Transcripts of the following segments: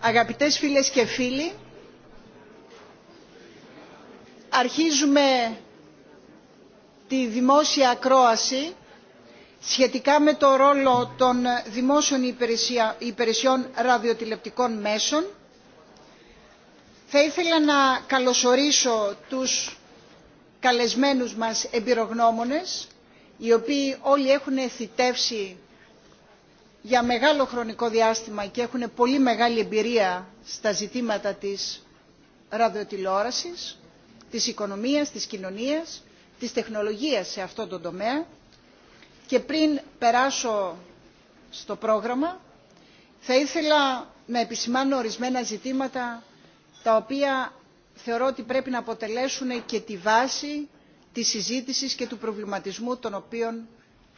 Αγαπητές φίλες και φίλοι, αρχίζουμε τη δημόσια ακρόαση σχετικά με το ρόλο των δημόσιων υπηρεσιών ραδιοτηλεπτικών μέσων. Θα ήθελα να καλωσορίσω τους καλεσμένους μας εμπειρογνώμονες, οι οποίοι όλοι έχουν θητεύσει για μεγάλο χρονικό διάστημα και έχουν πολύ μεγάλη εμπειρία στα ζητήματα της ραδιοτηλεόρασης, της οικονομίας, της κοινωνίας, της τεχνολογίας σε αυτό το τομέα. Και πριν περάσω στο πρόγραμμα, θα ήθελα να επισημάνω ορισμένα ζητήματα τα οποία θεωρώ ότι πρέπει να αποτελέσουν και τη βάση της συζήτησης και του προβληματισμού των οποίων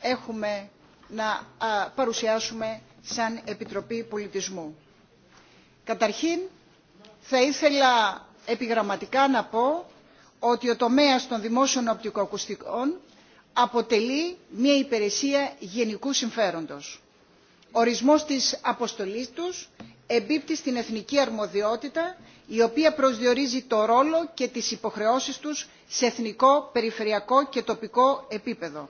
έχουμε να παρουσιάσουμε σαν Επιτροπή Πολιτισμού. Καταρχήν, θα ήθελα επιγραμματικά να πω ότι ο τομέας των δημόσιων οπτικοακουστικών αποτελεί μια υπηρεσία γενικού συμφέροντος. Ορισμός της αποστολής τους εμπίπτει στην εθνική αρμοδιότητα η οποία προσδιορίζει το ρόλο και τις υποχρεώσεις τους σε εθνικό, περιφερειακό και τοπικό επίπεδο.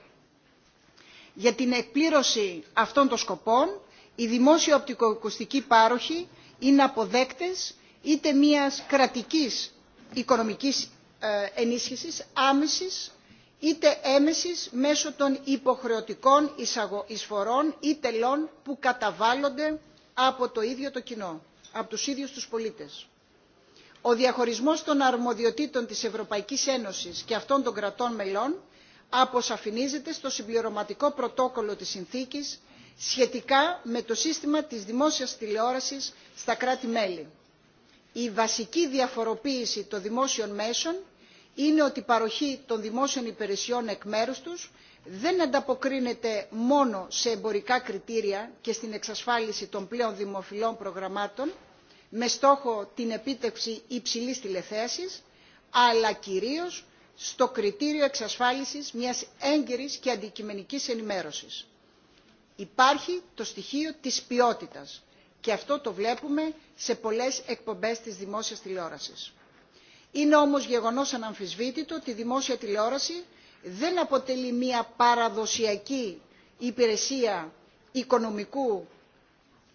Για την εκπλήρωση αυτών των σκοπών, οι δημόσιοι οπτικοακουστικοί πάροχοι είναι αποδέκτες είτε μιας κρατικής οικονομικής ε, ενίσχυσης άμεσης είτε έμεσης μέσω των υποχρεωτικών εισφορών ή τελών που καταβάλλονται από το ίδιο το κοινό, από τους ίδιους τους πολίτες. Ο διαχωρισμός των αρμοδιοτήτων της Ευρωπαϊκής Ένωσης και αυτών των κρατών μελών αποσαφηνίζεται στο συμπληρωματικό πρωτόκολλο της συνθήκης σχετικά με το σύστημα της δημόσιας τηλεόρασης στα κράτη-μέλη. Η βασική διαφοροποίηση των δημόσιων μέσων είναι ότι η παροχή των δημόσιων υπηρεσιών εκ μέρους τους δεν ανταποκρίνεται μόνο σε εμπορικά κριτήρια και στην εξασφάλιση των πλέον δημοφιλών προγραμμάτων με στόχο την επίτευξη υψηλής τηλεθέασης, αλλά κυρίως στο κριτήριο εξασφάλισης μιας έγκυρης και αντικειμενικής ενημέρωσης. Υπάρχει το στοιχείο της ποιότητας και αυτό το βλέπουμε σε πολλές εκπομπές της δημόσιας τηλεόρασης. Είναι όμως γεγονός αναμφισβήτητο ότι η δημόσια τηλεόραση δεν αποτελεί μια παραδοσιακή υπηρεσία οικονομικού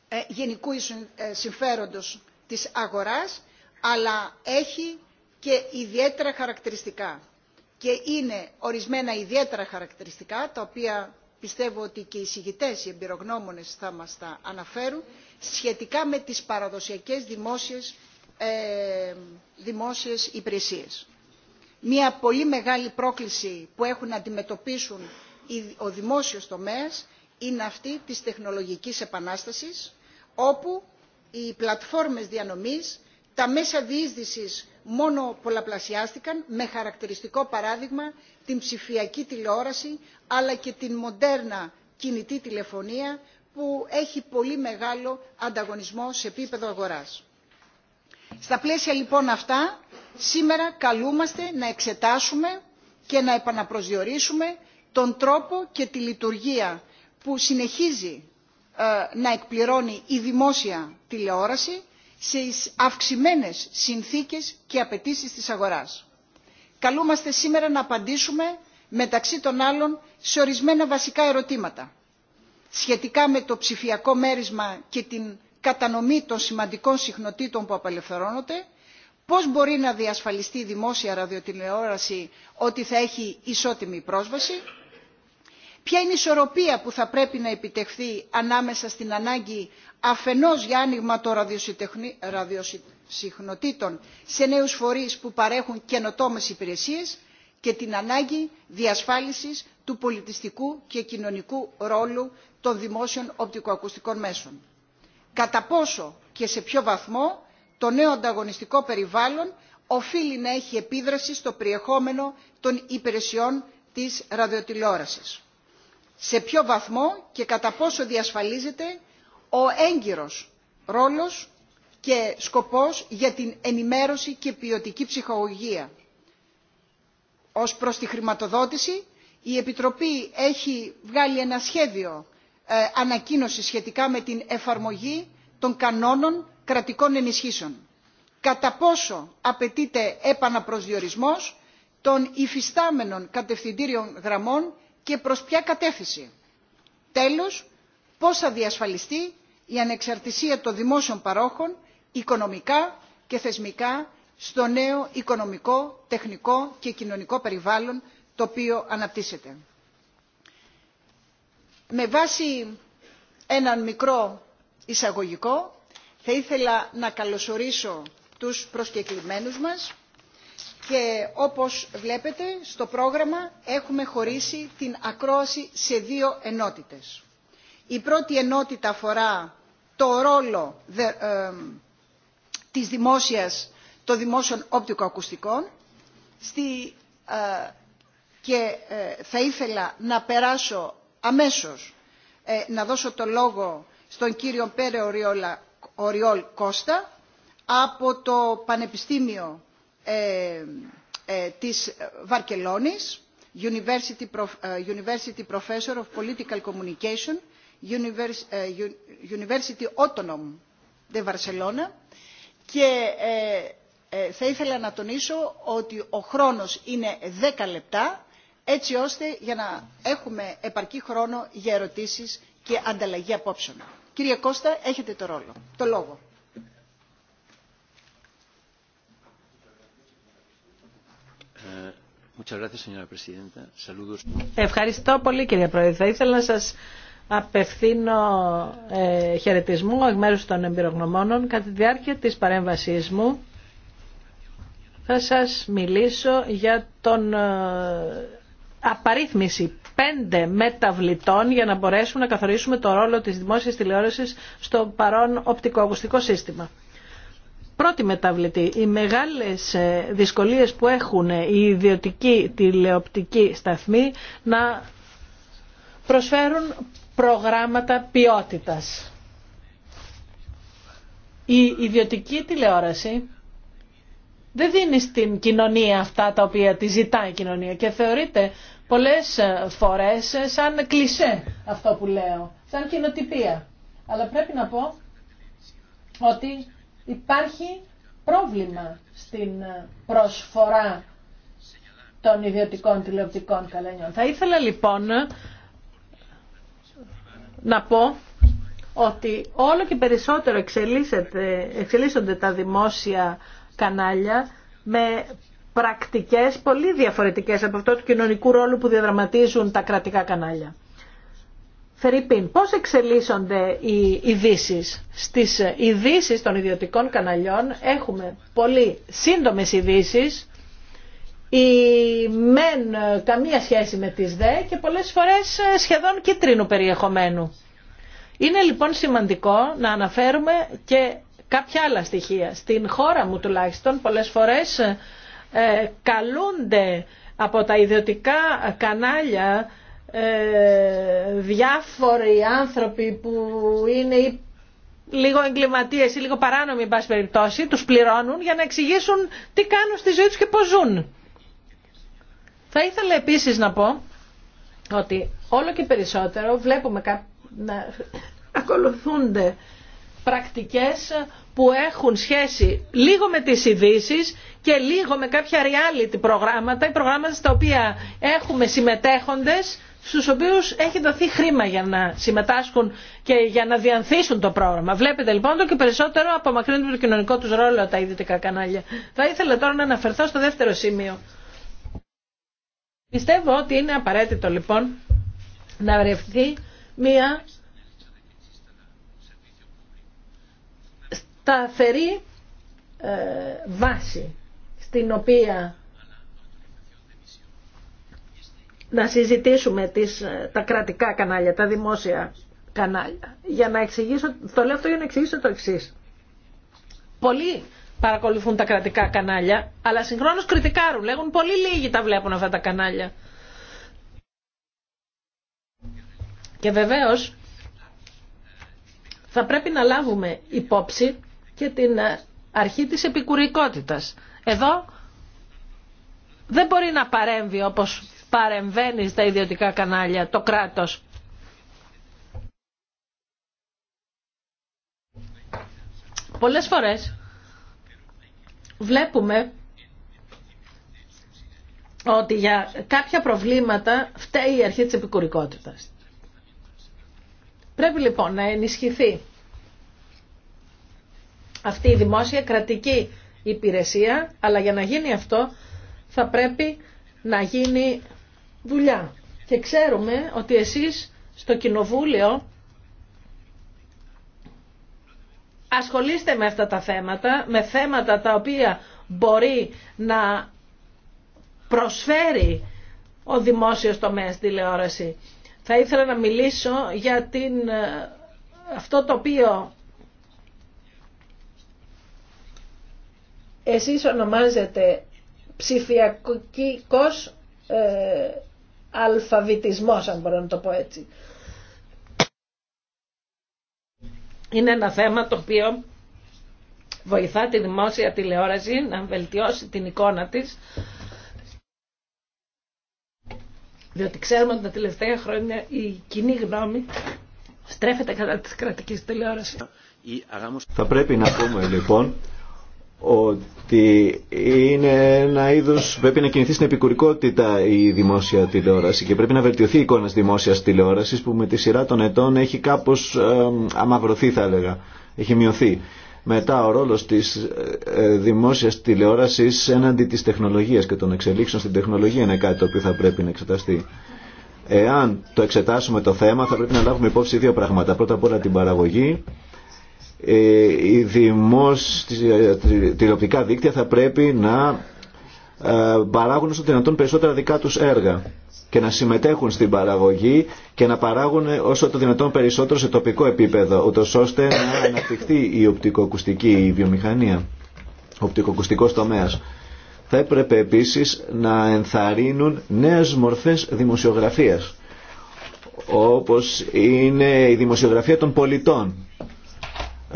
ε, γενικού ε, συμφέροντος της αγοράς, αλλά έχει και ιδιαίτερα χαρακτηριστικά και είναι ορισμένα ιδιαίτερα χαρακτηριστικά τα οποία πιστεύω ότι και οι συγητές, οι εμπειρογνώμονες θα μας τα αναφέρουν σχετικά με τις παραδοσιακές δημόσιες, ε, υπηρεσίες. Μία πολύ μεγάλη πρόκληση που έχουν να αντιμετωπίσουν ο δημόσιος τομέας είναι αυτή της τεχνολογικής επανάστασης όπου οι πλατφόρμες διανομής, τα μέσα διείσδυσης μόνο πολλαπλασιάστηκαν με χαρακτηριστικό παράδειγμα την ψηφιακή τηλεόραση αλλά και την μοντέρνα κινητή τηλεφωνία που έχει πολύ μεγάλο ανταγωνισμό σε επίπεδο αγοράς. Στα πλαίσια λοιπόν αυτά, σήμερα καλούμαστε να εξετάσουμε και να επαναπροσδιορίσουμε τον τρόπο και τη λειτουργία που συνεχίζει ε, να εκπληρώνει η δημόσια τηλεόραση σε αυξημένες συνθήκες και απαιτήσει της αγοράς. Καλούμαστε σήμερα να απαντήσουμε μεταξύ των άλλων σε ορισμένα βασικά ερωτήματα σχετικά με το ψηφιακό μέρισμα και την κατανομή των σημαντικών συχνοτήτων που απελευθερώνονται, πώς μπορεί να διασφαλιστεί η δημόσια ραδιοτηλεόραση ότι θα έχει ισότιμη πρόσβαση, ποια είναι η ισορροπία που θα πρέπει να επιτευχθεί ανάμεσα στην ανάγκη αφενός για άνοιγμα των ραδιοσυχνοτήτων σε νέους φορείς που παρέχουν καινοτόμες υπηρεσίες και την ανάγκη διασφάλισης του πολιτιστικού και κοινωνικού ρόλου των δημόσιων οπτικοακουστικών μέσων. Κατά πόσο και σε ποιο βαθμό το νέο ανταγωνιστικό περιβάλλον οφείλει να έχει επίδραση στο περιεχόμενο των υπηρεσιών της ραδιοτηλεόρασης σε ποιο βαθμό και κατά πόσο διασφαλίζεται ο έγκυρος ρόλος και σκοπός για την ενημέρωση και ποιοτική ψυχολογία. Ως προς τη χρηματοδότηση, η Επιτροπή έχει βγάλει ένα σχέδιο ε, ανακοίνωση σχετικά με την εφαρμογή των κανόνων κρατικών ενισχύσεων. Κατά πόσο απαιτείται επαναπροσδιορισμός των υφιστάμενων κατευθυντήριων γραμμών και προς ποια κατεύθυνση. Τέλος, πώς θα διασφαλιστεί η ανεξαρτησία των δημόσιων παρόχων οικονομικά και θεσμικά στο νέο οικονομικό, τεχνικό και κοινωνικό περιβάλλον το οποίο αναπτύσσεται. Με βάση έναν μικρό εισαγωγικό θα ήθελα να καλωσορίσω τους προσκεκλημένους μας και όπως βλέπετε στο πρόγραμμα έχουμε χωρίσει την ακρόαση σε δύο ενότητες. Η πρώτη ενότητα αφορά το ρόλο της δημόσιας, των δημόσιων οπτικοακουστικών στη, ε, και ε, θα ήθελα να περάσω αμέσως ε, να δώσω το λόγο στον κύριο Πέρε Οριόλ Κώστα από το Πανεπιστήμιο ε, ε, της Βαρκελόνης, ε, University Professor of Political Communication, University Autonom de Barcelona και θα ήθελα να τονίσω ότι ο χρόνος είναι 10 λεπτά έτσι ώστε για να έχουμε επαρκή χρόνο για ερωτήσεις και ανταλλαγή απόψεων. Κύριε Κώστα, έχετε το, ρόλο, το λόγο. Ε, Ευχαριστώ πολύ κύριε Πρόεδρε. Θα ήθελα να σας απευθύνω ε, χαιρετισμού εκ μέρους των εμπειρογνωμόνων. Κατά τη διάρκεια της παρέμβασής μου θα σας μιλήσω για τον ε, απαρίθμηση πέντε μεταβλητών για να μπορέσουμε να καθορίσουμε το ρόλο της δημόσιας τηλεόρασης στο παρόν οπτικοακουστικό σύστημα πρώτη μεταβλητή. Οι μεγάλες ε, δυσκολίες που έχουν οι ιδιωτικοί τηλεοπτικοί σταθμοί να προσφέρουν προγράμματα ποιότητας. Η ιδιωτική τηλεόραση δεν δίνει στην κοινωνία αυτά τα οποία τη ζητάει η κοινωνία και θεωρείται πολλές ε, φορές ε, σαν κλισέ αυτό που λέω, σαν κοινοτυπία. Αλλά πρέπει να πω ότι υπάρχει πρόβλημα στην ε, προσφορά των ιδιωτικών τηλεοπτικών καλενιών. Θα ήθελα λοιπόν να πω ότι όλο και περισσότερο εξελίσσονται τα δημόσια κανάλια με πρακτικές πολύ διαφορετικές από αυτό του κοινωνικού ρόλου που διαδραματίζουν τα κρατικά κανάλια. Φερρυπίν, πώς εξελίσσονται οι ειδήσει. Στις ειδήσει των ιδιωτικών καναλιών έχουμε πολύ σύντομες ειδήσει, η μεν καμία σχέση με τις δε και πολλές φορές ε, σχεδόν κίτρινου περιεχομένου. Είναι λοιπόν σημαντικό να αναφέρουμε και κάποια άλλα στοιχεία. Στην χώρα μου τουλάχιστον πολλές φορές ε, καλούνται από τα ιδιωτικά κανάλια ε, διάφοροι άνθρωποι που είναι λίγο εγκληματίε ή λίγο παράνομοι εν τους πληρώνουν για να εξηγήσουν τι κάνουν στη ζωή του και πώς ζουν. Θα ήθελα επίσης να πω ότι όλο και περισσότερο βλέπουμε να ακολουθούνται πρακτικές που έχουν σχέση λίγο με τις ειδήσει και λίγο με κάποια reality προγράμματα ή προγράμματα στα οποία έχουμε συμμετέχοντες στους οποίους έχει δοθεί χρήμα για να συμμετάσχουν και για να διανθίσουν το πρόγραμμα. Βλέπετε λοιπόν το και περισσότερο απομακρύνουν το κοινωνικό τους ρόλο τα ιδιωτικά κανάλια. Θα ήθελα τώρα να αναφερθώ στο δεύτερο σημείο. Πιστεύω ότι είναι απαραίτητο λοιπόν να βρεθεί μια τα σταθερή ε, βάση στην οποία να συζητήσουμε τις, ε, τα κρατικά κανάλια, τα δημόσια κανάλια. Για να εξηγήσω, το λέω αυτό για να εξηγήσω το εξή. Πολλοί παρακολουθούν τα κρατικά κανάλια, αλλά συγχρόνω κριτικάρουν. Λέγουν πολύ λίγοι τα βλέπουν αυτά τα κανάλια. Και βεβαίως θα πρέπει να λάβουμε υπόψη και την ε, αρχή της επικουρικότητας. Εδώ δεν μπορεί να παρέμβει όπως παρεμβαίνει στα ιδιωτικά κανάλια το κράτος. Πολλές φορές βλέπουμε ότι για κάποια προβλήματα φταίει η αρχή της επικουρικότητας. Πρέπει λοιπόν να ενισχυθεί αυτή η δημόσια κρατική υπηρεσία, αλλά για να γίνει αυτό θα πρέπει να γίνει δουλειά. Και ξέρουμε ότι εσείς στο Κοινοβούλιο ασχολείστε με αυτά τα θέματα, με θέματα τα οποία μπορεί να προσφέρει ο δημόσιος τομέας τηλεόραση. Θα ήθελα να μιλήσω για την, ε, αυτό το οποίο Εσείς ονομάζετε ψηφιακός ε, αλφαβητισμός, αν μπορώ να το πω έτσι. Είναι ένα θέμα το οποίο βοηθά τη δημόσια τηλεόραση να βελτιώσει την εικόνα της, διότι ξέρουμε ότι τα τελευταία χρόνια η κοινή γνώμη στρέφεται κατά της κρατικής τηλεόρασης. Θα πρέπει να πούμε λοιπόν ότι είναι ένα είδος, πρέπει να κινηθεί στην επικουρικότητα η δημόσια τηλεόραση και πρέπει να βελτιωθεί η εικόνα της δημόσιας τηλεόρασης που με τη σειρά των ετών έχει κάπως αμαυρωθεί θα έλεγα, έχει μειωθεί. Μετά ο ρόλο της ε, ε, δημόσιας τηλεόραση έναντι της τεχνολογίας και των εξελίξεων στην τεχνολογία είναι κάτι το οποίο θα πρέπει να εξεταστεί. Εάν το εξετάσουμε το θέμα θα πρέπει να λάβουμε υπόψη δύο πράγματα. Πρώτα απ' όλα την παραγωγή οι ε, δημόσια τηλεοπτικά δίκτυα θα πρέπει να ε, παράγουν όσο δυνατόν περισσότερα δικά τους έργα και να συμμετέχουν στην παραγωγή και να παράγουν όσο το δυνατόν περισσότερο σε τοπικό επίπεδο, ούτω ώστε να αναπτυχθεί η οπτικοακουστική βιομηχανία, ο οπτικοακουστικός τομέας. Θα έπρεπε επίσης να ενθαρρύνουν νέες μορφές δημοσιογραφίας, όπως είναι η δημοσιογραφία των πολιτών,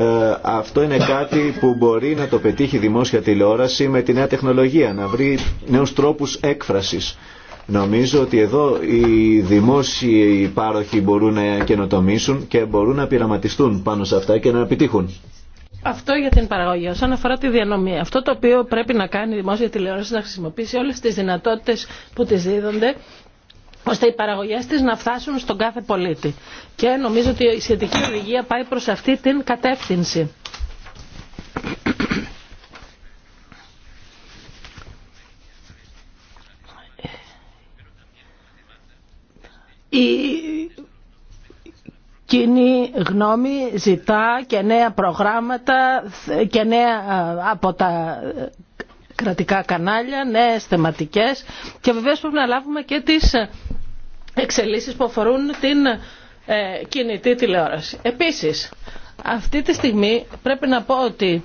ε, αυτό είναι κάτι που μπορεί να το πετύχει η δημόσια τηλεόραση με τη νέα τεχνολογία, να βρει νέους τρόπους έκφρασης. Νομίζω ότι εδώ οι δημόσιοι πάροχοι μπορούν να καινοτομήσουν και μπορούν να πειραματιστούν πάνω σε αυτά και να επιτύχουν. Αυτό για την παραγωγή. Όσον αφορά τη διανομή, αυτό το οποίο πρέπει να κάνει η δημόσια τηλεόραση να χρησιμοποιήσει όλε τι δυνατότητε που τη δίδονται ώστε οι παραγωγές της να φτάσουν στον κάθε πολίτη. Και νομίζω ότι η σχετική οδηγία πάει προς αυτή την κατεύθυνση. Η κοινή γνώμη ζητά και νέα προγράμματα και νέα ε, από τα κρατικά κανάλια, νέες θεματικές και βεβαίως πρέπει να λάβουμε και τις εξελίσσεις που αφορούν την ε, κινητή τηλεόραση. Επίσης, αυτή τη στιγμή πρέπει να πω ότι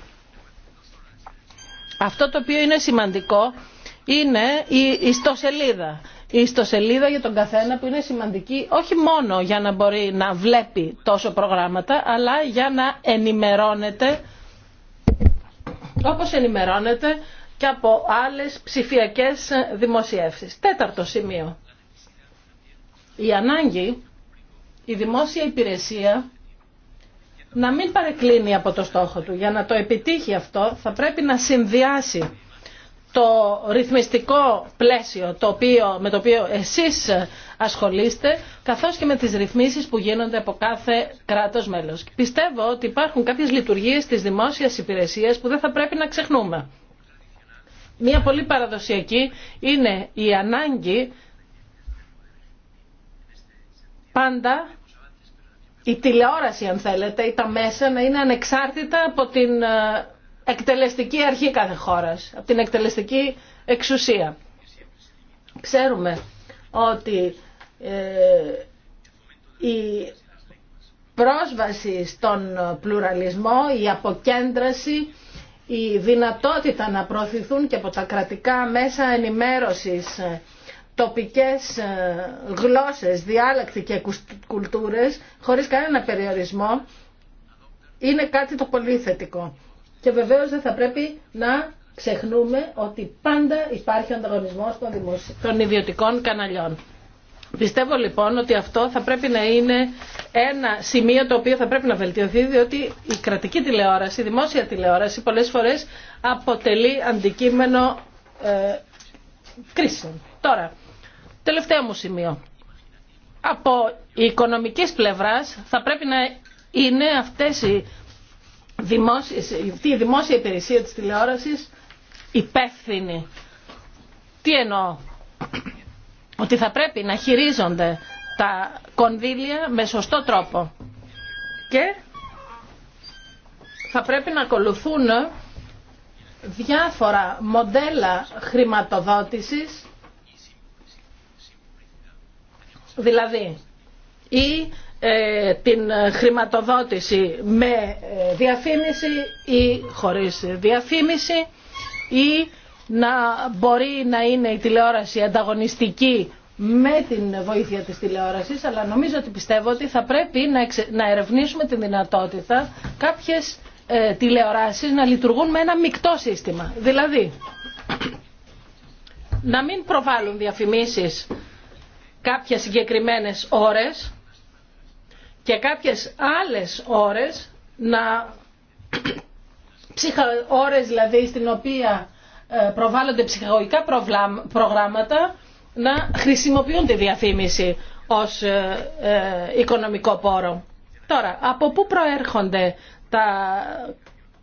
αυτό το οποίο είναι σημαντικό είναι η ιστοσελίδα. Η ιστοσελίδα για τον καθένα που είναι σημαντική όχι μόνο για να μπορεί να βλέπει τόσο προγράμματα, αλλά για να ενημερώνεται, όπως ενημερώνεται και από άλλες ψηφιακές δημοσιεύσεις. Τέταρτο σημείο η ανάγκη η δημόσια υπηρεσία να μην παρεκκλίνει από το στόχο του. Για να το επιτύχει αυτό θα πρέπει να συνδυάσει το ρυθμιστικό πλαίσιο το οποίο, με το οποίο εσείς ασχολείστε καθώς και με τις ρυθμίσεις που γίνονται από κάθε κράτος μέλος. Πιστεύω ότι υπάρχουν κάποιες λειτουργίες της δημόσιας υπηρεσίας που δεν θα πρέπει να ξεχνούμε. Μία πολύ παραδοσιακή είναι η ανάγκη πάντα η τηλεόραση αν θέλετε ή τα μέσα να είναι ανεξάρτητα από την ε, εκτελεστική αρχή κάθε χώρας, από την εκτελεστική εξουσία. Ξέρουμε ότι ε, η πρόσβαση στον πλουραλισμό, η αποκέντρωση, η δυνατότητα να προωθηθούν και από τα κρατικά μέσα ενημέρωσης ε, τοπικές ε, γλώσσες, διάλεκτοι και κουλτούρες, χωρίς κανένα περιορισμό, είναι κάτι το πολύ θετικό. Και βεβαίως δεν θα πρέπει να ξεχνούμε ότι πάντα υπάρχει ανταγωνισμός των, των ιδιωτικών καναλιών. Πιστεύω λοιπόν ότι αυτό θα πρέπει να είναι ένα σημείο το οποίο θα πρέπει να βελτιωθεί διότι η κρατική τηλεόραση, η δημόσια τηλεόραση πολλές φορές αποτελεί αντικείμενο ε, κρίσεων. Τώρα, Τελευταίο μου σημείο. Από οικονομικής πλευράς θα πρέπει να είναι αυτές οι δημόσιες, η δημόσια υπηρεσία της τηλεόρασης υπεύθυνη. Τι εννοώ. Ότι θα πρέπει να χειρίζονται τα κονδύλια με σωστό τρόπο. Και θα πρέπει να ακολουθούν διάφορα μοντέλα χρηματοδότησης Δηλαδή, ή ε, την χρηματοδότηση με ε, διαφήμιση ή χωρίς διαφήμιση ή να μπορεί να είναι η τηλεόραση ανταγωνιστική με την βοήθεια της τηλεόρασης, αλλά νομίζω ότι πιστεύω ότι θα πρέπει να, ερευνήσουμε τη δυνατότητα κάποιες ε, τηλεοράσεις να λειτουργούν με ένα μεικτό σύστημα. Δηλαδή, να μην προβάλλουν διαφημίσεις κάποιες συγκεκριμένες ώρες και κάποιες άλλες ώρες να ψυχα... ώρες δηλαδή στην οποία ε, προβάλλονται ψυχαγωγικά προγράμματα να χρησιμοποιούν τη διαφήμιση ως ε, ε, οικονομικό πόρο. Τώρα, από πού προέρχονται τα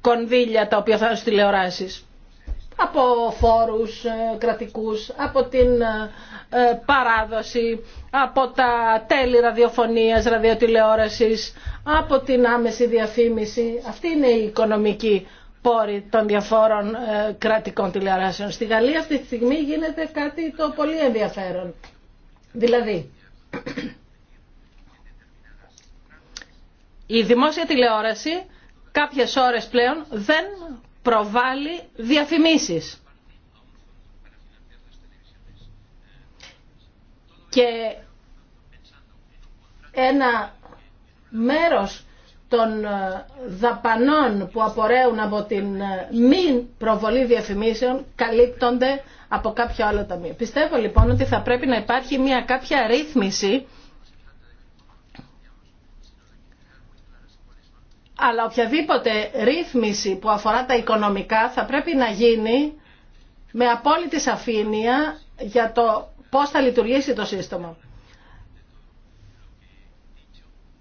κονδύλια τα οποία θα τηλεοράσεις από φόρους ε, κρατικούς, από την ε, ε, παράδοση, από τα τέλη ραδιοφωνίας, ραδιοτηλεόρασης, από την άμεση διαφήμιση. Αυτή είναι η οικονομική πόρη των διαφόρων κρατικών τηλεοράσεων. Στη Γαλλία αυτή τη στιγμή γίνεται κάτι το πολύ ενδιαφέρον. Δηλαδή, η δημόσια τηλεόραση κάποιες ώρες πλέον δεν προβάλλει διαφημίσεις. Και ένα μέρος των ε, δαπανών που απορρέουν από την ε, μη προβολή διαφημίσεων καλύπτονται από κάποιο άλλο ταμείο. Πιστεύω λοιπόν ότι θα πρέπει να υπάρχει μια κάποια ρύθμιση αλλά οποιαδήποτε ρύθμιση που αφορά τα οικονομικά θα πρέπει να γίνει με απόλυτη σαφήνεια για το πώς θα λειτουργήσει το σύστημα.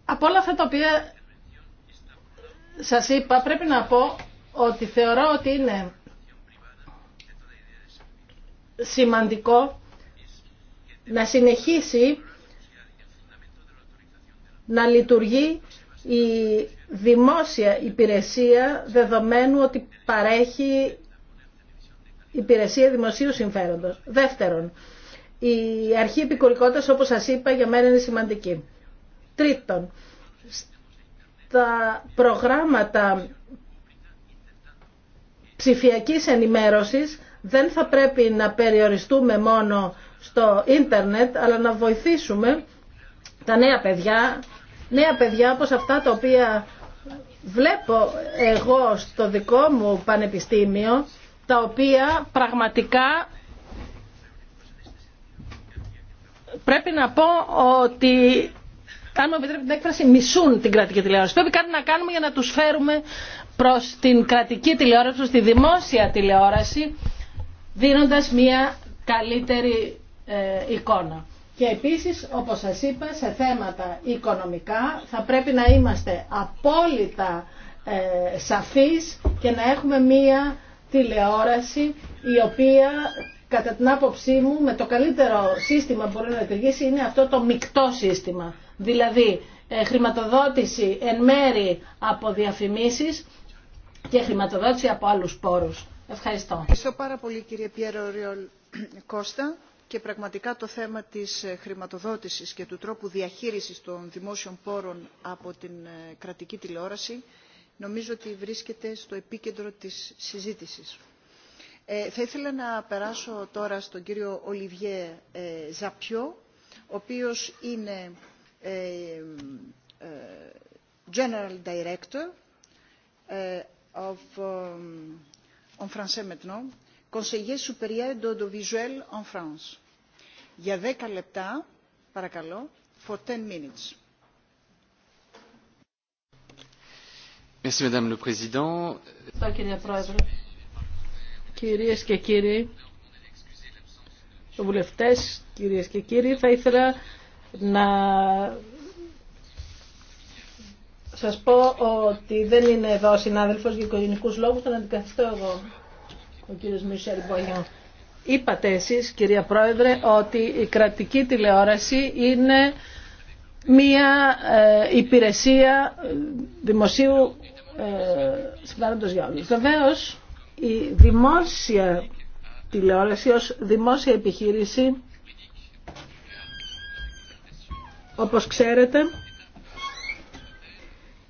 Από όλα αυτά τα οποία σας είπα πρέπει να πω ότι θεωρώ ότι είναι σημαντικό να συνεχίσει να λειτουργεί η δημόσια υπηρεσία δεδομένου ότι παρέχει υπηρεσία δημοσίου συμφέροντος. Δεύτερον, η αρχή επικουρικότητας όπως σας είπα για μένα είναι σημαντική. Τρίτον, τα προγράμματα ψηφιακής ενημέρωσης δεν θα πρέπει να περιοριστούμε μόνο στο ίντερνετ αλλά να βοηθήσουμε τα νέα παιδιά, νέα παιδιά όπως αυτά τα οποία βλέπω εγώ στο δικό μου πανεπιστήμιο τα οποία πραγματικά πρέπει να πω ότι αν μου επιτρέπετε την έκφραση μισούν την κρατική τηλεόραση. Πρέπει κάτι να κάνουμε για να τους φέρουμε προς την κρατική τηλεόραση, προς τη δημόσια τηλεόραση δίνοντας μια καλύτερη ε, εικόνα. Και επίσης, όπως σας είπα, σε θέματα οικονομικά θα πρέπει να είμαστε απόλυτα ε, σαφείς και να έχουμε μία τηλεόραση η οποία κατά την άποψή μου με το καλύτερο σύστημα που μπορεί να λειτουργήσει είναι αυτό το μεικτό σύστημα. Δηλαδή ε, χρηματοδότηση εν μέρη από διαφημίσεις και χρηματοδότηση από άλλους πόρους. Ευχαριστώ. Ευχαριστώ πάρα πολύ κύριε Πιέρο Ριολ Κώστα και πραγματικά το θέμα της ε, χρηματοδότησης και του τρόπου διαχείρισης των δημόσιων πόρων από την ε, κρατική τηλεόραση νομίζω ότι βρίσκεται στο επίκεντρο της συζήτησης. Ε, θα ήθελα να περάσω τώρα στον κύριο Ολιβιέ Ζαπιό, ο οποίος είναι General Director of, en français conseiller supérieur d'audiovisuel en France. Για 10 λεπτά, παρακαλώ, for 10 minutes. Merci, Madame le Président. Κύριε Πρόεδρε, κυρίες και κύριοι, βουλευτές, κυρίες και κύριοι, θα ήθελα να σας πω ότι δεν είναι εδώ ο συνάδελφος για οικογενικούς λόγους, τον αντικαθιστώ εγώ ο κύριος Μισελ Μπογιάν. Είπατε εσείς, κυρία Πρόεδρε, ότι η κρατική τηλεόραση είναι μία ε, υπηρεσία ε, δημοσίου ε, συμφέροντος για όλους. Βεβαίως, η δημόσια τηλεόραση ως δημόσια επιχείρηση, όπως ξέρετε,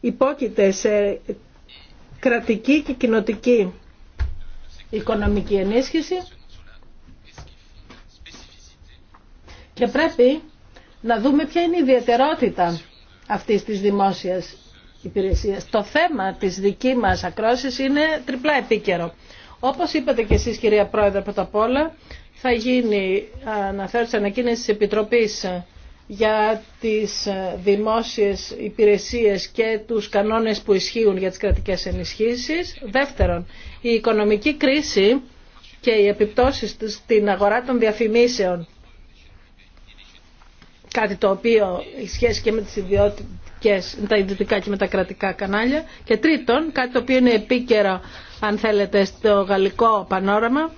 υπόκειται σε κρατική και κοινοτική οικονομική ενίσχυση και πρέπει να δούμε ποια είναι η ιδιαιτερότητα αυτής της δημόσιας υπηρεσίας. Το θέμα της δική μας ακρόσης είναι τριπλά επίκαιρο. Όπως είπατε και εσείς κυρία Πρόεδρε πρώτα απ' όλα, θα γίνει αναφέρουσα ανακοίνηση της Επιτροπής για τις ε, δημόσιες υπηρεσίες και τους κανόνες που ισχύουν για τις κρατικές ενισχύσεις. Δεύτερον, η οικονομική κρίση και οι επιπτώσεις στην αγορά των διαφημίσεων, κάτι το οποίο έχει σχέση και με τις ιδιωτικές, τα ιδιωτικά και με τα κρατικά κανάλια. Και τρίτον, κάτι το οποίο είναι επίκαιρο, αν θέλετε, στο γαλλικό πανόραμα,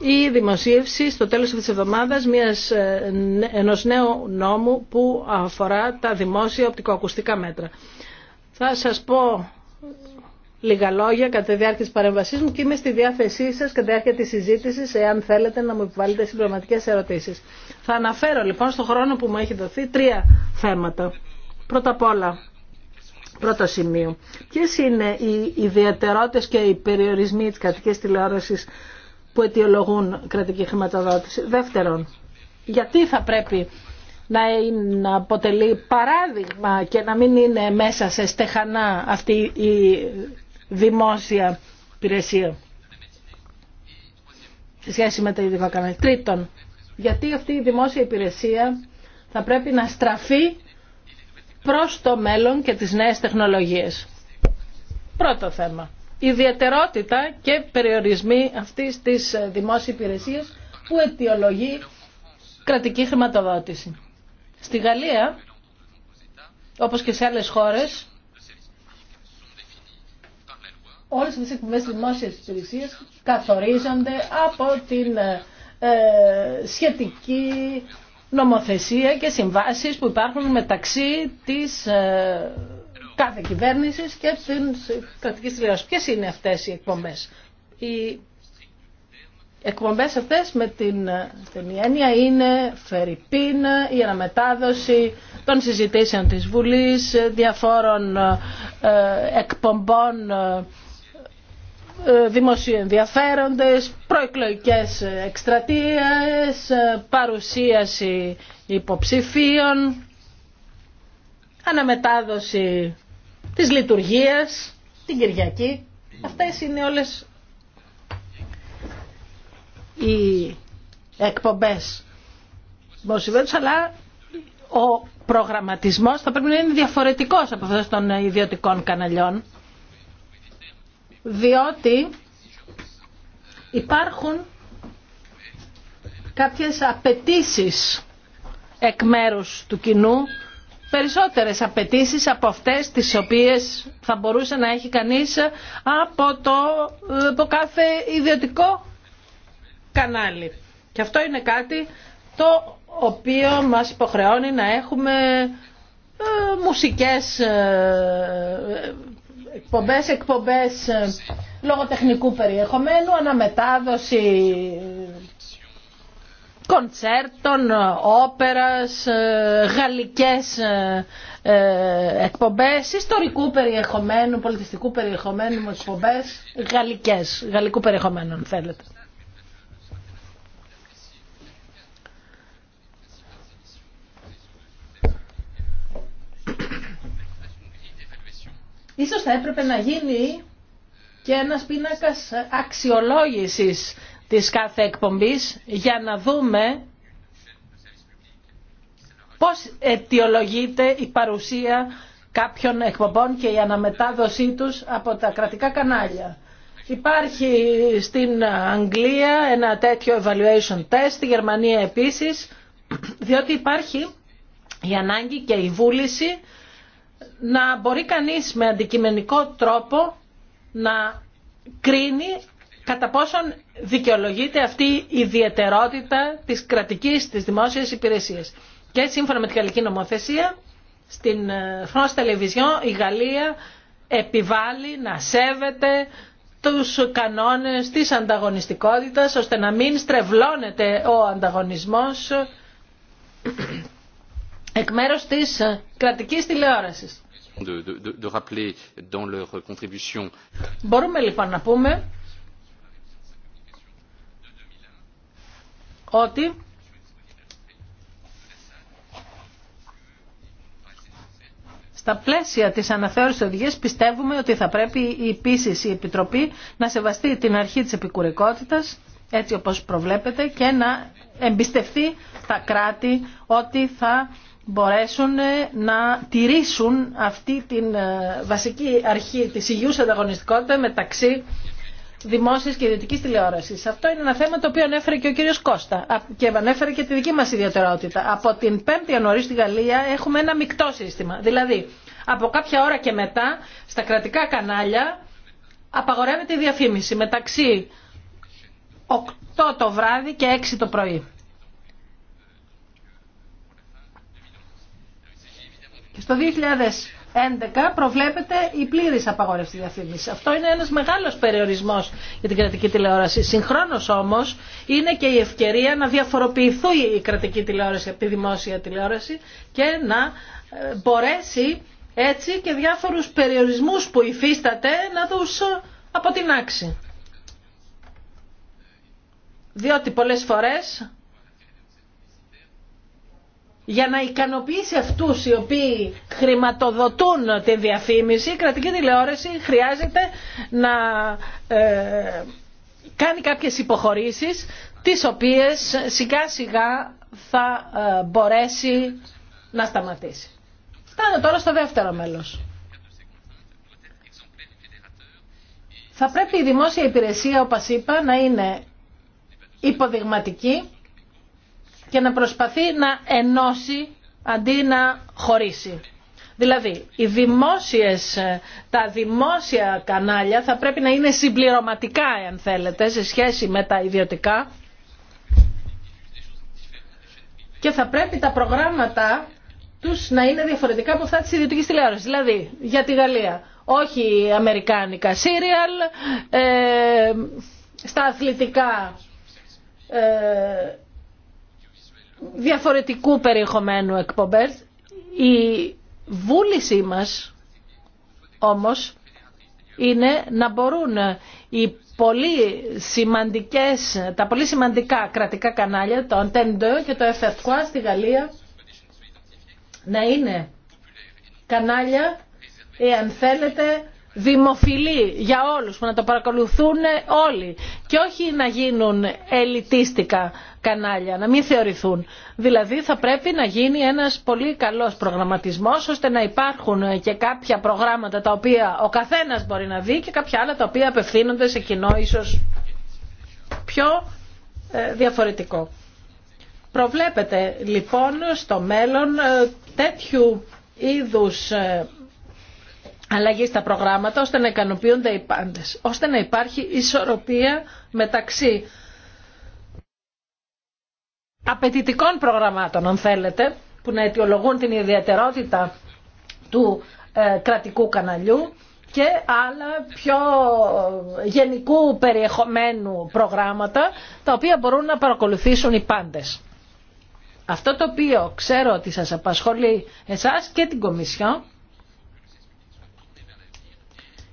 η δημοσίευση στο τέλος της εβδομάδας μιας, ε, ενός νέου νόμου που αφορά τα δημόσια οπτικοακουστικά μέτρα. Θα σας πω λίγα λόγια κατά τη διάρκεια της παρέμβασής μου και είμαι στη διάθεσή σας κατά τη διάρκεια της συζήτησης εάν θέλετε να μου επιβάλλετε συμπληρωματικές ερωτήσεις. Θα αναφέρω λοιπόν στον χρόνο που μου έχει δοθεί τρία θέματα. Πρώτα απ' όλα, πρώτο σημείο. Ποιες είναι οι ιδιαιτερότητες και οι περιορισμοί της κατοικής τηλεόρασης που αιτιολογούν κρατική χρηματοδότηση. Δεύτερον, γιατί θα πρέπει να, αποτελεί παράδειγμα και να μην είναι μέσα σε στεχανά αυτή η δημόσια υπηρεσία σε σχέση με τα ειδικά κανάλια. Τρίτον, γιατί αυτή η δημόσια υπηρεσία θα πρέπει να στραφεί προς το μέλλον και τις νέες τεχνολογίες. Πρώτο θέμα ιδιαιτερότητα και περιορισμοί αυτής της ε, δημόσιας υπηρεσίας που αιτιολογεί κρατική χρηματοδότηση. Στη Γαλλία, όπως και σε άλλες χώρες, όλες οι εκπομπές δημόσιας υπηρεσίας καθορίζονται από την ε, ε, σχετική νομοθεσία και συμβάσεις που υπάρχουν μεταξύ της κάθε κυβέρνηση και τη κρατική τηλεόραση. Ποιε είναι αυτέ οι εκπομπέ. Οι εκπομπέ αυτέ με την, την έννοια είναι φερρυπίν, η αναμετάδοση των συζητήσεων τη Βουλή, διαφόρων ε, εκπομπών ε, δημοσίου ενδιαφέροντες, προεκλογικές εκστρατείες, ε, παρουσίαση υποψηφίων, αναμετάδοση Τη λειτουργία, την Κυριακή. Αυτέ είναι όλε οι εκπομπέ. αλλά ο προγραμματισμό θα πρέπει να είναι διαφορετικό από αυτός των ιδιωτικών καναλιών, διότι υπάρχουν κάποιες απαιτήσει εκ μέρους του κοινού περισσότερες απαιτήσει από αυτές τις οποίες θα μπορούσε να έχει κανείς από, το, από ε, κάθε ιδιωτικό κανάλι. Και αυτό είναι κάτι το οποίο μας υποχρεώνει να έχουμε ε, μουσικές ε, εκπομπές, εκπομπές ε, λογοτεχνικού περιεχομένου, αναμετάδοση κοντσέρτων, όπερας, ε, γαλλικές ε, ε, εκπομπές, ιστορικού περιεχομένου, πολιτιστικού περιεχομένου εκπομπές, γαλλικές, γαλλικού περιεχομένου αν θέλετε. Ίσως θα έπρεπε να γίνει και ένας πίνακας αξιολόγησης της κάθε εκπομπής για να δούμε πώς αιτιολογείται η παρουσία κάποιων εκπομπών και η αναμετάδοσή τους από τα κρατικά κανάλια. Υπάρχει στην Αγγλία ένα τέτοιο evaluation test, στη Γερμανία επίσης, διότι υπάρχει η ανάγκη και η βούληση να μπορεί κανείς με αντικειμενικό τρόπο να κρίνει κατά πόσον δικαιολογείται αυτή η ιδιαιτερότητα της κρατικής, της δημόσιας υπηρεσίας. Και σύμφωνα με τη γαλλική νομοθεσία, στην ε, France Television η Γαλλία επιβάλλει να σέβεται τους κανόνες της ανταγωνιστικότητας ώστε να μην στρεβλώνεται ο ανταγωνισμός εκ μέρους της κρατικής τηλεόρασης. Μπορούμε λοιπόν να πούμε ότι στα πλαίσια της αναθεώρησης οδηγίας πιστεύουμε ότι θα πρέπει επίση η Επιτροπή να σεβαστεί την αρχή της επικουρικότητας έτσι όπως προβλέπεται και να εμπιστευτεί τα κράτη ότι θα μπορέσουν να τηρήσουν αυτή την ε, βασική αρχή της υγιούς ανταγωνιστικότητα μεταξύ Δημόσια και ιδιωτική τηλεόραση. Αυτό είναι ένα θέμα το οποίο ανέφερε και ο κύριος Κώστα και ανέφερε και τη δική μας ιδιαιτερότητα. Από την 5η Ιανουαρίου στη Γαλλία έχουμε ένα μεικτό σύστημα. Δηλαδή, από κάποια ώρα και μετά, στα κρατικά κανάλια απαγορεύεται η διαφήμιση μεταξύ 8 το βράδυ και 6 το πρωί. Και στο 11 προβλέπεται η πλήρης απαγόρευση διαφήμιση. Αυτό είναι ένας μεγάλος περιορισμός για την κρατική τηλεόραση. Συγχρόνως όμως είναι και η ευκαιρία να διαφοροποιηθεί η κρατική τηλεόραση από τη δημόσια τηλεόραση και να ε, μπορέσει έτσι και διάφορους περιορισμούς που υφίσταται να τους ε, αποτινάξει. Διότι πολλές φορές για να ικανοποιήσει αυτούς οι οποίοι χρηματοδοτούν τη διαφήμιση, η κρατική τηλεόραση χρειάζεται να ε, κάνει κάποιες υποχωρήσεις, τις οποίες σιγά σιγά θα ε, μπορέσει να σταματήσει. Φτάνω τώρα στο δεύτερο μέλος. Θα πρέπει η δημόσια υπηρεσία, όπως είπα, να είναι υποδειγματική και να προσπαθεί να ενώσει αντί να χωρίσει. Δηλαδή, οι δημόσιες, τα δημόσια κανάλια θα πρέπει να είναι συμπληρωματικά, αν θέλετε, σε σχέση με τα ιδιωτικά και θα πρέπει τα προγράμματα τους να είναι διαφορετικά από αυτά της ιδιωτικής τηλεόρασης. Δηλαδή, για τη Γαλλία, όχι αμερικάνικα σύριαλ, ε, στα αθλητικά ε, διαφορετικού περιεχομένου εκπομπές. Η βούλησή μας όμως είναι να μπορούν οι πολύ σημαντικές, τα πολύ σημαντικά κρατικά κανάλια, το Antenne 2 και το ff στη Γαλλία, να είναι κανάλια, εάν θέλετε, δημοφιλή για όλους, που να το παρακολουθούν όλοι και όχι να γίνουν ελιτίστικα κανάλια, να μην θεωρηθούν. Δηλαδή θα πρέπει να γίνει ένας πολύ καλός προγραμματισμός ώστε να υπάρχουν και κάποια προγράμματα τα οποία ο καθένας μπορεί να δει και κάποια άλλα τα οποία απευθύνονται σε κοινό ίσως πιο ε, διαφορετικό. Προβλέπετε λοιπόν στο μέλλον ε, τέτοιου είδους ε, αλλαγή στα προγράμματα ώστε να ικανοποιούνται οι πάντες, ώστε να υπάρχει ισορροπία μεταξύ απαιτητικών προγραμμάτων, αν θέλετε, που να αιτιολογούν την ιδιαιτερότητα του ε, κρατικού καναλιού και άλλα πιο γενικού περιεχομένου προγράμματα, τα οποία μπορούν να παρακολουθήσουν οι πάντες. Αυτό το οποίο ξέρω ότι σας απασχολεί εσάς και την Κομισιό,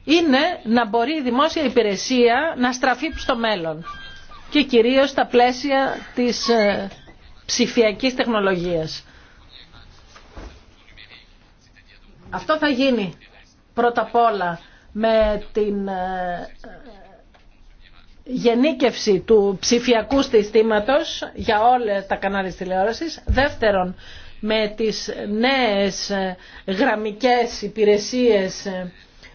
είναι να μπορεί η δημόσια υπηρεσία να στραφεί στο μέλλον και κυρίως στα πλαίσια της ε, ψηφιακής τεχνολογίας. Αυτό θα γίνει πρώτα απ' όλα με την ε, γενίκευση του ψηφιακού συστήματος για όλα τα κανάλια της τηλεόρασης. Δεύτερον, με τις νέες ε, γραμμικές υπηρεσίες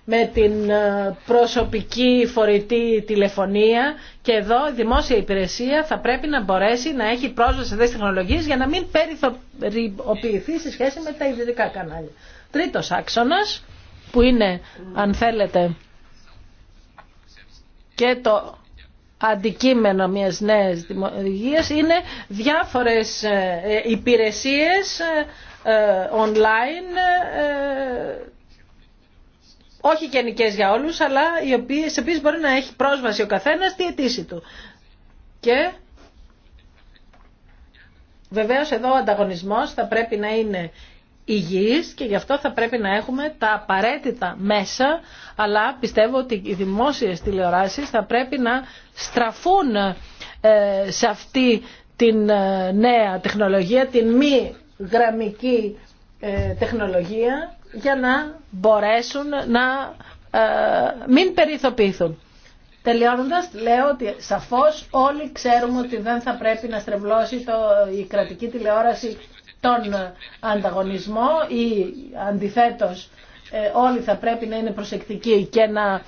με την ε, προσωπική φορητή τηλεφωνία και εδώ η δημόσια υπηρεσία θα πρέπει να μπορέσει να έχει πρόσβαση σε αυτές τεχνολογίες για να μην περιθωριοποιηθεί σε σχέση με τα ιδιωτικά κανάλια. Τρίτος άξονας που είναι αν θέλετε και το αντικείμενο μιας νέας δημιουργίας είναι διάφορες ε, ε, υπηρεσίες online όχι γενικέ για όλου, αλλά οι οποίε επίση μπορεί να έχει πρόσβαση ο καθένα στη αιτήση του. Και βεβαίω εδώ ο ανταγωνισμό θα πρέπει να είναι υγιής και γι' αυτό θα πρέπει να έχουμε τα απαραίτητα μέσα αλλά πιστεύω ότι οι δημόσιες τηλεοράσεις θα πρέπει να στραφούν ε, σε αυτή την ε, νέα τεχνολογία, την μη γραμμική ε, τεχνολογία για να μπορέσουν να ε, μην περιθωποιηθούν. Τελειώνοντας, λέω ότι σαφώς όλοι ξέρουμε ότι δεν θα πρέπει να στρεβλώσει το, η κρατική τηλεόραση τον ε, ανταγωνισμό ή αντιθέτως ε, όλοι θα πρέπει να είναι προσεκτικοί και να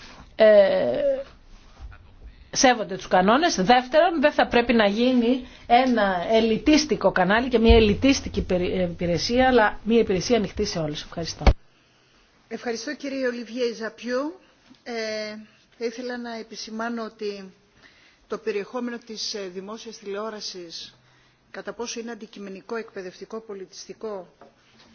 σέβονται τους κανόνες. Δεύτερον, δεν θα πρέπει να γίνει ένα ελιτίστικο κανάλι και μια ελιτίστικη υπηρεσία, αλλά μια υπηρεσία ανοιχτή σε όλους. Ευχαριστώ. Ευχαριστώ κύριε Ολιβιέ Ζαπιού. Ε, θα ήθελα να επισημάνω ότι το περιεχόμενο της ε, δημόσιας τηλεόρασης κατά πόσο είναι αντικειμενικό, εκπαιδευτικό, πολιτιστικό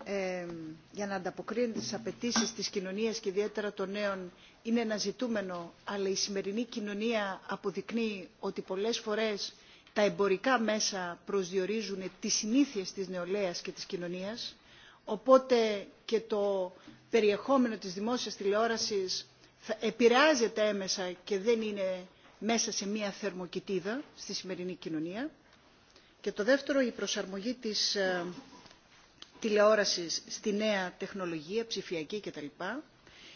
ε, για να ανταποκρίνεται στις απαιτήσει της κοινωνίας και ιδιαίτερα των νέων είναι ένα ζητούμενο, αλλά η σημερινή κοινωνία αποδεικνύει ότι πολλές φορές τα εμπορικά μέσα προσδιορίζουν τις συνήθειες της νεολαίας και της κοινωνίας, οπότε και το περιεχόμενο της δημόσιας τηλεόρασης επηρεάζεται έμεσα και δεν είναι μέσα σε μία θερμοκοιτίδα στη σημερινή κοινωνία. Και το δεύτερο, η προσαρμογή της ε, τηλεόρασης στη νέα τεχνολογία, ψηφιακή κτλ.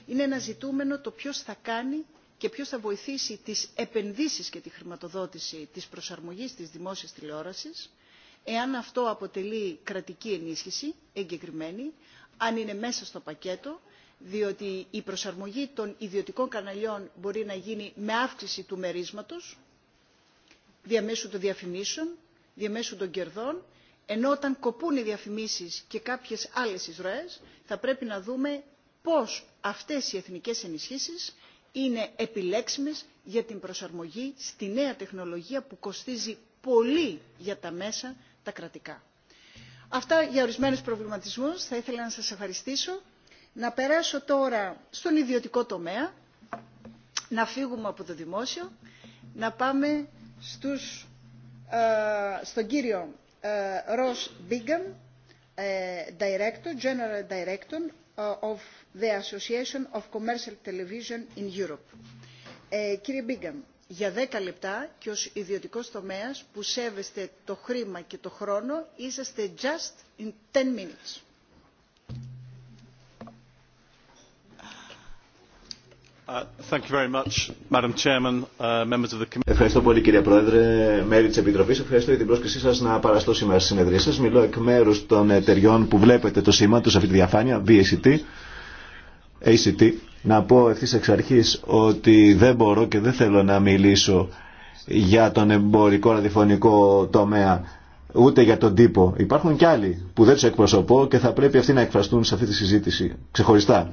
Είναι ένα ζητούμενο το ποιος θα κάνει και ποιος θα βοηθήσει τις επενδύσεις και τη χρηματοδότηση της προσαρμογής της δημόσιας τηλεόρασης, εάν αυτό αποτελεί κρατική ενίσχυση, εγκεκριμένη, αν είναι μέσα στο πακέτο, διότι η προσαρμογή των ιδιωτικών καναλιών μπορεί να γίνει με αύξηση του μερίσματος, διαμέσου των διαφημίσεων, διαμέσου των κερδών ενώ όταν κοπούν οι διαφημίσεις και κάποιες άλλες εισρωές θα πρέπει να δούμε πώς αυτές οι εθνικές ενισχύσεις είναι επιλέξιμες για την προσαρμογή στη νέα τεχνολογία που κοστίζει πολύ για τα μέσα τα κρατικά. Αυτά για ορισμένους προβληματισμούς. Θα ήθελα να σας ευχαριστήσω. Να περάσω τώρα στον ιδιωτικό τομέα, να φύγουμε από το δημόσιο, να πάμε στους, ε, στον κύριο Ross Bingham, Director, General Director of the Association of Commercial Television in Europe. Κύριε Bingham, για 10 λεπτά και ως ιδιωτικός τομέας που σέβεστε το χρήμα και το χρόνο, είσαστε just in 10 minutes. Ευχαριστώ πολύ κύριε Πρόεδρε, μέλη της Επιτροπής. Ευχαριστώ για την πρόσκλησή σας να παραστώ σήμερα στη συνεδρία σας. Μιλώ εκ μέρους των εταιριών που βλέπετε το σήμα τους αυτή τη διαφάνεια, VACT, ACT. Να πω ευθύ εξ αρχής ότι δεν μπορώ και δεν θέλω να μιλήσω για τον εμπορικό ραδιοφωνικό τομέα, ούτε για τον τύπο. Υπάρχουν και άλλοι που δεν τους εκπροσωπώ και θα πρέπει αυτοί να εκφραστούν σε αυτή τη συζήτηση ξεχωριστά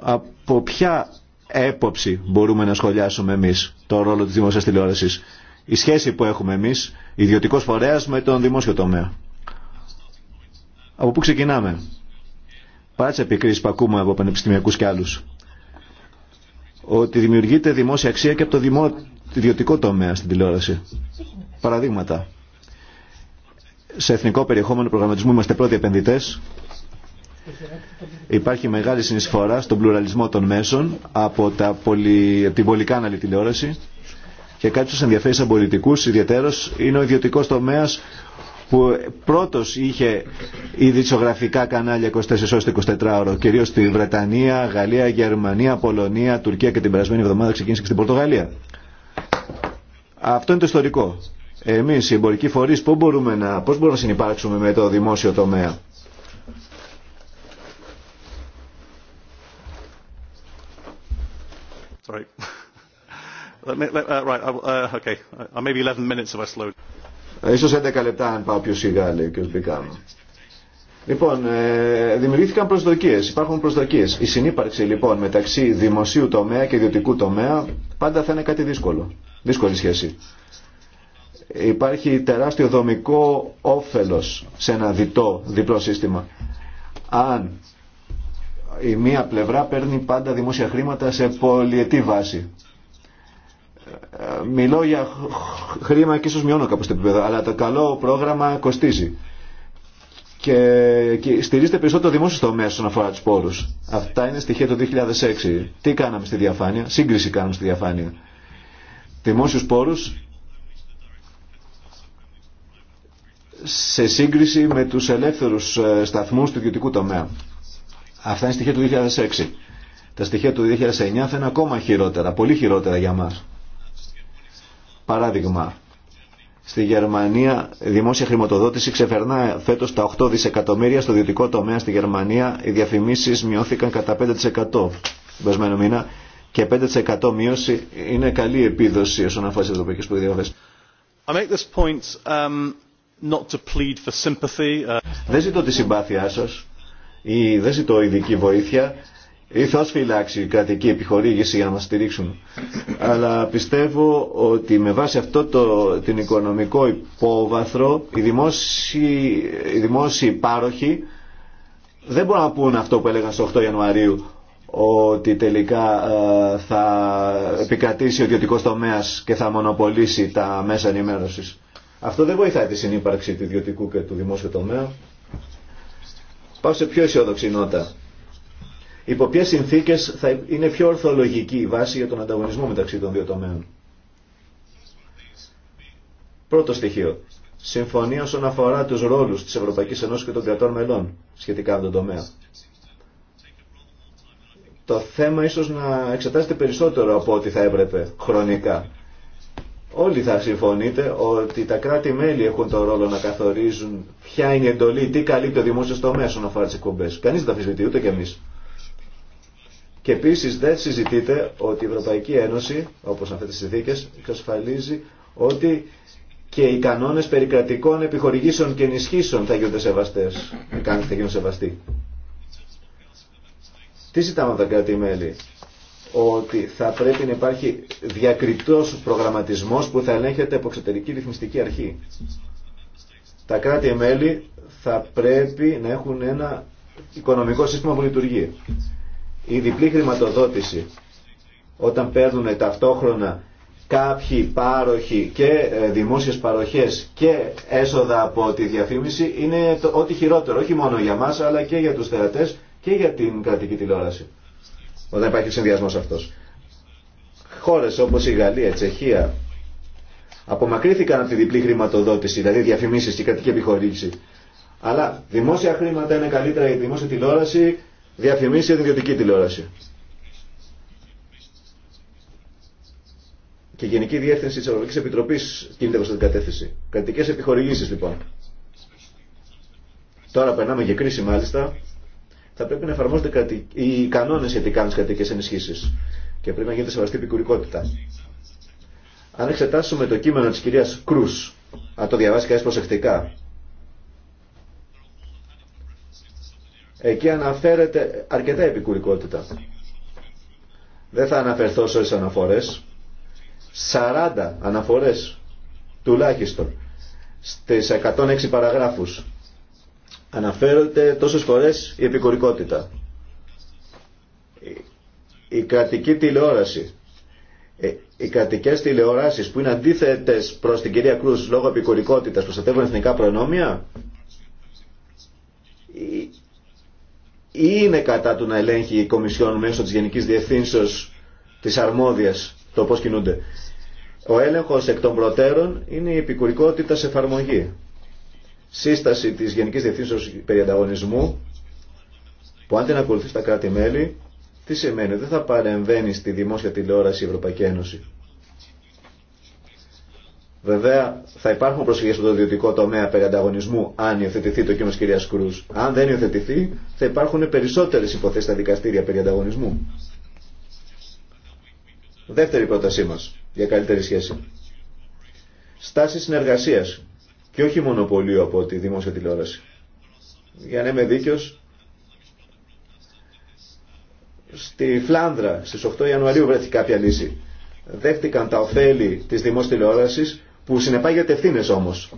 από ποια έποψη μπορούμε να σχολιάσουμε εμείς το ρόλο της δημόσιας τηλεόρασης. Η σχέση που έχουμε εμείς, ιδιωτικός φορέας με τον δημόσιο τομέα. Από πού ξεκινάμε. Παρά τις επικρίσεις που ακούμε από πανεπιστημιακούς και άλλους. Ότι δημιουργείται δημόσια αξία και από το δημο... ιδιωτικό τομέα στην τηλεόραση. Παραδείγματα. Σε εθνικό περιεχόμενο προγραμματισμού είμαστε πρώτοι επενδυτές Υπάρχει μεγάλη συνεισφορά στον πλουραλισμό των μέσων από τα πολυ... την πολυκάναλη τηλεόραση και κάτι που ενδιαφέρει σαν πολιτικού ιδιαίτερο είναι ο ιδιωτικό τομέα που πρώτος είχε ειδησιογραφικά κανάλια 24 ώρε 24 ώρο, κυρίως στη Βρετανία, Γαλλία, Γερμανία, Πολωνία, Τουρκία και την περασμένη εβδομάδα ξεκίνησε και στην Πορτογαλία. Αυτό είναι το ιστορικό. εμείς οι εμπορικοί φορείς πώ μπορούμε να, πώς μπορούμε να συνεπάρξουμε με το δημόσιο τομέα Sorry. Uh, right, uh, okay. I'm uh, maybe 11 minutes if I Ίσως 11 λεπτά αν πάω πιο σιγά, λέει ο κ. Μπικάνο. Λοιπόν, ε, δημιουργήθηκαν προσδοκίε, υπάρχουν προσδοκίε. Η συνύπαρξη λοιπόν μεταξύ δημοσίου τομέα και ιδιωτικού τομέα πάντα θα είναι κάτι δύσκολο. Δύσκολη σχέση. Υπάρχει τεράστιο δομικό όφελο σε ένα διτό, διπλό σύστημα. Αν η μία πλευρά παίρνει πάντα δημόσια χρήματα σε πολιετή βάση. Ε, μιλώ για χρήμα και ίσως μειώνω κάπως το επίπεδο, αλλά το καλό πρόγραμμα κοστίζει. Και, και στηρίζεται περισσότερο δημόσιο τομέα όσον αφορά του πόρους Αυτά είναι στοιχεία του 2006. Τι κάναμε στη διαφάνεια, σύγκριση κάνουμε στη διαφάνεια. Δημόσιου πόρου σε σύγκριση με τους ελεύθερους ε, σταθμούς του ιδιωτικού τομέα. Αυτά είναι στοιχεία του 2006. Τα στοιχεία του 2009 θα είναι ακόμα χειρότερα, πολύ χειρότερα για μας. Παράδειγμα, στη Γερμανία η δημόσια χρηματοδότηση ξεφερνά φέτος τα 8 δισεκατομμύρια στο δυτικό τομέα στη Γερμανία. Οι διαφημίσεις μειώθηκαν κατά 5% τον μήνα και 5% μείωση είναι καλή επίδοση όσον αφορά τις ευρωπαϊκές προδιαγραφές. Um, Δεν ζητώ τη συμπάθειά σας ή δεν ζητώ ειδική βοήθεια ή θα φυλάξει κρατική επιχορήγηση για να μας στηρίξουν. Αλλά πιστεύω ότι με βάση αυτό το, την οικονομικό υπόβαθρο οι δημόσιοι, οι δημόσιοι πάροχοι δεν μπορούν να πούν αυτό που έλεγαν στο 8 Ιανουαρίου ότι τελικά ε, θα επικρατήσει ο ιδιωτικό τομέα και θα μονοπολίσει τα μέσα ενημέρωση. Αυτό δεν βοηθάει τη συνύπαρξη του ιδιωτικού και του δημόσιου τομέα. Πάω σε πιο αισιόδοξη νότα. Υπό ποιε συνθήκε θα είναι πιο ορθολογική η βάση για τον ανταγωνισμό μεταξύ των δύο τομέων. Πρώτο στοιχείο. Συμφωνία όσον αφορά του ρόλου τη Ευρωπαϊκή Ενώση και των κρατών μελών σχετικά με τον τομέα. Το θέμα ίσω να εξετάζεται περισσότερο από ό,τι θα έπρεπε χρονικά. Όλοι θα συμφωνείτε ότι τα κράτη-μέλη έχουν τον ρόλο να καθορίζουν ποια είναι η εντολή, τι καλύπτει ο δημόσιο τομέα όσον αφορά τι εκπομπέ. Κανεί δεν τα αφισβητεί, ούτε κι εμεί. Και επίση δεν συζητείτε ότι η Ευρωπαϊκή Ένωση, όπω αυτέ τι συνθήκε, εξασφαλίζει ότι και οι κανόνε περικρατικών επιχορηγήσεων και ενισχύσεων θα γίνονται σεβαστέ. Θα γίνουν σεβαστοί. Τι ζητάμε από τα κράτη-μέλη ότι θα πρέπει να υπάρχει διακριτός προγραμματισμός που θα ελέγχεται από εξωτερική ρυθμιστική αρχή. Τα κράτη-μέλη θα πρέπει να έχουν ένα οικονομικό σύστημα που λειτουργεί. Η διπλή χρηματοδότηση, όταν παίρνουν ταυτόχρονα κάποιοι πάροχοι και ε, δημόσιες παροχές και έσοδα από τη διαφήμιση, είναι ό,τι χειρότερο, όχι μόνο για μας, αλλά και για τους θεατές και για την κρατική τηλεόραση όταν υπάρχει ο συνδυασμός αυτός. Χώρες όπως η Γαλλία, η Τσεχία απομακρύθηκαν από τη διπλή χρηματοδότηση, δηλαδή διαφημίσεις και κρατική επιχορήγηση. Αλλά δημόσια χρήματα είναι καλύτερα για τη δημόσια τηλεόραση, διαφημίσει για την ιδιωτική τηλεόραση. Και η Γενική Διεύθυνση τη Ευρωπαϊκή Επιτροπής κινείται προ την κατεύθυνση. Κρατικέ επιχορηγήσει λοιπόν. Τώρα περνάμε για κρίση μάλιστα θα πρέπει να εφαρμόζονται οι κανόνε σχετικά με τι κρατικέ ενισχύσει και πρέπει να γίνεται σεβαστή επικουρικότητα. Αν εξετάσουμε το κείμενο τη κυρία Κρού, αν το διαβάσει κανεί προσεκτικά, εκεί αναφέρεται αρκετά επικουρικότητα. Δεν θα αναφερθώ σε όλε τι αναφορέ. 40 αναφορέ τουλάχιστον στι 106 παραγράφου αναφέρονται τόσες φορές η επικουρικότητα. Η, κρατική τηλεόραση. Ε, οι κρατικέ τηλεόρασει που είναι αντίθετες προς την κυρία Κρούς λόγω επικουρικότητας προστατεύουν εθνικά προνόμια είναι κατά του να ελέγχει η Κομισιόν μέσω τη Γενικής Διευθύνσεω της Αρμόδιας το πώς κινούνται. Ο έλεγχος εκ των προτέρων είναι η επικουρικότητα σε εφαρμογή σύσταση της Γενικής Διευθύνσεως Περιανταγωνισμού που αν την ακολουθεί τα κράτη-μέλη, τι σημαίνει, δεν θα παρεμβαίνει στη δημόσια τηλεόραση η Ευρωπαϊκή Ένωση. Βέβαια, θα υπάρχουν προσφυγέ στον ιδιωτικό τομέα περί ανταγωνισμού αν υιοθετηθεί το κείμενο τη κυρία Κρού. Αν δεν υιοθετηθεί, θα υπάρχουν περισσότερε υποθέσει στα δικαστήρια περί ανταγωνισμού. Δεύτερη πρότασή μα για καλύτερη σχέση. Στάση συνεργασία και όχι μονοπωλίου από τη δημόσια τηλεόραση. Για να είμαι δίκαιος, στη Φλάνδρα στις 8 Ιανουαρίου βρέθηκε κάποια λύση. Δέχτηκαν τα ωφέλη της δημόσιας τηλεόρασης που συνεπάγεται ευθύνε όμως.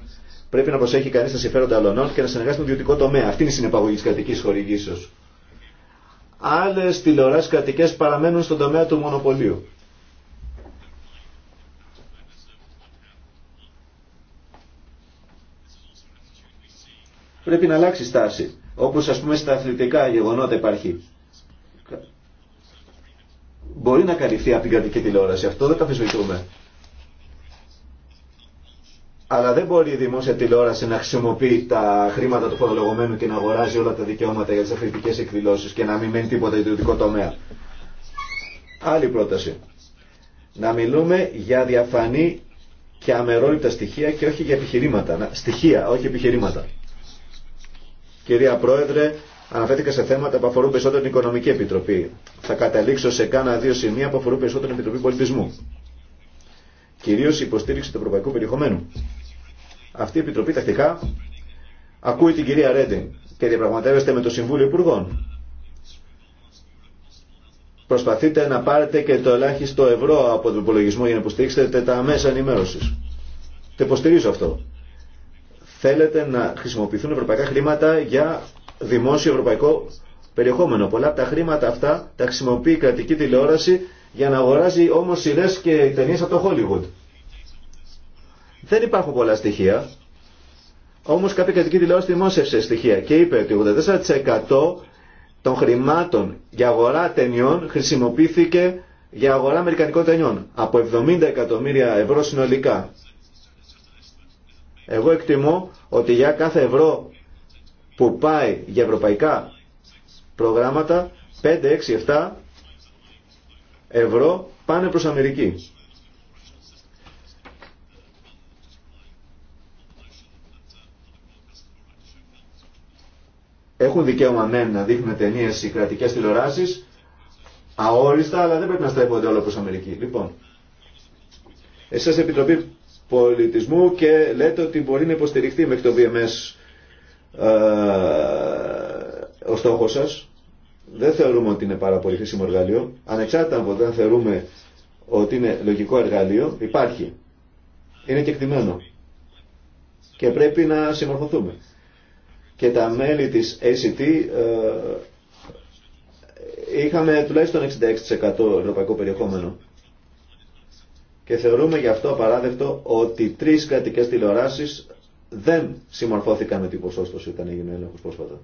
Πρέπει να προσέχει κανείς τα συμφέροντα αλλωνών και να συνεργάζεται με τον ιδιωτικό τομέα. Αυτή είναι η συνεπαγωγή της κρατικής χορηγήσεως. Άλλες τηλεοράσεις κρατικές παραμένουν στον τομέα του μονοπωλίου. πρέπει να αλλάξει στάση. Όπως ας πούμε στα αθλητικά γεγονότα υπάρχει. Μπορεί να καλυφθεί από την κρατική τηλεόραση. Αυτό δεν το αφισβητούμε. Αλλά δεν μπορεί η δημόσια τηλεόραση να χρησιμοποιεί τα χρήματα του φορολογωμένου και να αγοράζει όλα τα δικαιώματα για τις αθλητικές εκδηλώσει και να μην μένει τίποτα για ιδιωτικό τομέα. Άλλη πρόταση. Να μιλούμε για διαφανή και αμερόληπτα στοιχεία και όχι για επιχειρήματα. στοιχεία, όχι επιχειρήματα. Κυρία Πρόεδρε, αναφέρθηκα σε θέματα που αφορούν περισσότερο την Οικονομική Επιτροπή. Θα καταλήξω σε κάνα δύο σημεία που αφορούν περισσότερο την Επιτροπή Πολιτισμού. Κυρίω η υποστήριξη του ευρωπαϊκού περιεχομένου. Αυτή η Επιτροπή τακτικά ακούει την κυρία Ρέντιν και διαπραγματεύεστε με το Συμβούλιο Υπουργών. Προσπαθείτε να πάρετε και το ελάχιστο ευρώ από τον υπολογισμό για να υποστηρίξετε τα μέσα ενημέρωση. Το υποστηρίζω αυτό θέλετε να χρησιμοποιηθούν ευρωπαϊκά χρήματα για δημόσιο ευρωπαϊκό περιεχόμενο. Πολλά από τα χρήματα αυτά τα χρησιμοποιεί η κρατική τηλεόραση για να αγοράζει όμω σειρέ και ταινίε από το Hollywood. Δεν υπάρχουν πολλά στοιχεία. Όμω κάποια κρατική τηλεόραση δημόσιευσε στοιχεία και είπε ότι 84% των χρημάτων για αγορά ταινιών χρησιμοποιήθηκε για αγορά αμερικανικών ταινιών από 70 εκατομμύρια ευρώ συνολικά. Εγώ εκτιμώ ότι για κάθε ευρώ που πάει για ευρωπαϊκά προγράμματα, 5, 6, 7 ευρώ πάνε προς Αμερική. Έχουν δικαίωμα ναι, να δείχνουν ταινίε οι κρατικέ τηλεοράσει, αόριστα, αλλά δεν πρέπει να στρέφονται όλα προ Αμερική. Λοιπόν, εσά Επιτροπή πολιτισμού και λέτε ότι μπορεί να υποστηριχθεί μέχρι το BMS ε, ο στόχος σας. Δεν θεωρούμε ότι είναι πάρα πολύ χρήσιμο εργαλείο. Ανεξάρτητα από το αν θεωρούμε ότι είναι λογικό εργαλείο, υπάρχει. Είναι κεκτημένο. Και πρέπει να συμμορφωθούμε. Και τα μέλη της ACT ε, είχαμε τουλάχιστον 66% ευρωπαϊκό περιεχόμενο και θεωρούμε γι' αυτό παράδεκτο ότι τρεις κρατικέ τηλεοράσει δεν συμμορφώθηκαν με την ποσόστοση όταν έγινε ο έλεγχος πρόσφατα.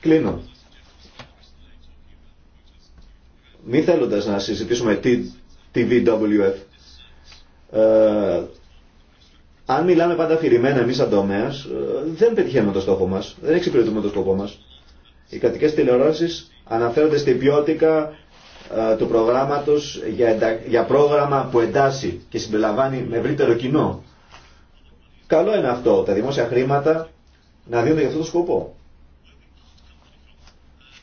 Κλείνω. Μη θέλοντα να συζητήσουμε TVWF, ε, αν μιλάμε πάντα αφηρημένα εμεί σαν τομέα, ε, δεν πετυχαίνουμε το στόχο μας, δεν εξυπηρετούμε το στόχο μα. Οι κρατικέ τηλεοράσει αναφέρονται στην ποιότητα ε, του προγράμματος για, για πρόγραμμα που εντάσσει και συμπεριλαμβάνει με ευρύτερο κοινό. Καλό είναι αυτό, τα δημόσια χρήματα να δίνονται για αυτό το σκοπό.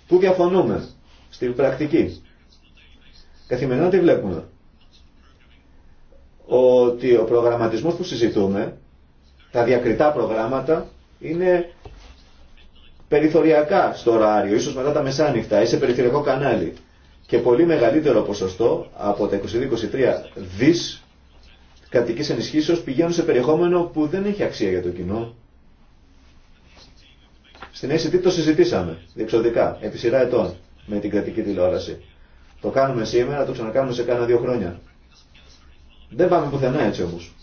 Πού διαφωνούμε στην πρακτική. Καθημερινά τι βλέπουμε. Ότι ο προγραμματισμός που συζητούμε, τα διακριτά προγράμματα, είναι περιθωριακά στο ωράριο, ίσως μετά τα μεσάνυχτα ή σε περιθωριακό κανάλι και πολύ μεγαλύτερο ποσοστό από τα 22-23 δις κρατικής ενισχύσεως πηγαίνουν σε περιεχόμενο που δεν έχει αξία για το κοινό. Στην ACT το συζητήσαμε διεξοδικά, επί σειρά ετών, με την κρατική τηλεόραση. Το κάνουμε σήμερα, το ξανακάνουμε σε κάνα δύο χρόνια. Δεν πάμε πουθενά έτσι όμως.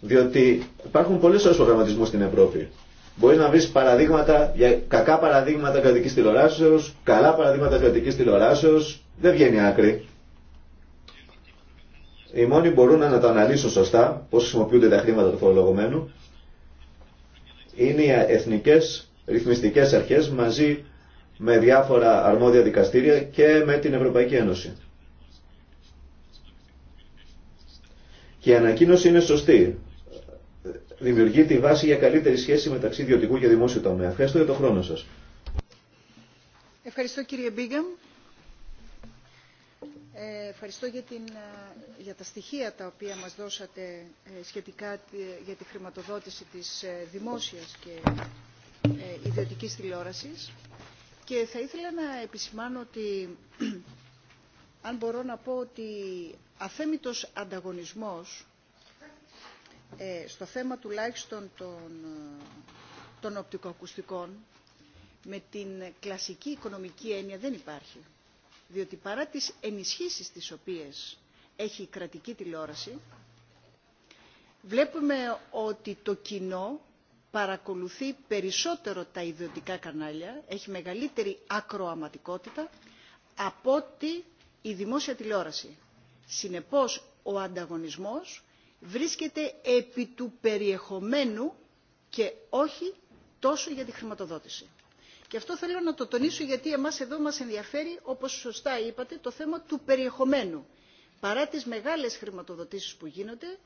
Διότι υπάρχουν πολλές ώρες προγραμματισμού στην Ευρώπη. Μπορεί να βρει παραδείγματα για κακά παραδείγματα κρατική τηλεοράσεω, καλά παραδείγματα κρατική τηλεοράσεω. Δεν βγαίνει άκρη. Οι μόνοι μπορούν να τα αναλύσουν σωστά, πώ χρησιμοποιούνται τα χρήματα του φορολογωμένου, είναι οι εθνικέ ρυθμιστικέ αρχέ μαζί με διάφορα αρμόδια δικαστήρια και με την Ευρωπαϊκή Ένωση. Και η ανακοίνωση είναι σωστή δημιουργεί τη βάση για καλύτερη σχέση μεταξύ ιδιωτικού και δημόσιου τομέα. Ευχαριστώ για τον χρόνο σας. Ευχαριστώ κύριε Μπίγκαμ. Ε, ευχαριστώ για, την, ε, για τα στοιχεία τα οποία μας δώσατε ε, σχετικά για τη χρηματοδότηση της δημόσιας και ιδιωτικής τηλεόρασης. Και θα ήθελα να επισημάνω ότι, αν μπορώ να πω ότι αθέμητος ανταγωνισμός ε, στο θέμα τουλάχιστον των, ε, των οπτικοακουστικών με την κλασική οικονομική έννοια δεν υπάρχει. Διότι παρά τις ενισχύσεις τις οποίες έχει η κρατική τηλεόραση, βλέπουμε ότι το κοινό παρακολουθεί περισσότερο τα ιδιωτικά κανάλια, έχει μεγαλύτερη ακροαματικότητα από ότι η δημόσια τηλεόραση. Συνεπώς, ο ανταγωνισμός βρίσκεται επί του περιεχομένου και όχι τόσο για τη χρηματοδότηση. Και αυτό θέλω να το τονίσω γιατί εμάς εδώ μας ενδιαφέρει, όπως σωστά είπατε, το θέμα του περιεχομένου. Παρά τις μεγάλες χρηματοδοτήσεις που γίνονται,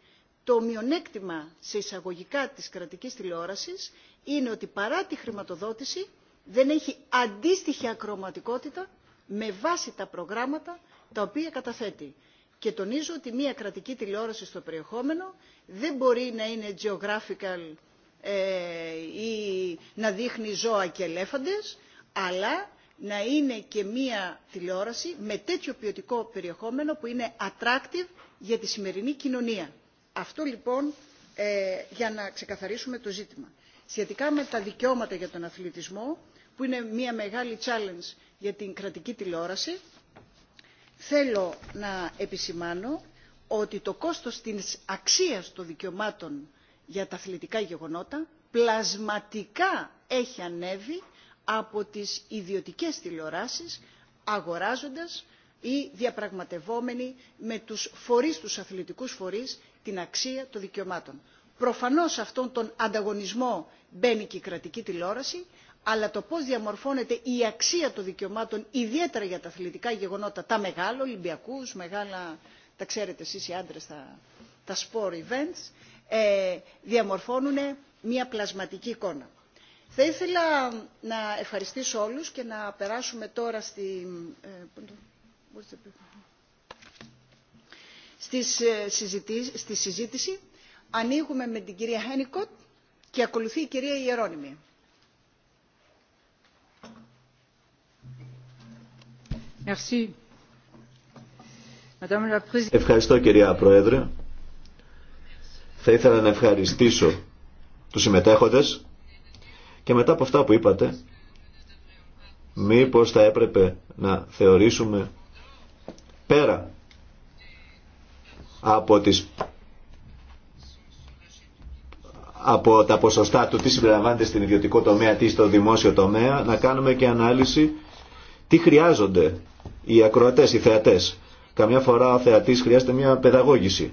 το μειονέκτημα σε εισαγωγικά της κρατικής τηλεόρασης είναι ότι παρά τη χρηματοδότηση δεν έχει αντίστοιχη ακροματικότητα με βάση τα προγράμματα τα οποία καταθέτει. Και τονίζω ότι μία κρατική τηλεόραση στο περιεχόμενο δεν μπορεί να είναι geographical ε, ή να δείχνει ζώα και ελέφαντες, αλλά να είναι και μία τηλεόραση με τέτοιο ποιοτικό περιεχόμενο που είναι attractive για τη σημερινή κοινωνία. Αυτό λοιπόν ε, για να ξεκαθαρίσουμε το ζήτημα. Σχετικά με τα δικαιώματα για τον αθλητισμό, που είναι μία μεγάλη challenge για την κρατική τηλεόραση, θέλω να επισημάνω ότι το κόστος της αξίας των δικαιωμάτων για τα αθλητικά γεγονότα πλασματικά έχει ανέβει από τις ιδιωτικές τηλεοράσεις αγοράζοντας ή διαπραγματευόμενοι με τους φορείς, τους αθλητικούς φορείς, την αξία των δικαιωμάτων. Προφανώς αυτόν τον ανταγωνισμό μπαίνει και η κρατική τηλεόραση, αλλά το πώς διαμορφώνεται η αξία των δικαιωμάτων, ιδιαίτερα για τα αθλητικά γεγονότα, τα μεγάλα, Ολυμπιακούς, μεγάλα, τα ξέρετε εσείς οι άντρες, τα, τα sport events, ε, διαμορφώνουν μια πλασματική εικόνα. Θα ήθελα να ευχαριστήσω όλους και να περάσουμε τώρα στη, ε, ε, στη συζήτηση. Ανοίγουμε με την κυρία Χένικοτ και ακολουθεί η κυρία Ιερώνημη. Ευχαριστώ κυρία Πρόεδρε. Θα ήθελα να ευχαριστήσω τους συμμετέχοντες και μετά από αυτά που είπατε μήπως θα έπρεπε να θεωρήσουμε πέρα από, τις, από τα ποσοστά του τι συμπεριλαμβάνεται στην ιδιωτικό τομέα, τι στο δημόσιο τομέα, να κάνουμε και ανάλυση τι χρειάζονται οι ακροατές, οι θεατές. Καμιά φορά ο θεατής χρειάζεται μια παιδαγώγηση.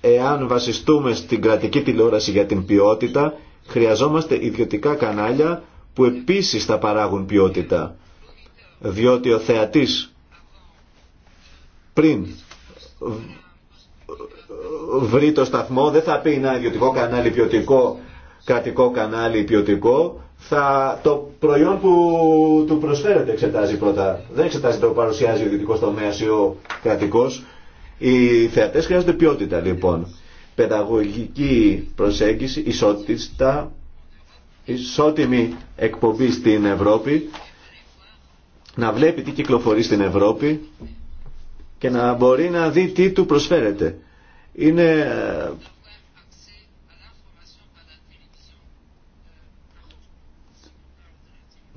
Εάν βασιστούμε στην κρατική τηλεόραση για την ποιότητα, χρειαζόμαστε ιδιωτικά κανάλια που επίσης θα παράγουν ποιότητα. Διότι ο θεατής πριν βρει το σταθμό δεν θα πει «να ιδιωτικό κανάλι ποιοτικό, κρατικό κανάλι ποιοτικό, θα, το προϊόν που του προσφέρεται εξετάζει πρώτα. Δεν εξετάζει το που παρουσιάζει ο ιδιωτικό τομέα ή ο κρατικό. Οι θεατές χρειάζονται ποιότητα λοιπόν. Παιδαγωγική προσέγγιση, ισότητα, ισότιμη εκπομπή στην Ευρώπη, να βλέπει τι κυκλοφορεί στην Ευρώπη και να μπορεί να δει τι του προσφέρεται. Είναι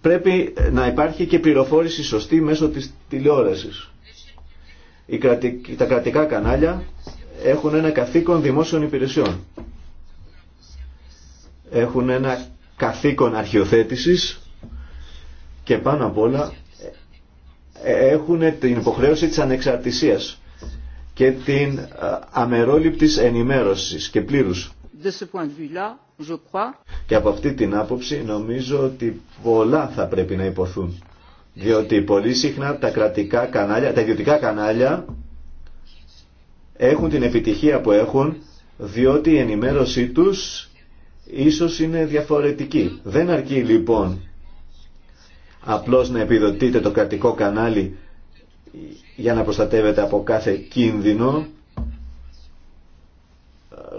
πρέπει να υπάρχει και πληροφόρηση σωστή μέσω της τηλεόρασης. Οι τα κρατικά κανάλια έχουν ένα καθήκον δημόσιων υπηρεσιών. Έχουν ένα καθήκον αρχιοθέτησης και πάνω απ' όλα ε, έχουν την υποχρέωση της ανεξαρτησίας και την ε, αμερόληπτης ενημέρωσης και πλήρους και από αυτή την άποψη νομίζω ότι πολλά θα πρέπει να υποθούν. Διότι πολύ συχνά τα κρατικά κανάλια, τα ιδιωτικά κανάλια έχουν την επιτυχία που έχουν διότι η ενημέρωσή τους ίσως είναι διαφορετική. Δεν αρκεί λοιπόν απλώς να επιδοτείτε το κρατικό κανάλι για να προστατεύετε από κάθε κίνδυνο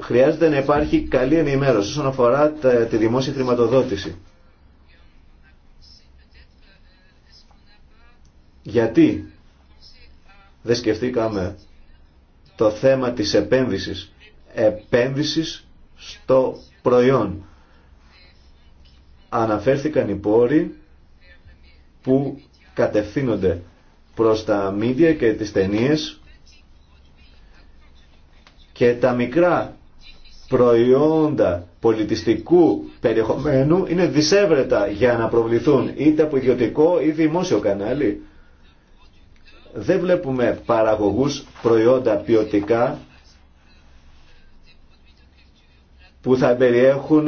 χρειάζεται να υπάρχει καλή ενημέρωση όσον αφορά τη δημόσια χρηματοδότηση. Γιατί δεν σκεφτήκαμε το θέμα της επένδυσης, επένδυσης στο προϊόν. Αναφέρθηκαν οι πόροι που κατευθύνονται προς τα μίδια και τις ταινίες και τα μικρά προϊόντα πολιτιστικού περιεχομένου είναι δυσέβρετα για να προβληθούν είτε από ιδιωτικό ή δημόσιο κανάλι. Δεν βλέπουμε παραγωγούς προϊόντα ποιοτικά που θα περιέχουν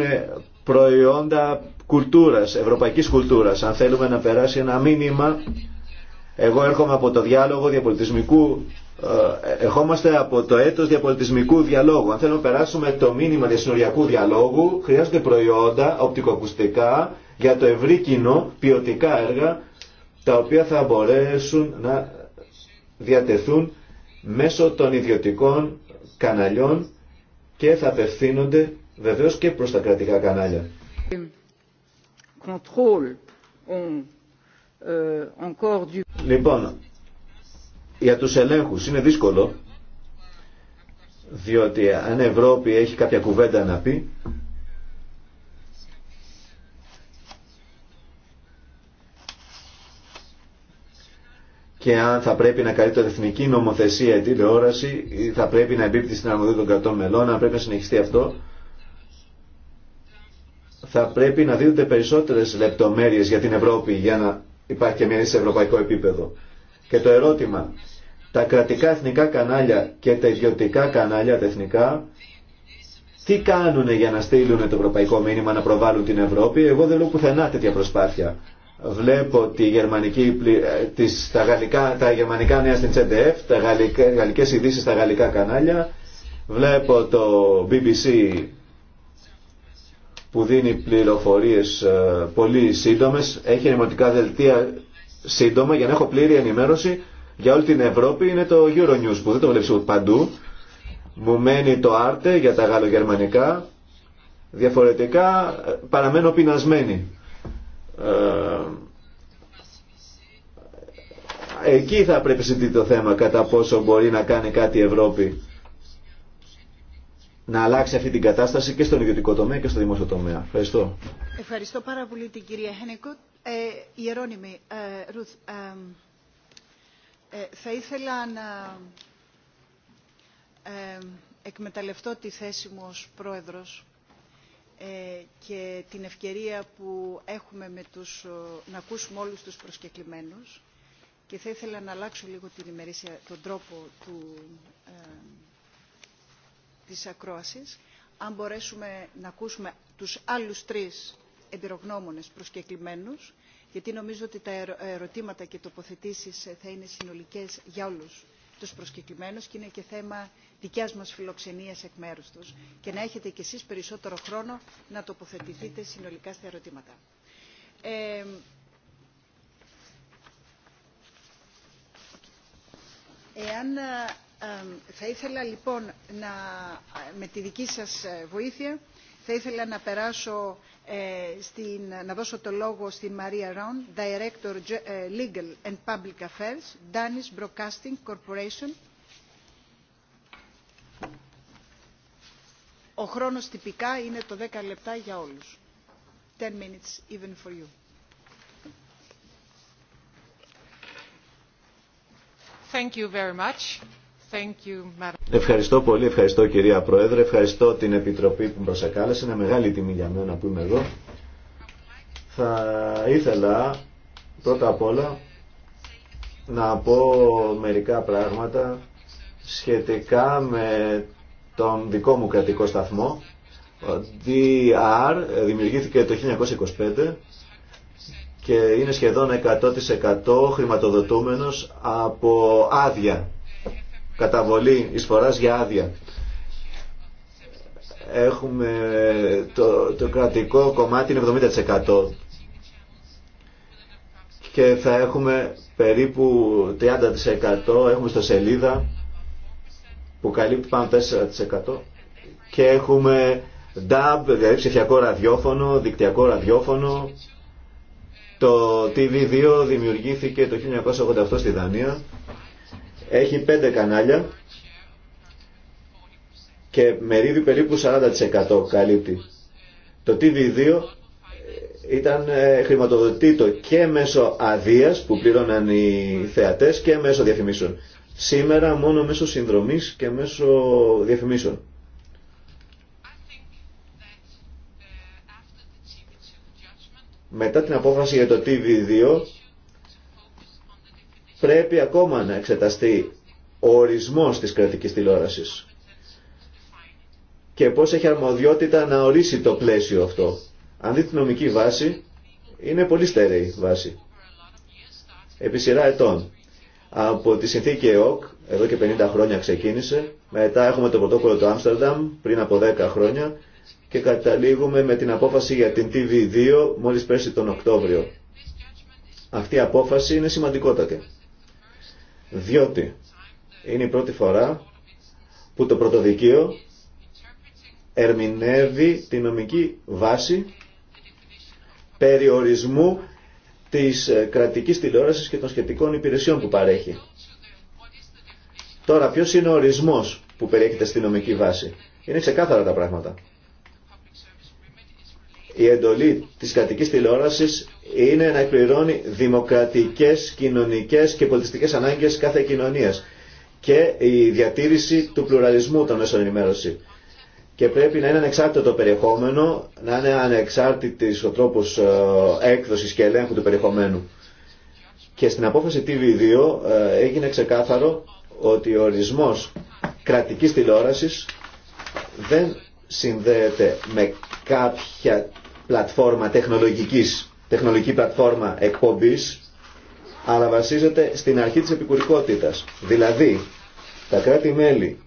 προϊόντα κουλτούρας, ευρωπαϊκής κουλτούρας. Αν θέλουμε να περάσει ένα μήνυμα, εγώ έρχομαι από το διάλογο διαπολιτισμικού ε, ερχόμαστε από το έτος διαπολιτισμικού διαλόγου. Αν θέλουμε να περάσουμε το μήνυμα διασυνοριακού διαλόγου, χρειάζονται προϊόντα οπτικοακουστικά για το ευρύ κοινό, ποιοτικά έργα, τα οποία θα μπορέσουν να διατεθούν μέσω των ιδιωτικών καναλιών και θα απευθύνονται βεβαίως και προς τα κρατικά κανάλια. Euh, λοιπόν, για τους ελέγχους είναι δύσκολο διότι αν Ευρώπη έχει κάποια κουβέντα να πει και αν θα πρέπει να το εθνική νομοθεσία η τηλεόραση ή θα πρέπει να εμπίπτει στην αρμοδία των κρατών μελών, αν πρέπει να συνεχιστεί αυτό, θα πρέπει να δίνονται περισσότερες λεπτομέρειες για την Ευρώπη για να υπάρχει και μια σε ευρωπαϊκό επίπεδο. Και το ερώτημα, τα κρατικά εθνικά κανάλια και τα ιδιωτικά κανάλια τα εθνικά, τι κάνουν για να στείλουν το ευρωπαϊκό μήνυμα να προβάλλουν την Ευρώπη. Εγώ δεν λέω πουθενά τέτοια προσπάθεια. Βλέπω γερμανική, ε, τις, τα, γαλλικά, τα γερμανικά νέα στην CDF, τα γαλλικά, γαλλικές ειδήσει στα γαλλικά κανάλια. Βλέπω το BBC που δίνει πληροφορίες ε, πολύ σύντομες, έχει ενημερωτικά δελτία σύντομα για να έχω πλήρη ενημέρωση για όλη την Ευρώπη είναι το Euronews που δεν το βλέπεις παντού. Μου μένει το Άρτε για τα γαλλογερμανικά. Διαφορετικά ε, παραμένω πεινασμένη. Ε, εκεί θα πρέπει συζητήσω το θέμα κατά πόσο μπορεί να κάνει κάτι η Ευρώπη να αλλάξει αυτή την κατάσταση και στον ιδιωτικό τομέα και στο δημόσιο τομέα. Ευχαριστώ. Ευχαριστώ πάρα πολύ την κυρία ε, Ιερώνημη, ε, Ρουθ, ε, θα ήθελα να εκμεταλλευτώ τη θέση μου ως πρόεδρος και την ευκαιρία που έχουμε με τους, να ακούσουμε όλους τους προσκεκλημένους και θα ήθελα να αλλάξω λίγο την ημερήσια, τον τρόπο του, ε, της ακρόασης αν μπορέσουμε να ακούσουμε τους άλλους τρεις εμπειρογνώμονες προσκεκλημένους, γιατί νομίζω ότι τα ερωτήματα και τοποθετήσεις θα είναι συνολικές για όλους τους προσκεκλημένους και είναι και θέμα δικιάς μας φιλοξενίας εκ μέρους τους και να έχετε κι εσείς περισσότερο χρόνο να τοποθετηθείτε συνολικά στα ερωτήματα. Ε, εάν θα ήθελα λοιπόν να, με τη δική σας ε, βοήθεια θα ήθελα να περάσω στην, να δώσω το λόγο στην Μαρία Ρόν, Director Legal and Public Affairs, Danish Broadcasting Corporation. Ο χρόνος τυπικά είναι το 10 λεπτά για όλους. 10 minutes even for you. Thank you very much ευχαριστώ πολύ, ευχαριστώ κυρία Πρόεδρε, ευχαριστώ την Επιτροπή που προσεκάλεσε. Είναι μεγάλη τιμή για μένα που είμαι εδώ. Θα ήθελα πρώτα απ' όλα να πω μερικά πράγματα σχετικά με τον δικό μου κρατικό σταθμό. Ο DR δημιουργήθηκε το 1925 και είναι σχεδόν 100% χρηματοδοτούμενος από άδεια καταβολή εισφοράς για άδεια. Έχουμε το, το κρατικό κομμάτι είναι 70% και θα έχουμε περίπου 30% έχουμε στο σελίδα που καλύπτει πάνω 4% και έχουμε DAB, δηλαδή ψηφιακό ραδιόφωνο, δικτυακό ραδιόφωνο. Το TV2 δημιουργήθηκε το 1988 στη Δανία έχει πέντε κανάλια και μερίδι περίπου 40% καλύπτει. Το TV2 ήταν ε, χρηματοδοτήτο και μέσω αδείας που πλήρωναν οι θεατές και μέσω διαφημίσεων. Σήμερα μόνο μέσω συνδρομής και μέσω διαφημίσεων. Μετά την απόφαση για το TV2 πρέπει ακόμα να εξεταστεί ο ορισμός της κρατικής τηλεόρασης και πώς έχει αρμοδιότητα να ορίσει το πλαίσιο αυτό. Αν δει τη νομική βάση, είναι πολύ στερεή βάση. Επί σειρά ετών. Από τη συνθήκη ΕΟΚ, εδώ και 50 χρόνια ξεκίνησε, μετά έχουμε το πρωτόκολλο του Άμστερνταμ πριν από 10 χρόνια και καταλήγουμε με την απόφαση για την TV2 μόλις πέρσι τον Οκτώβριο. Αυτή η απόφαση είναι σημαντικότατη διότι είναι η πρώτη φορά που το πρωτοδικείο ερμηνεύει τη νομική βάση περιορισμού της ε, κρατικής τηλεόρασης και των σχετικών υπηρεσιών που παρέχει. Τώρα, ποιος είναι ο ορισμός που περιέχεται στη νομική βάση. Είναι ξεκάθαρα τα πράγματα. Η εντολή της κρατικής τηλεόρασης είναι να εκπληρώνει δημοκρατικές, κοινωνικές και πολιτιστικές ανάγκες κάθε κοινωνίας και η διατήρηση του πλουραλισμού των μέσων ενημέρωση. Και πρέπει να είναι ανεξάρτητο το περιεχόμενο, να είναι ανεξάρτητης ο τρόπος ε, έκδοσης και ελέγχου του περιεχομένου. Και στην απόφαση TV2 ε, έγινε ξεκάθαρο ότι ο ορισμός κρατικής τηλεόρασης δεν συνδέεται με κάποια πλατφόρμα τεχνολογικής τεχνολογική πλατφόρμα εκπομπής, αλλά βασίζεται στην αρχή της επικουρικότητας. Δηλαδή, τα κράτη-μέλη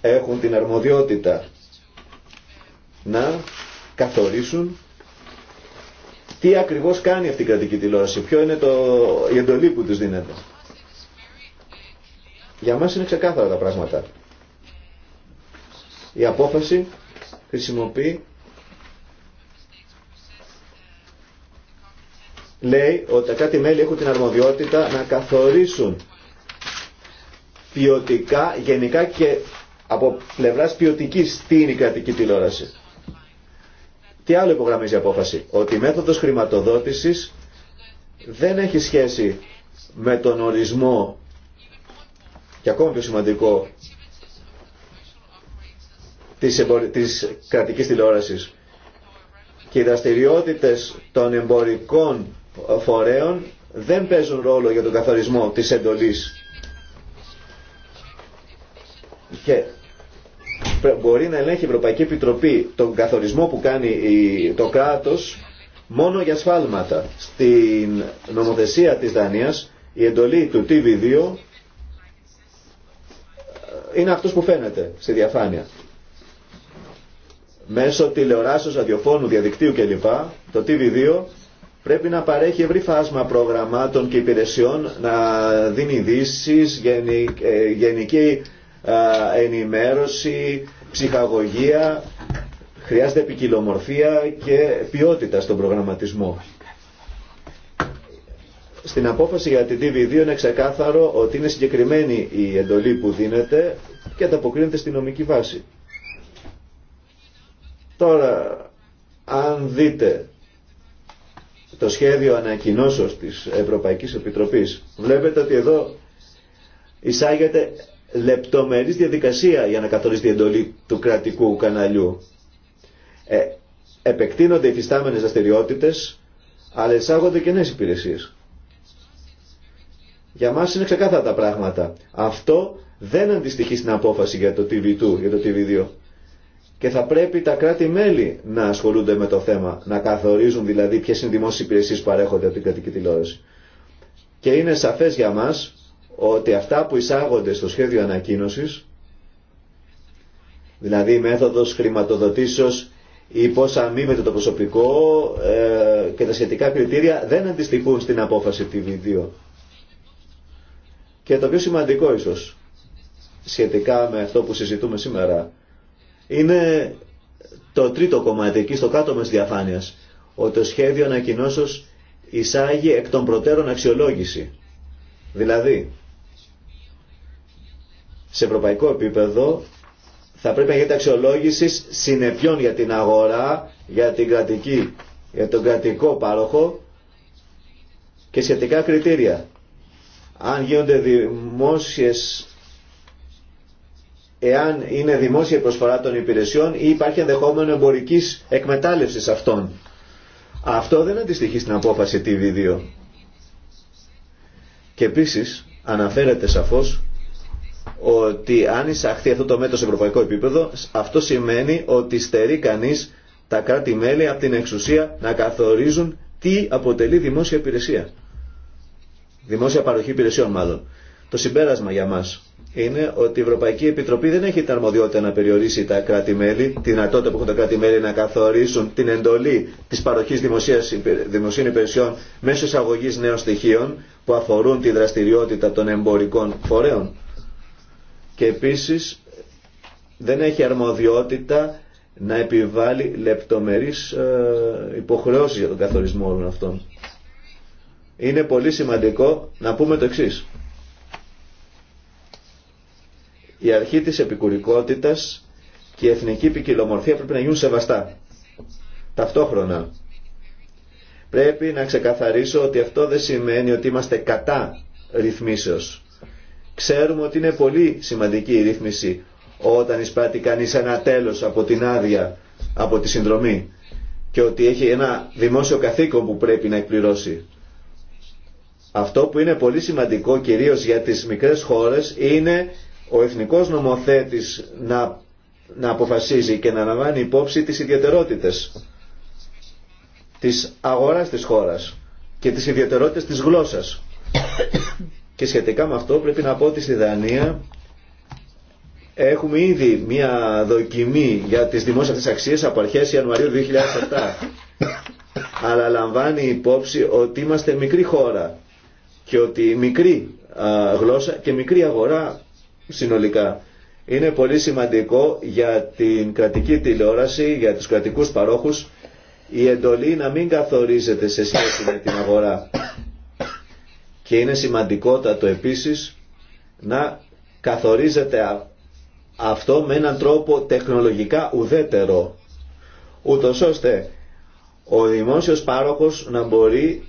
έχουν την αρμοδιότητα να καθορίσουν τι ακριβώς κάνει αυτή η κρατική τηλεόραση, ποιο είναι το, η εντολή που τους δίνεται. Για μας είναι ξεκάθαρα τα πράγματα. Η απόφαση χρησιμοποιεί λέει ότι τα κράτη-μέλη έχουν την αρμοδιότητα να καθορίσουν ποιοτικά, γενικά και από πλευρά ποιοτική τι είναι η κρατική τηλεόραση. Τι άλλο υπογραμμίζει η απόφαση. Ότι η μέθοδος χρηματοδότησης δεν έχει σχέση με τον ορισμό και ακόμα πιο σημαντικό της, εμπορ... της κρατικής τηλεόρασης και οι δραστηριότητες των εμπορικών φορέων δεν παίζουν ρόλο για τον καθορισμό της εντολής. Και μπορεί να ελέγχει η Ευρωπαϊκή Επιτροπή τον καθορισμό που κάνει το κράτος μόνο για σφάλματα. Στην νομοθεσία της Δανίας η εντολή του TV2 ε, είναι αυτός που φαίνεται στη διαφάνεια. Μέσω τηλεοράσεως, αδιοφώνου, διαδικτύου κλπ. Το TV2 Πρέπει να παρέχει ευρύ φάσμα προγραμμάτων και υπηρεσιών, να δίνει ειδήσει, ε, γενική ενημέρωση, ψυχαγωγία, χρειάζεται επικοινομορφία και ποιότητα στον προγραμματισμό. Στην απόφαση για την TV2 είναι ξεκάθαρο ότι είναι συγκεκριμένη η εντολή που δίνεται και ανταποκρίνεται στη νομική βάση. Τώρα, αν δείτε το σχέδιο ανακοινώσεως της Ευρωπαϊκής Επιτροπής. Βλέπετε ότι εδώ εισάγεται λεπτομερής διαδικασία για να καθορίσει την εντολή του κρατικού καναλιού. Ε, επεκτείνονται οι φυστάμενες δραστηριότητε, αλλά εισάγονται και νέες υπηρεσίες. Για μας είναι ξεκάθαρα τα πράγματα. Αυτό δεν αντιστοιχεί στην απόφαση για το TV2, για το TV2 και θα πρέπει τα κράτη-μέλη να ασχολούνται με το θέμα, να καθορίζουν δηλαδή ποιε είναι οι δημόσιε υπηρεσίε που παρέχονται από την κρατική τηλεόραση. Και είναι σαφέ για μα ότι αυτά που εισάγονται στο σχέδιο ανακοίνωση, δηλαδή η μέθοδο χρηματοδοτήσεω ή πόσα αμείβεται το προσωπικό ε, και τα σχετικά κριτήρια δεν αντιστοιχούν στην απόφαση TV2. Και το πιο σημαντικό ίσως σχετικά με αυτό που συζητούμε σήμερα είναι το τρίτο κομμάτι, εκεί στο κάτω μες διαφάνειας, ότι το σχέδιο ανακοινώσεως εισάγει εκ των προτέρων αξιολόγηση. Δηλαδή, σε ευρωπαϊκό επίπεδο θα πρέπει να γίνεται αξιολόγηση συνεπιών για την αγορά, για, την κρατική, για τον κρατικό πάροχο και σχετικά κριτήρια. Αν γίνονται δημόσιες εάν είναι δημόσια προσφορά των υπηρεσιών ή υπάρχει ενδεχόμενο εμπορική εκμετάλλευση αυτών. Αυτό δεν αντιστοιχεί στην απόφαση TV2. Και επίση, αναφέρεται σαφώ ότι αν εισαχθεί αυτό το μέτρο σε ευρωπαϊκό επίπεδο, αυτό σημαίνει ότι στερεί κανεί τα κράτη-μέλη από την εξουσία να καθορίζουν τι αποτελεί δημόσια υπηρεσία. Δημόσια παροχή υπηρεσιών μάλλον. Το συμπέρασμα για μας είναι ότι η Ευρωπαϊκή Επιτροπή δεν έχει την αρμοδιότητα να περιορίσει τα κράτη-μέλη, τη δυνατότητα που έχουν τα κράτη-μέλη να καθορίσουν την εντολή τη παροχή δημοσίων υπηρεσιών μέσω εισαγωγή νέων στοιχείων που αφορούν τη δραστηριότητα των εμπορικών φορέων. Και επίση δεν έχει αρμοδιότητα να επιβάλλει λεπτομερείς ε, υποχρεώσεις για τον καθορισμό όλων αυτών. Είναι πολύ σημαντικό να πούμε το εξής η αρχή της επικουρικότητας και η εθνική ποικιλομορφία πρέπει να γίνουν σεβαστά. Ταυτόχρονα πρέπει να ξεκαθαρίσω ότι αυτό δεν σημαίνει ότι είμαστε κατά ρυθμίσεως. Ξέρουμε ότι είναι πολύ σημαντική η ρύθμιση όταν εισπράττει κανεί ένα τέλος από την άδεια, από τη συνδρομή και ότι έχει ένα δημόσιο καθήκον που πρέπει να εκπληρώσει. Αυτό που είναι πολύ σημαντικό κυρίως για τις μικρές χώρες είναι ο εθνικός νομοθέτης να, να αποφασίζει και να λαμβάνει υπόψη τις ιδιαιτερότητες της αγοράς της χώρας και τις ιδιαιτερότητες της γλώσσας. και σχετικά με αυτό πρέπει να πω ότι στη Δανία έχουμε ήδη μία δοκιμή για τις δημόσιες αυτές αξίες από αρχές Ιανουαρίου 2007. Αλλά λαμβάνει υπόψη ότι είμαστε μικρή χώρα και ότι μικρή γλώσσα και μικρή αγορά συνολικά. Είναι πολύ σημαντικό για την κρατική τηλεόραση, για τους κρατικούς παρόχους, η εντολή να μην καθορίζεται σε σχέση με την αγορά. Και είναι σημαντικότατο επίσης να καθορίζεται αυτό με έναν τρόπο τεχνολογικά ουδέτερο, ούτως ώστε ο δημόσιος πάροχος να μπορεί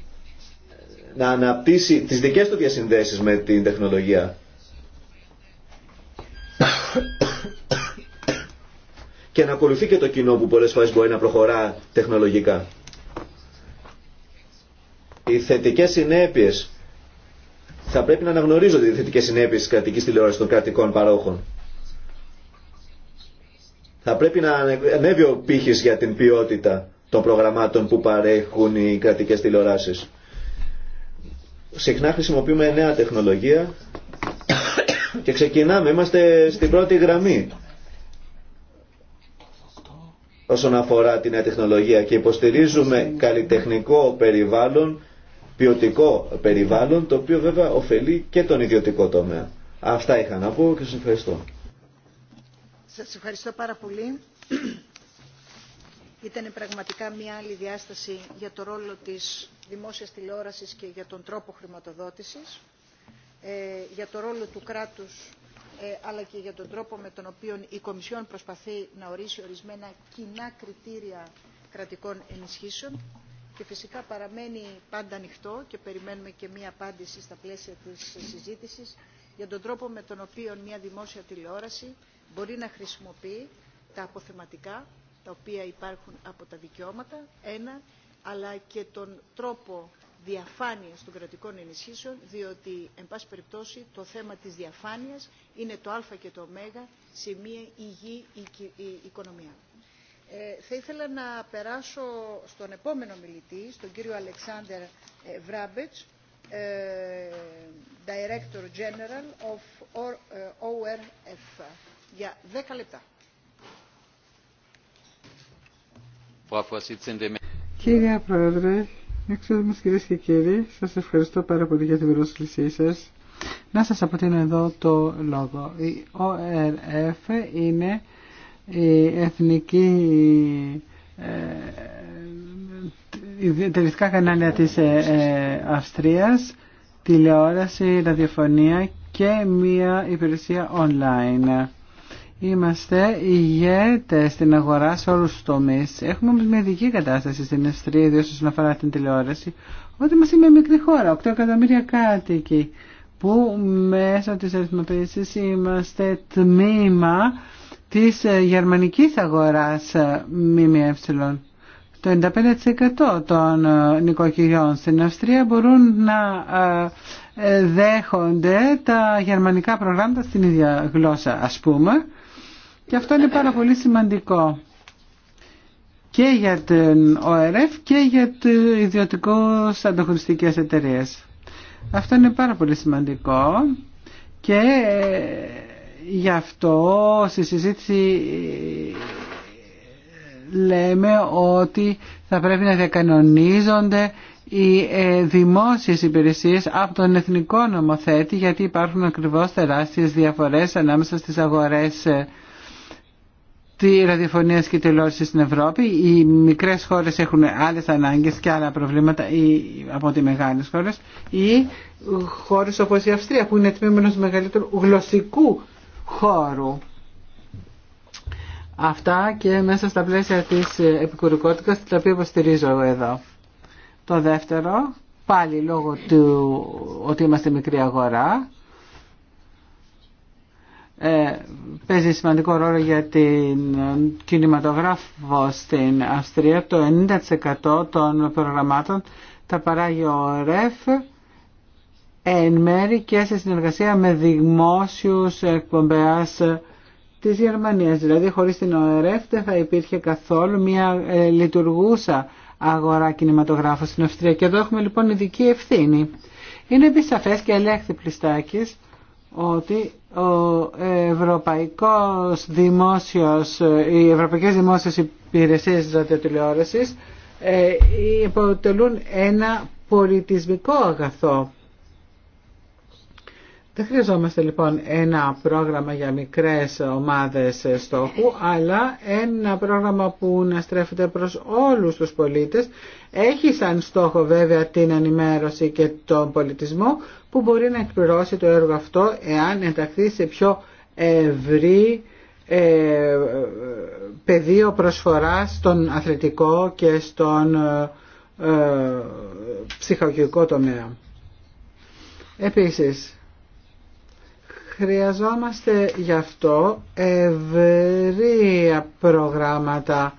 να αναπτύσσει τις δικές του διασυνδέσεις με την τεχνολογία. και να ακολουθεί και το κοινό που πολλές φορές μπορεί να προχωρά τεχνολογικά. Οι θετικές συνέπειες θα πρέπει να αναγνωρίζονται οι θετικές συνέπειες της κρατικής τηλεόρασης των κρατικών παρόχων. Θα πρέπει να ανέβει ο πύχης για την ποιότητα των προγραμμάτων που παρέχουν οι κρατικές τηλεοράσεις. Συχνά χρησιμοποιούμε νέα τεχνολογία και ξεκινάμε, είμαστε στην πρώτη γραμμή όσον αφορά την νέα τεχνολογία και υποστηρίζουμε καλλιτεχνικό περιβάλλον, ποιοτικό περιβάλλον, το οποίο βέβαια ωφελεί και τον ιδιωτικό τομέα. Αυτά είχα να πω και σας ευχαριστώ. Σας ευχαριστώ πάρα πολύ. Ήταν πραγματικά μια άλλη διάσταση για το ρόλο της δημόσιας τηλεόρασης και για τον τρόπο χρηματοδότησης, ε, για το ρόλο του κράτους ε, αλλά και για τον τρόπο με τον οποίο η Κομισιόν προσπαθεί να ορίσει ορισμένα κοινά κριτήρια κρατικών ενισχύσεων και φυσικά παραμένει πάντα ανοιχτό και περιμένουμε και μία απάντηση στα πλαίσια της συζήτησης για τον τρόπο με τον οποίο μια δημόσια τηλεόραση μπορεί να χρησιμοποιεί τα αποθεματικά τα οποία υπάρχουν από τα δικαιώματα, ένα, αλλά και τον τρόπο διαφάνειας των κρατικών ενισχύσεων, διότι, εν πάση περιπτώσει, το θέμα της διαφάνειας είναι το α και το ω σε μια υγιή οικονομία. Ε, θα ήθελα να περάσω στον επόμενο μιλητή, στον κύριο Αλεξάνδερ ε, Βράμπετς, ε, Director General of ORF, για 10 λεπτά. Κύριε Πρόεδρε, Εξωτερικέ κυρίε και κύριοι, σα ευχαριστώ πάρα πολύ για την πρόσκλησή σα. Να σα αποτείνω εδώ το λόγο. Η ORF είναι η εθνική ε, ε κανάλια της ε, ε, Αυστρίας τηλεόραση, ραδιοφωνία και μία υπηρεσία online. Είμαστε ηγέτε στην αγορά σε όλου του τομεί. Έχουμε όμω μια ειδική κατάσταση στην Αυστρία, ιδίω όσον αφορά την τηλεόραση, ότι είμαστε μια μικρή χώρα, 8 εκατομμύρια κάτοικοι, που μέσω τη αριθμοποίηση είμαστε τμήμα τη γερμανική αγορά ΜΜΕ. Το 95% των νοικοκυριών στην Αυστρία μπορούν να ε, δέχονται τα γερμανικά προγράμματα στην ίδια γλώσσα, α πούμε, και αυτό είναι πάρα πολύ σημαντικό και για την ΟΕΡΕΦ και για τις ιδιωτικές ανταγωνιστικές εταιρείες. Αυτό είναι πάρα πολύ σημαντικό και ε, γι' αυτό στη συζήτηση ε, λέμε ότι θα πρέπει να διακανονίζονται οι ε, δημόσιες υπηρεσίες από τον εθνικό νομοθέτη γιατί υπάρχουν ακριβώς τεράστιες διαφορές ανάμεσα στις αγορές τη ραδιοφωνία και τηλεόραση στην Ευρώπη. Οι μικρές χώρες έχουν άλλες ανάγκες και άλλα προβλήματα ή, από ότι μεγάλες χώρες ή χώρες όπως απο οτι μεγαλες χωρες η χωρε οπω η αυστρια που είναι τμήμα ενό μεγαλύτερου γλωσσικού χώρου. Αυτά και μέσα στα πλαίσια της επικουρικότητα, τα οποία υποστηρίζω εδώ. Το δεύτερο, πάλι λόγω του ότι είμαστε μικρή αγορά, ε, παίζει σημαντικό ρόλο για την ε, κινηματογράφο στην Αυστρία. Το 90% των προγραμμάτων τα παράγει ο ΡΕΦ εν μέρη και σε συνεργασία με δημόσιους εκπομπέας της Γερμανίας. Δηλαδή χωρίς την ΟΕΡΕΦ δεν θα υπήρχε καθόλου μια ε, λειτουργούσα αγορά κινηματογράφου στην Αυστρία. Και εδώ έχουμε λοιπόν ειδική ευθύνη. Είναι σαφές και ελέγχθη πλειστάκης ότι ο ευρωπαϊκός δημόσιος, οι ευρωπαϊκές δημόσιες υπηρεσίες ραδιοτηλεόρασης ε, υποτελούν ένα πολιτισμικό αγαθό. Δεν χρειαζόμαστε λοιπόν ένα πρόγραμμα για μικρές ομάδες στόχου, αλλά ένα πρόγραμμα που να στρέφεται προς όλους τους πολίτες έχει σαν στόχο βέβαια την ενημέρωση και τον πολιτισμό που μπορεί να εκπληρώσει το έργο αυτό εάν ενταχθεί σε πιο ευρύ ε, πεδίο προσφοράς στον αθλητικό και στον ε, ψυχαγωγικό τομέα. Επίσης, χρειαζόμαστε γι' αυτό ευρεία προγράμματα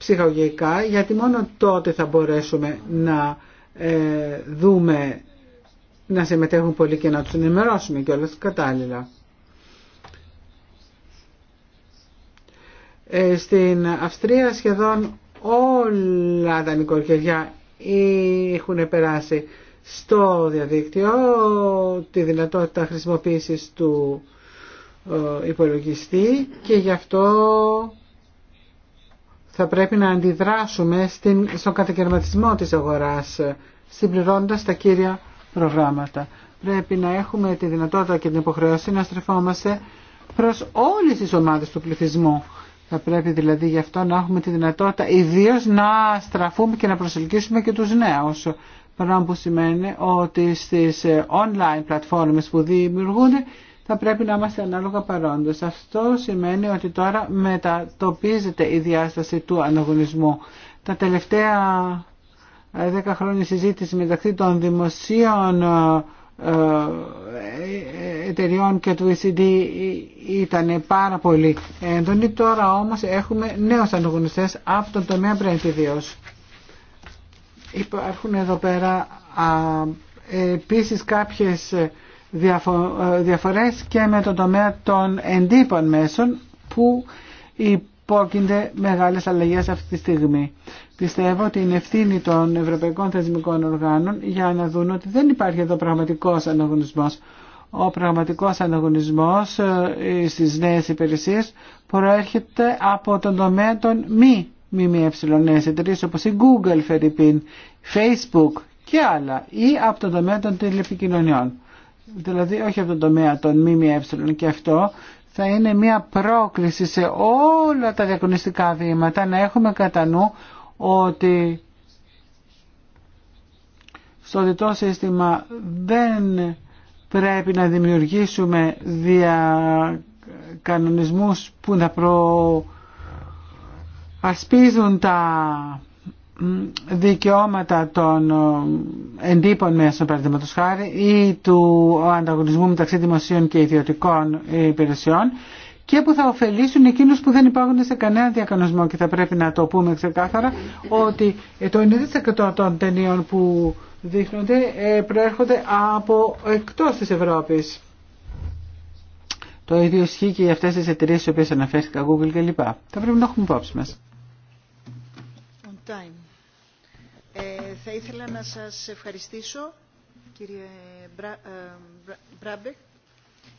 ψυχαγωγικά γιατί μόνο τότε θα μπορέσουμε να ε, δούμε να συμμετέχουν πολύ και να τους ενημερώσουμε και όλες κατάλληλα. Ε, στην Αυστρία σχεδόν όλα τα νοικοκυριά έχουν περάσει στο διαδίκτυο τη δυνατότητα χρησιμοποίησης του ε, υπολογιστή και γι' αυτό θα πρέπει να αντιδράσουμε στην, στον κατακαιρματισμό της αγοράς, συμπληρώνοντας τα κύρια προγράμματα. Πρέπει να έχουμε τη δυνατότητα και την υποχρεώση να στρεφόμαστε προς όλες τις ομάδες του πληθυσμού. Θα πρέπει δηλαδή γι' αυτό να έχουμε τη δυνατότητα ιδίω να στραφούμε και να προσελκύσουμε και τους νέους. Πράγμα που σημαίνει ότι στις online πλατφόρμες που δημιουργούνται θα πρέπει να είμαστε ανάλογα παρόντες. Αυτό σημαίνει ότι τώρα μετατοπίζεται η διάσταση του αναγωνισμού. Τα τελευταία ε, δέκα χρόνια συζήτηση μεταξύ των δημοσίων ε, ε, εταιριών και του ECD ήταν πάρα πολύ έντονη. Τώρα όμως έχουμε νέους ανταγωνιστές από τον τομέα Brent ιδίως. Υπάρχουν εδώ πέρα επίσης κάποιες ε, διαφορές και με τον τομέα των εντύπων μέσων που υπόκεινται μεγάλες αλλαγές αυτή τη στιγμή. Πιστεύω ότι είναι ευθύνη των ευρωπαϊκών θεσμικών οργάνων για να δουν ότι δεν υπάρχει εδώ πραγματικός αναγωνισμός. Ο πραγματικός αναγωνισμός ε, στις νέες υπηρεσίες προέρχεται από τον τομέα των μη μη ε, νέες εταιρείες όπως η Google, Φερρυπίν, Facebook και άλλα ή από τον τομέα των τηλεπικοινωνιών δηλαδή όχι από τον τομέα των ΜΜΕ και αυτό θα είναι μια πρόκληση σε όλα τα διακονιστικά βήματα να έχουμε κατά νου ότι στο διτό σύστημα δεν πρέπει να δημιουργήσουμε διακανονισμούς που να προασπίζουν τα δικαιώματα των εντύπων μέσων παραδείγματο χάρη ή του ανταγωνισμού μεταξύ δημοσίων και ιδιωτικών υπηρεσιών και που θα ωφελήσουν εκείνους που δεν υπάρχουν σε κανένα διακανονισμό και θα πρέπει να το πούμε ξεκάθαρα ότι το 90% των ταινιών που δείχνονται ε, προέρχονται από εκτός της Ευρώπης. Το ίδιο ισχύει και για αυτές τις εταιρείες στις οποίες αναφέρθηκα Google κλπ. Θα πρέπει να έχουμε υπόψη μας. time θα ήθελα να σας ευχαριστήσω, κύριε ε, Μπράμπεκ,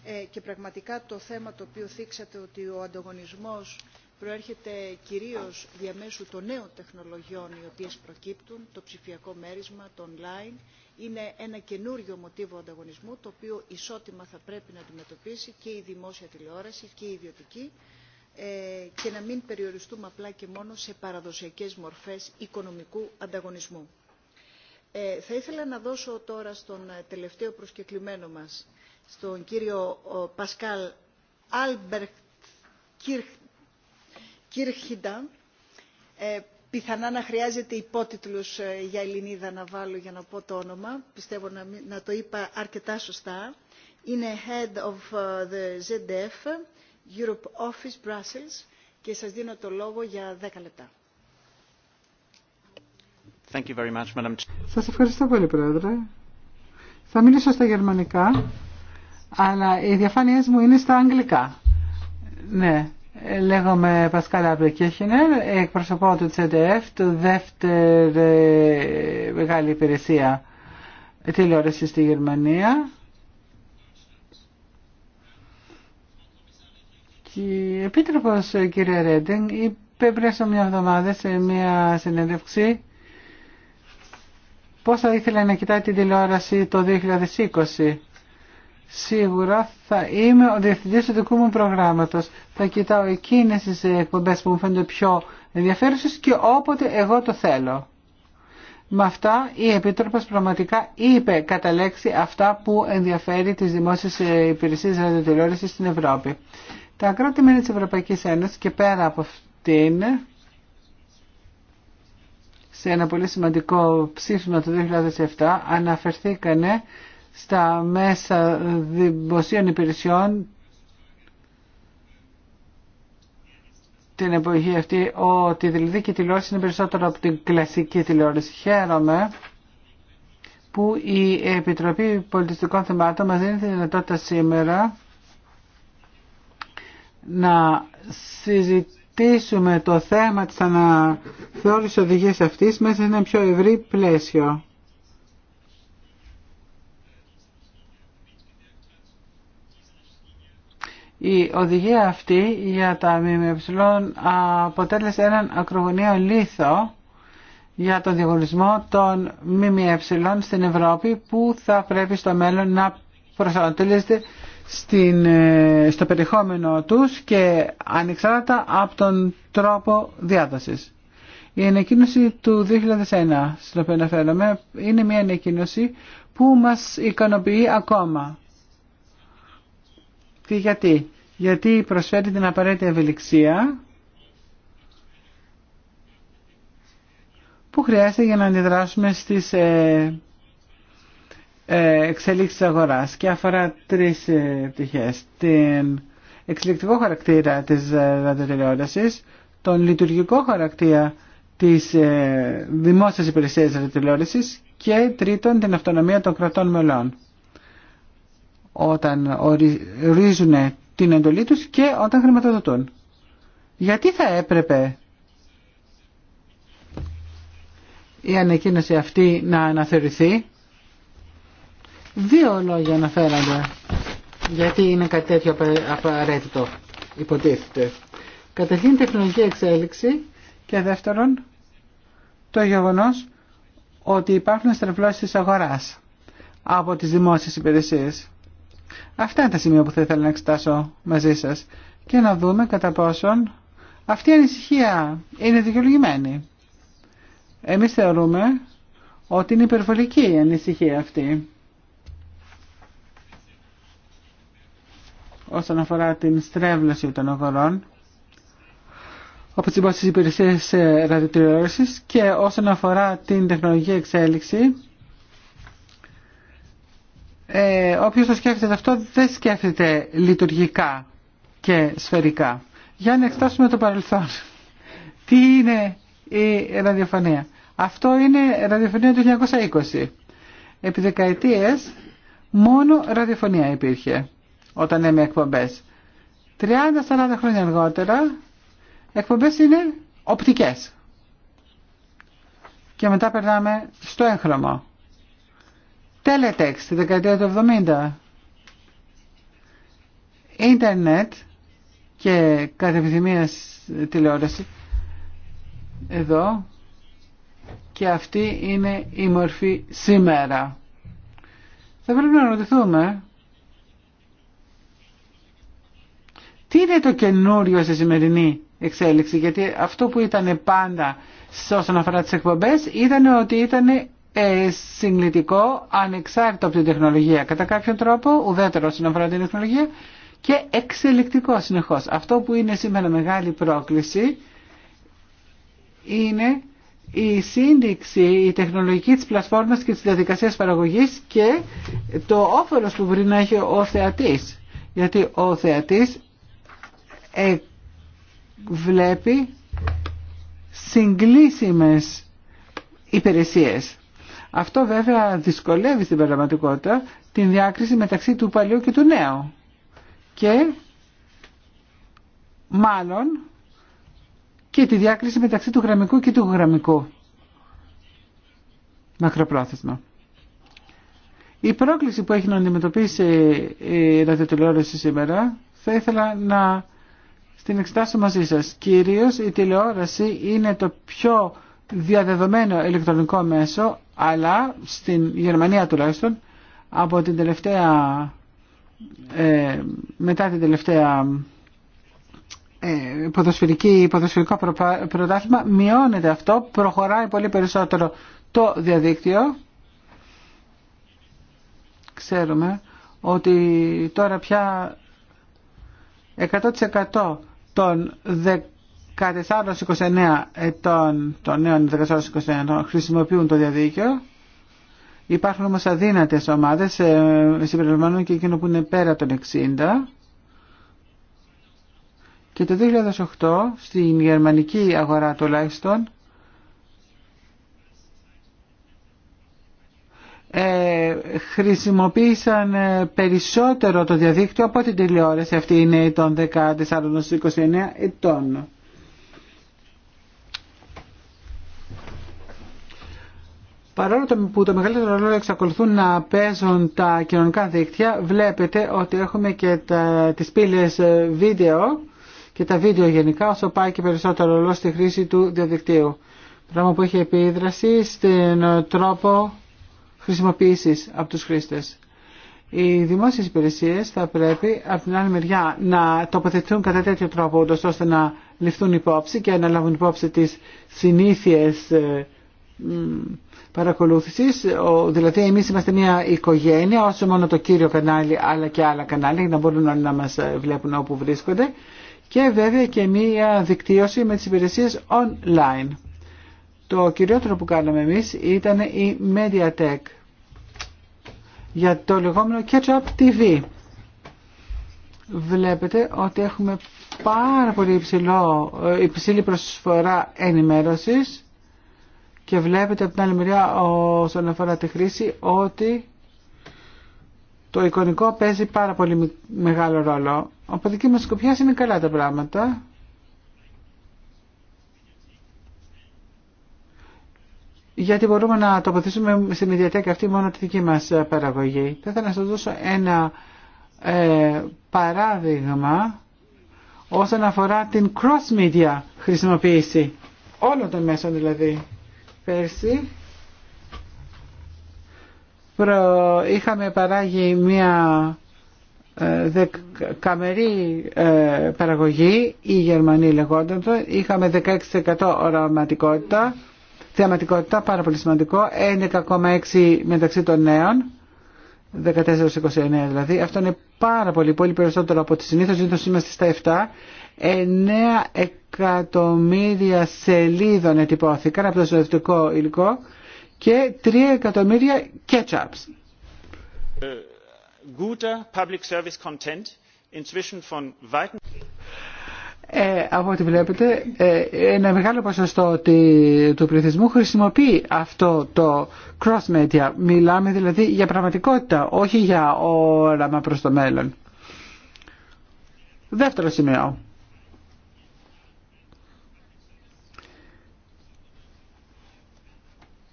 ε, και πραγματικά το θέμα το οποίο θίξατε ότι ο ανταγωνισμός προέρχεται κυρίως διαμέσου των νέων τεχνολογιών οι οποίες προκύπτουν, το ψηφιακό μέρισμα, το online, είναι ένα καινούριο μοτίβο ανταγωνισμού το οποίο ισότιμα θα πρέπει να αντιμετωπίσει και η δημόσια τηλεόραση και η ιδιωτική ε, και να μην περιοριστούμε απλά και μόνο σε παραδοσιακές μορφές οικονομικού ανταγωνισμού. Ε, θα ήθελα να δώσω τώρα στον ε, τελευταίο προσκεκλημένο μας, στον κύριο Πασκάλ Άλμπερτ Κύρχιντα, ε, πιθανά να χρειάζεται υπότιτλους για Ελληνίδα να βάλω για να πω το όνομα, πιστεύω να, να το είπα αρκετά σωστά, είναι Head of the ZDF, Europe Office Brussels και σας δίνω το λόγο για 10 λεπτά. Σας ευχαριστώ πολύ, Πρόεδρε. Θα μιλήσω στα γερμανικά, αλλά οι διαφάνειές μου είναι στα αγγλικά. Ναι, λέγομαι Πασκάλα Απρικέχινερ, εκπροσωπώ του CDF, του δεύτερη μεγάλη υπηρεσία τηλεόραση στη Γερμανία. Και Επίτροπος, κύριε Ρέντινγκ, είπε πριν σε μια εβδομάδα σε μια συνέντευξη Πώς θα ήθελα να κοιτάει την τηλεόραση το 2020. Σίγουρα θα είμαι ο διευθυντής του δικού μου προγράμματος. Θα κοιτάω εκείνες τις εκπομπές που μου φαίνονται πιο ενδιαφέρουσες και όποτε εγώ το θέλω. Με αυτά η Επίτροπος πραγματικά είπε κατά λέξη αυτά που ενδιαφέρει τις δημόσιες υπηρεσίες ραδιοτηλεόρασης στην Ευρώπη. Τα κράτη μέλη της Ευρωπαϊκής Ένωσης και πέρα από αυτήν σε ένα πολύ σημαντικό ψήφισμα του 2007 αναφερθήκανε στα μέσα δημοσίων υπηρεσιών την εποχή αυτή ότι η δηλητική τηλεόραση είναι περισσότερο από την κλασική τηλεόραση. Χαίρομαι που η Επιτροπή Πολιτιστικών Θεμάτων μας δίνει τη δυνατότητα σήμερα να συζητήσουμε συζητήσουμε το θέμα της αναθεώρησης οδηγίας αυτής μέσα σε ένα πιο ευρύ πλαίσιο. Η οδηγία αυτή για τα ΜΜΕ αποτέλεσε έναν ακρογωνιαίο λίθο για τον διαγωνισμό των ΜΜΕ στην Ευρώπη που θα πρέπει στο μέλλον να προσανατολίζεται στην, ε, στο περιεχόμενο τους και ανεξάρτητα από τον τρόπο διάδοσης. Η ανακοίνωση του 2001, στην οποία αναφέρομαι, είναι μια ανακοίνωση που μας ικανοποιεί ακόμα. Και γιατί. Γιατί προσφέρει την απαραίτητη ευελιξία που χρειάζεται για να αντιδράσουμε στις ε, ε, εξελίξει της αγοράς και αφορά τρεις ε, πτυχές. Την εξελικτικό χαρακτήρα της ε, ραδιοτηλεόρασης, τον λειτουργικό χαρακτήρα της δημόσιας υπηρεσίας ραδιοτηλεόρασης και τρίτον την αυτονομία των κρατών μελών όταν ορίζουν την εντολή τους και όταν χρηματοδοτούν. Γιατί θα έπρεπε η ανακοίνωση αυτή να αναθεωρηθεί Δύο λόγια αναφέρανται Γιατί είναι κάτι τέτοιο απαραίτητο, υποτίθεται. Καταρχήν τεχνολογική εξέλιξη και δεύτερον το γεγονός ότι υπάρχουν στρεβλώσεις της αγοράς από τις δημόσιες υπηρεσίες. Αυτά είναι τα σημεία που θα ήθελα να εξετάσω μαζί σας και να δούμε κατά πόσον αυτή η ανησυχία είναι δικαιολογημένη. Εμείς θεωρούμε ότι είναι υπερβολική η ανησυχία αυτή. όσον αφορά την στρέβλωση των αγορών όπως είπα στις υπηρεσίες ε, ραδιοτηλεόρασης και όσον αφορά την τεχνολογική εξέλιξη ε, όποιος το σκέφτεται αυτό δεν σκέφτεται λειτουργικά και σφαιρικά. Για να εξετάσουμε το παρελθόν. Τι είναι η ραδιοφωνία. Αυτό είναι ραδιοφωνία του 1920. Επί δεκαετίες μόνο ραδιοφωνία υπήρχε όταν λέμε εκπομπές. 30-40 χρόνια αργότερα εκπομπές είναι οπτικές. Και μετά περνάμε στο έγχρωμο. τέλετεξ τη δεκαετία του 70. Ίντερνετ και κατευθυμία τηλεόραση εδώ και αυτή είναι η μορφή σήμερα. Θα πρέπει να ρωτηθούμε Τι είναι το καινούριο στη σημερινή εξέλιξη, γιατί αυτό που ήταν πάντα όσον αφορά τις εκπομπές ήταν ότι ήταν ε, συγκλητικό, ανεξάρτητο από την τεχνολογία κατά κάποιον τρόπο, ουδέτερο όσον αφορά την τεχνολογία και εξελικτικό συνεχώς. Αυτό που είναι σήμερα μεγάλη πρόκληση είναι η σύνδεξη, η τεχνολογική της πλατφόρμας και της διαδικασίας παραγωγής και το όφελος που μπορεί να έχει ο θεατής. Γιατί ο θεατής ε, βλέπει συγκλήσιμες υπηρεσίες. Αυτό βέβαια δυσκολεύει στην πραγματικότητα την διάκριση μεταξύ του παλιού και του νέου. Και μάλλον και τη διάκριση μεταξύ του γραμμικού και του γραμμικού. Μακροπρόθεσμα. Η πρόκληση που έχει να αντιμετωπίσει η ραδιοτηλεόραση σήμερα θα ήθελα να στην εξετάσταση μαζί σας. Κυρίως η τηλεόραση είναι το πιο διαδεδομένο ηλεκτρονικό μέσο, αλλά στην Γερμανία τουλάχιστον, από την τελευταία, ε, μετά την τελευταία ε, ποδοσφαιρική, ποδοσφαιρικό πρωτάθλημα, μειώνεται αυτό, προχωράει πολύ περισσότερο το διαδίκτυο. Ξέρουμε ότι τώρα πια 100% των 14-29 ετών, των νέων 14-29 χρησιμοποιούν το διαδίκαιο. Υπάρχουν όμως αδύνατες ομάδες, ε, συμπεριλαμβάνουν και εκείνο που είναι πέρα των 60. Και το 2008 στην γερμανική αγορά τουλάχιστον Ε, χρησιμοποίησαν ε, περισσότερο το διαδίκτυο από την τηλεόραση αυτή Αυτοί νέοι των 14-29 ετών. Παρόλο που το μεγαλύτερο ρόλο εξακολουθούν να παίζουν τα κοινωνικά δίκτυα, βλέπετε ότι έχουμε και τα, τις πύλες ε, βίντεο και τα βίντεο γενικά, όσο πάει και περισσότερο ρόλο στη χρήση του διαδικτύου. Πράγμα που έχει επίδραση στην τρόπο χρησιμοποίησης από τους χρήστες. Οι δημόσιες υπηρεσίες θα πρέπει από την άλλη μεριά να τοποθετηθούν κατά τέτοιο τρόπο ώστε να ληφθούν υπόψη και να λάβουν υπόψη τις συνήθειες ε, παρακολούθησης. Δηλαδή εμείς είμαστε μια οικογένεια, όσο μόνο το κύριο κανάλι αλλά και άλλα κανάλια για να μπορούν όλοι να μας ε, βλέπουν όπου βρίσκονται και βέβαια και μια δικτύωση με τις υπηρεσίες online. Το κυριότερο που κάναμε εμείς ήταν η Mediatek για το λεγόμενο Ketchup TV. Βλέπετε ότι έχουμε πάρα πολύ υψηλό, ε, υψηλή προσφορά ενημέρωσης και βλέπετε από την άλλη μεριά όσον αφορά τη χρήση ότι το εικονικό παίζει πάρα πολύ μεγάλο ρόλο. Από δική μας σκοπιά είναι καλά τα πράγματα. γιατί μπορούμε να τοποθετήσουμε στη ιδιαίτερη αυτή μόνο τη δική μας παραγωγή. Θα ήθελα να σας δώσω ένα ε, παράδειγμα όσον αφορά την cross-media χρησιμοποίηση όλων των μέσων δηλαδή. Πέρσι προ... είχαμε παράγει μια ε, δεκαμερή ε, παραγωγή, η Γερμανή λεγόταν, είχαμε 16% οραματικότητα θεαματικότητα, πάρα πολύ σημαντικό, 11,6 μεταξύ των νέων, 14-29 δηλαδή. Αυτό είναι πάρα πολύ, πολύ περισσότερο από τη συνήθως, συνήθως είμαστε στα 7. 9 εκατομμύρια σελίδων ετυπώθηκαν από το συνοδευτικό υλικό και 3 εκατομμύρια ketchups. Ε, guter ε, από ό,τι βλέπετε, ε, ένα μεγάλο ποσοστό του πληθυσμού χρησιμοποιεί αυτό το cross-media. Μιλάμε δηλαδή για πραγματικότητα, όχι για όραμα προς το μέλλον. Δεύτερο σημείο.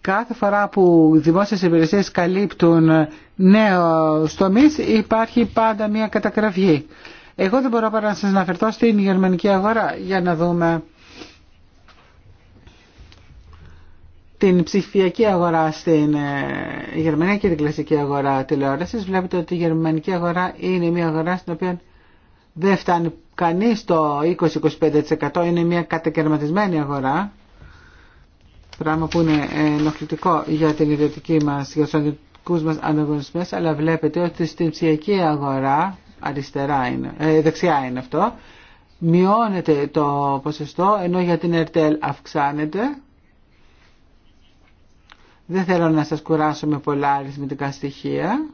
Κάθε φορά που δημόσιες υπηρεσίες καλύπτουν νέο τομείς υπάρχει πάντα μια καταγραφή. Εγώ δεν μπορώ παρά να σας αναφερθώ στην γερμανική αγορά για να δούμε την ψηφιακή αγορά στην ε, Γερμανία και την κλασική αγορά τηλεόρασης. Βλέπετε ότι η γερμανική αγορά είναι μια αγορά στην οποία δεν φτάνει κανείς το 20-25% είναι μια κατακαιρματισμένη αγορά πράγμα που είναι ενοχλητικό για την ιδιωτική μας, για τους ανταγωνισμούς μας αλλά βλέπετε ότι στην ψηφιακή αγορά αριστερά είναι, ε, δεξιά είναι αυτό, μειώνεται το ποσοστό, ενώ για την ΕΡΤΕΛ αυξάνεται. Δεν θέλω να σας κουράσω με πολλά αριθμητικά στοιχεία.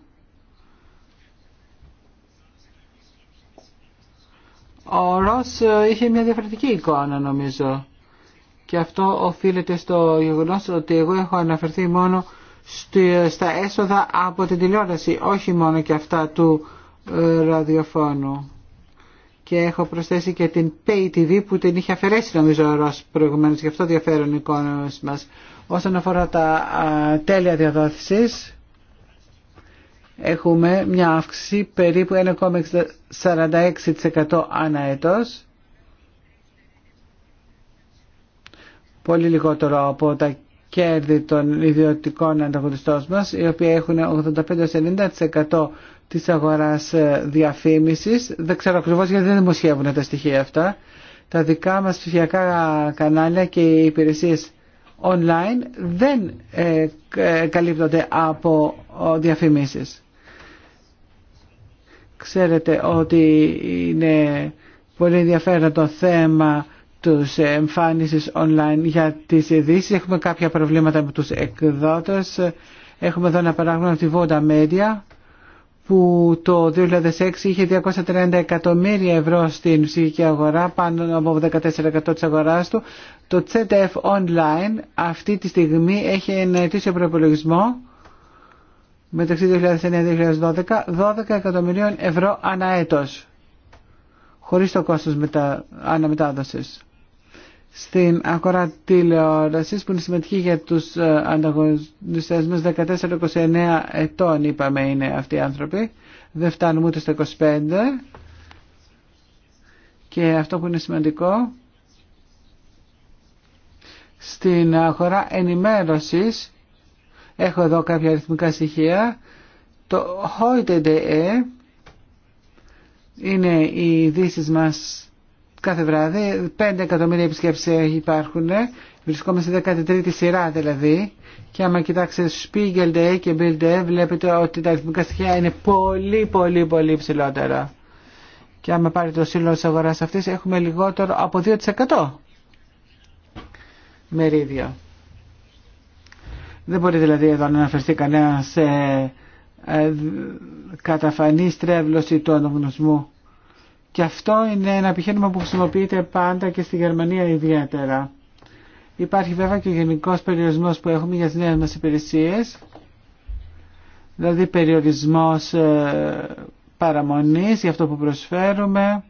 Ο Ρος ε, είχε μια διαφορετική εικόνα νομίζω. Και αυτό οφείλεται στο γεγονό ότι εγώ έχω αναφερθεί μόνο στα έσοδα από την τηλεόραση, όχι μόνο και αυτά του ε, ραδιοφώνου. Και έχω προσθέσει και την Pay TV που την είχε αφαιρέσει νομίζω ο Ρος προηγουμένως, γι' αυτό διαφέρουν οι εικόνες μας. Όσον αφορά τα τέλεια διαδόθησης, έχουμε μια αύξηση περίπου 1,46% ανά έτος. Πολύ λιγότερο από τα κέρδη των ιδιωτικών ανταγωνιστών μας, οι οποίοι έχουν 85-90% της αγοράς ε, διαφήμισης. Δεν ξέρω ακριβώς γιατί δεν δημοσιεύουν τα στοιχεία αυτά. Τα δικά μας ψηφιακά κανάλια και οι υπηρεσίες online δεν ε, ε, καλύπτονται από διαφημίσεις. Ξέρετε ότι είναι πολύ ενδιαφέρον το θέμα τους εμφάνισης online για τις ειδήσει. Έχουμε κάποια προβλήματα με τους εκδότες. Έχουμε εδώ ένα παράγουμε από τη Voda Media που το 2006 είχε 230 εκατομμύρια ευρώ στην ψυχική αγορά, πάνω από 14% της αγοράς του. Το ZF Online αυτή τη στιγμή έχει ένα ετήσιο προπολογισμό μεταξύ 2009-2012 12 εκατομμυρίων ευρώ ανά έτος, χωρίς το κόστος μετα... αναμετάδοσης στην αγορά τηλεόρασης που είναι σημαντική για τους ε, ανταγωνιστές μας 14-29 ετών είπαμε είναι αυτοί οι άνθρωποι δεν φτάνουμε ούτε στα 25 και αυτό που είναι σημαντικό στην αγορά ενημέρωσης έχω εδώ κάποια αριθμικά στοιχεία το Heute.de είναι οι ειδήσει μας κάθε βράδυ. 5 εκατομμύρια επισκέψεις ε, υπάρχουν. Βρισκόμαστε 13η σειρά δηλαδή. Και άμα κοιτάξετε Spiegel Day και Bill βλέπετε ότι τα αριθμικά στοιχεία είναι πολύ πολύ πολύ ψηλότερα. Και άμα πάρει το σύλλογο της αγοράς αυτής έχουμε λιγότερο από 2% μερίδιο. Δεν μπορεί δηλαδή εδώ να αναφερθεί κανένα σε ε, καταφανή στρέβλωση του αναγνωσμού. Και αυτό είναι ένα επιχείρημα που χρησιμοποιείται πάντα και στη Γερμανία ιδιαίτερα. Υπάρχει βέβαια και ο γενικό περιορισμός που έχουμε για τι νέε μας υπηρεσίε, δηλαδή περιορισμός ε, παραμονής για αυτό που προσφέρουμε,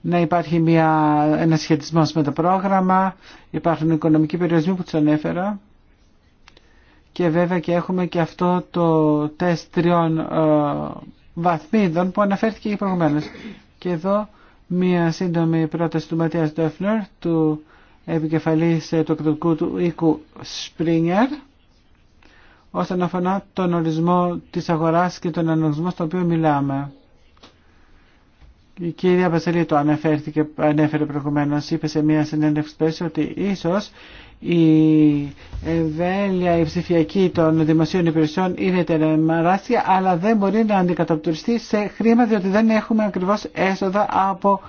να υπάρχει μια, ένα σχετισμό με το πρόγραμμα, υπάρχουν οικονομικοί περιορισμοί που του ανέφερα και βέβαια και έχουμε και αυτό το τεστ τριών ε, βαθμίδων που αναφέρθηκε και προηγουμένω. Και εδώ μία σύντομη πρόταση του Ματία Ντόφνερ, του επικεφαλής ε, του εκδοτικού του οίκου Σπρίνγκερ, όσον αφορά τον ορισμό τη αγορά και τον αναγνωρισμό στο οποίο μιλάμε. Η κυρία Βασιλή το αναφέρθηκε, ανέφερε προηγουμένω, είπε σε μια συνέντευξη πέρσι ότι ίσω η ευέλεια, η ψηφιακή των δημοσίων υπηρεσιών είναι τεραμαράσια, αλλά δεν μπορεί να αντικαταπτουριστεί σε χρήμα διότι δεν έχουμε ακριβώ έσοδα από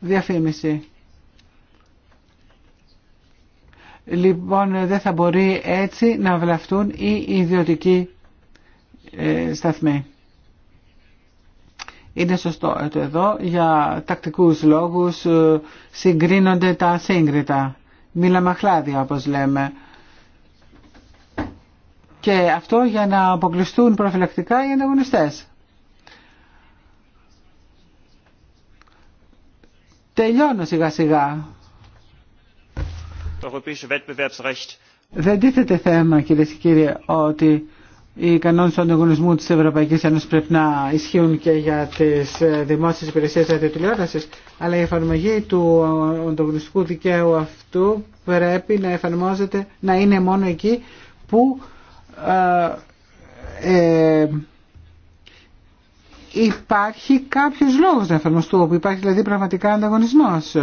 διαφήμιση. Λοιπόν, δεν θα μπορεί έτσι να βλαφτούν οι ιδιωτικοί ε, σταθμοί. Είναι σωστό ε, εδώ για τακτικούς λόγους ε, συγκρίνονται τα σύγκριτα. Μίλαμε μαχλάδια, όπως λέμε. Και αυτό για να αποκλειστούν προφυλακτικά οι ανταγωνιστές. Τελειώνω σιγά σιγά. Δεν τίθεται θέμα κυρίε και κύριοι ότι οι κανόνες του ανταγωνισμού της Ευρωπαϊκής Ένωσης πρέπει να ισχύουν και για τις ε, δημόσιες υπηρεσίες ραδιοτηλεόρασης, αλλά η εφαρμογή του ανταγωνιστικού δικαίου αυτού πρέπει να εφαρμόζεται, να είναι μόνο εκεί που ε, ε υπάρχει κάποιος λόγος να εφαρμοστούν, όπου υπάρχει δηλαδή πραγματικά ανταγωνισμός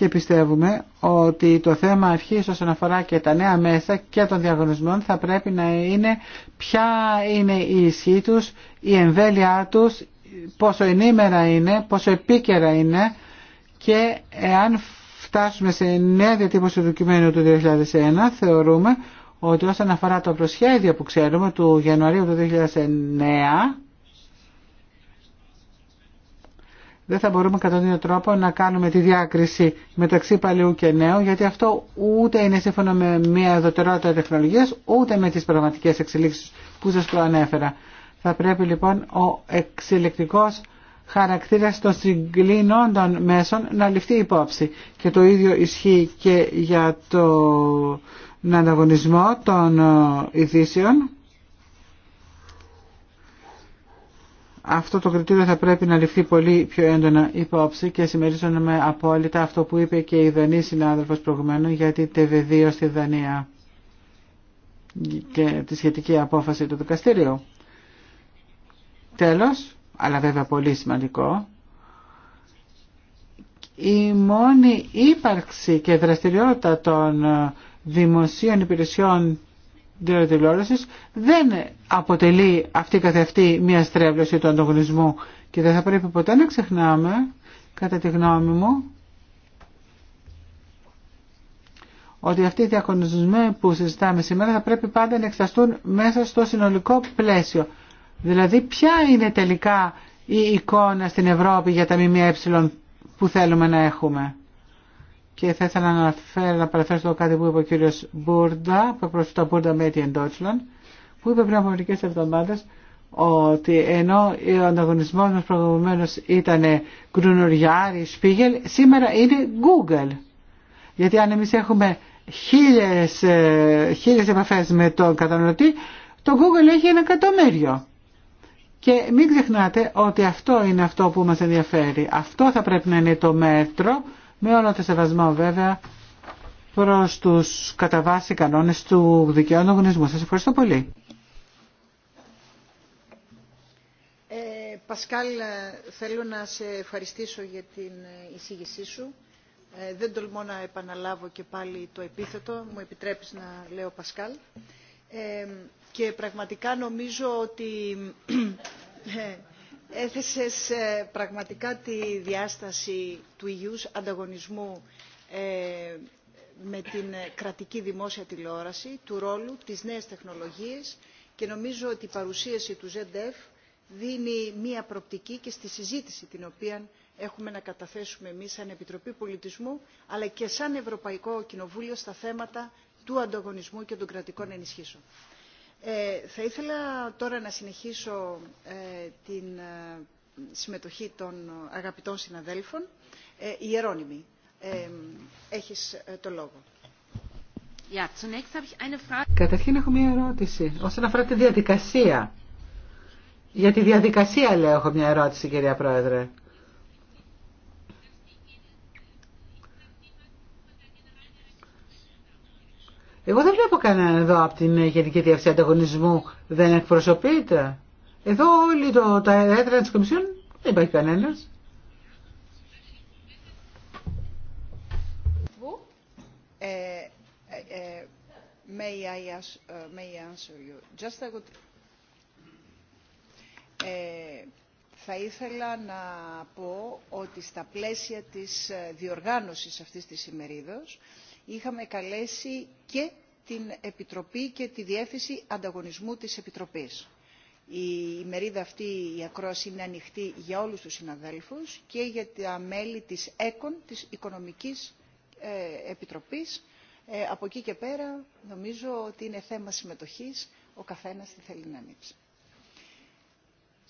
και πιστεύουμε ότι το θέμα αρχής όσον αφορά και τα νέα μέσα και των διαγωνισμών θα πρέπει να είναι ποια είναι η ισχύ τους, η εμβέλειά τους, πόσο ενήμερα είναι, πόσο επίκαιρα είναι και εάν φτάσουμε σε νέα διατύπωση του κειμένου του 2001 θεωρούμε ότι όσον αφορά το προσχέδιο που ξέρουμε του Γενουαρίου του 2009 δεν θα μπορούμε κατά τον ίδιο τρόπο να κάνουμε τη διάκριση μεταξύ παλαιού και νέου, γιατί αυτό ούτε είναι σύμφωνο με μια δοτερότητα τεχνολογία, ούτε με τι πραγματικέ εξελίξει που σα προανέφερα. Θα πρέπει λοιπόν ο εξελικτικό χαρακτήρας των συγκλίνων μέσων να ληφθεί υπόψη. Και το ίδιο ισχύει και για τον ανταγωνισμό των ε, ειδήσεων αυτό το κριτήριο θα πρέπει να ληφθεί πολύ πιο έντονα υπόψη και συμμερίζομαι απόλυτα αυτό που είπε και η Δανή συνάδελφο προηγουμένου για την TV2 στη Δανία και τη σχετική απόφαση του δικαστηρίου. Τέλος, αλλά βέβαια πολύ σημαντικό, η μόνη ύπαρξη και δραστηριότητα των δημοσίων υπηρεσιών δεν αποτελεί αυτή καθ' μια στρέβλωση του ανταγωνισμού και δεν θα πρέπει ποτέ να ξεχνάμε κατά τη γνώμη μου ότι αυτοί οι διακονισμοί που συζητάμε σήμερα θα πρέπει πάντα να εξεταστούν μέσα στο συνολικό πλαίσιο. Δηλαδή ποια είναι τελικά η εικόνα στην Ευρώπη για τα ΜΜΕ που θέλουμε να έχουμε. Και θα ήθελα να αναφέρω, να παραφέρω στο κάτι που είπε ο κύριος Μπούρντα, που τα Μπούρντα Μέτι εν Deutschland, που είπε πριν από μερικέ εβδομάδε ότι ενώ ο ανταγωνισμό μα προηγουμένω ήταν Γκρουνουριάρη, Σπίγελ, σήμερα είναι Google. Γιατί αν εμεί έχουμε χίλιες, επαφέ επαφές με τον καταναλωτή, το Google έχει ένα εκατομμύριο. Και μην ξεχνάτε ότι αυτό είναι αυτό που μας ενδιαφέρει. Αυτό θα πρέπει να είναι το μέτρο με όλο το σεβασμό βέβαια προς τους κατά βάση κανόνες του δικαιών ανταγωνισμού. Σας ευχαριστώ πολύ. Ε, Πασκάλ, θέλω να σε ευχαριστήσω για την εισήγησή σου. Ε, δεν τολμώ να επαναλάβω και πάλι το επίθετο. Μου επιτρέπεις να λέω Πασκάλ. Ε, και πραγματικά νομίζω ότι ε, έθεσες ε, πραγματικά τη διάσταση του υγιούς ανταγωνισμού ε, με την ε, κρατική δημόσια τηλεόραση, του ρόλου, της νέας τεχνολογίας και νομίζω ότι η παρουσίαση του ZDF δίνει μία προπτική και στη συζήτηση την οποία έχουμε να καταθέσουμε εμείς σαν Επιτροπή Πολιτισμού αλλά και σαν Ευρωπαϊκό Κοινοβούλιο στα θέματα του ανταγωνισμού και των κρατικών ενισχύσεων. Ε, θα ήθελα τώρα να συνεχίσω τη ε, την ε, συμμετοχή των αγαπητών συναδέλφων. Ιερώνυμη, έχεις το λόγο. Καταρχήν έχω μια ερώτηση όσον αφορά τη διαδικασία. Για τη διαδικασία λέω έχω μια ερώτηση κυρία Πρόεδρε. Εγώ δεν βλέπω κανέναν εδώ από την Γενική Διευθυνσία Ανταγωνισμού δεν εκπροσωπείται. Εδώ όλοι το, τα έδρα της Κομισιόν δεν υπάρχει κανένας. Θα ήθελα να πω ότι στα πλαίσια της ε, διοργάνωσης αυτής της ημερίδος είχαμε καλέσει και την Επιτροπή και τη Διεύθυνση Ανταγωνισμού της Επιτροπής. Η ημερίδα αυτή, η ακρόαση, είναι ανοιχτή για όλους τους συναδέλφους και για τα μέλη της ΕΚΟΝ, της Οικονομικής ε, Επιτροπής. Ε, από εκεί και πέρα, νομίζω ότι είναι θέμα συμμετοχής. Ο καθένας τι θέλει να ανοίξει.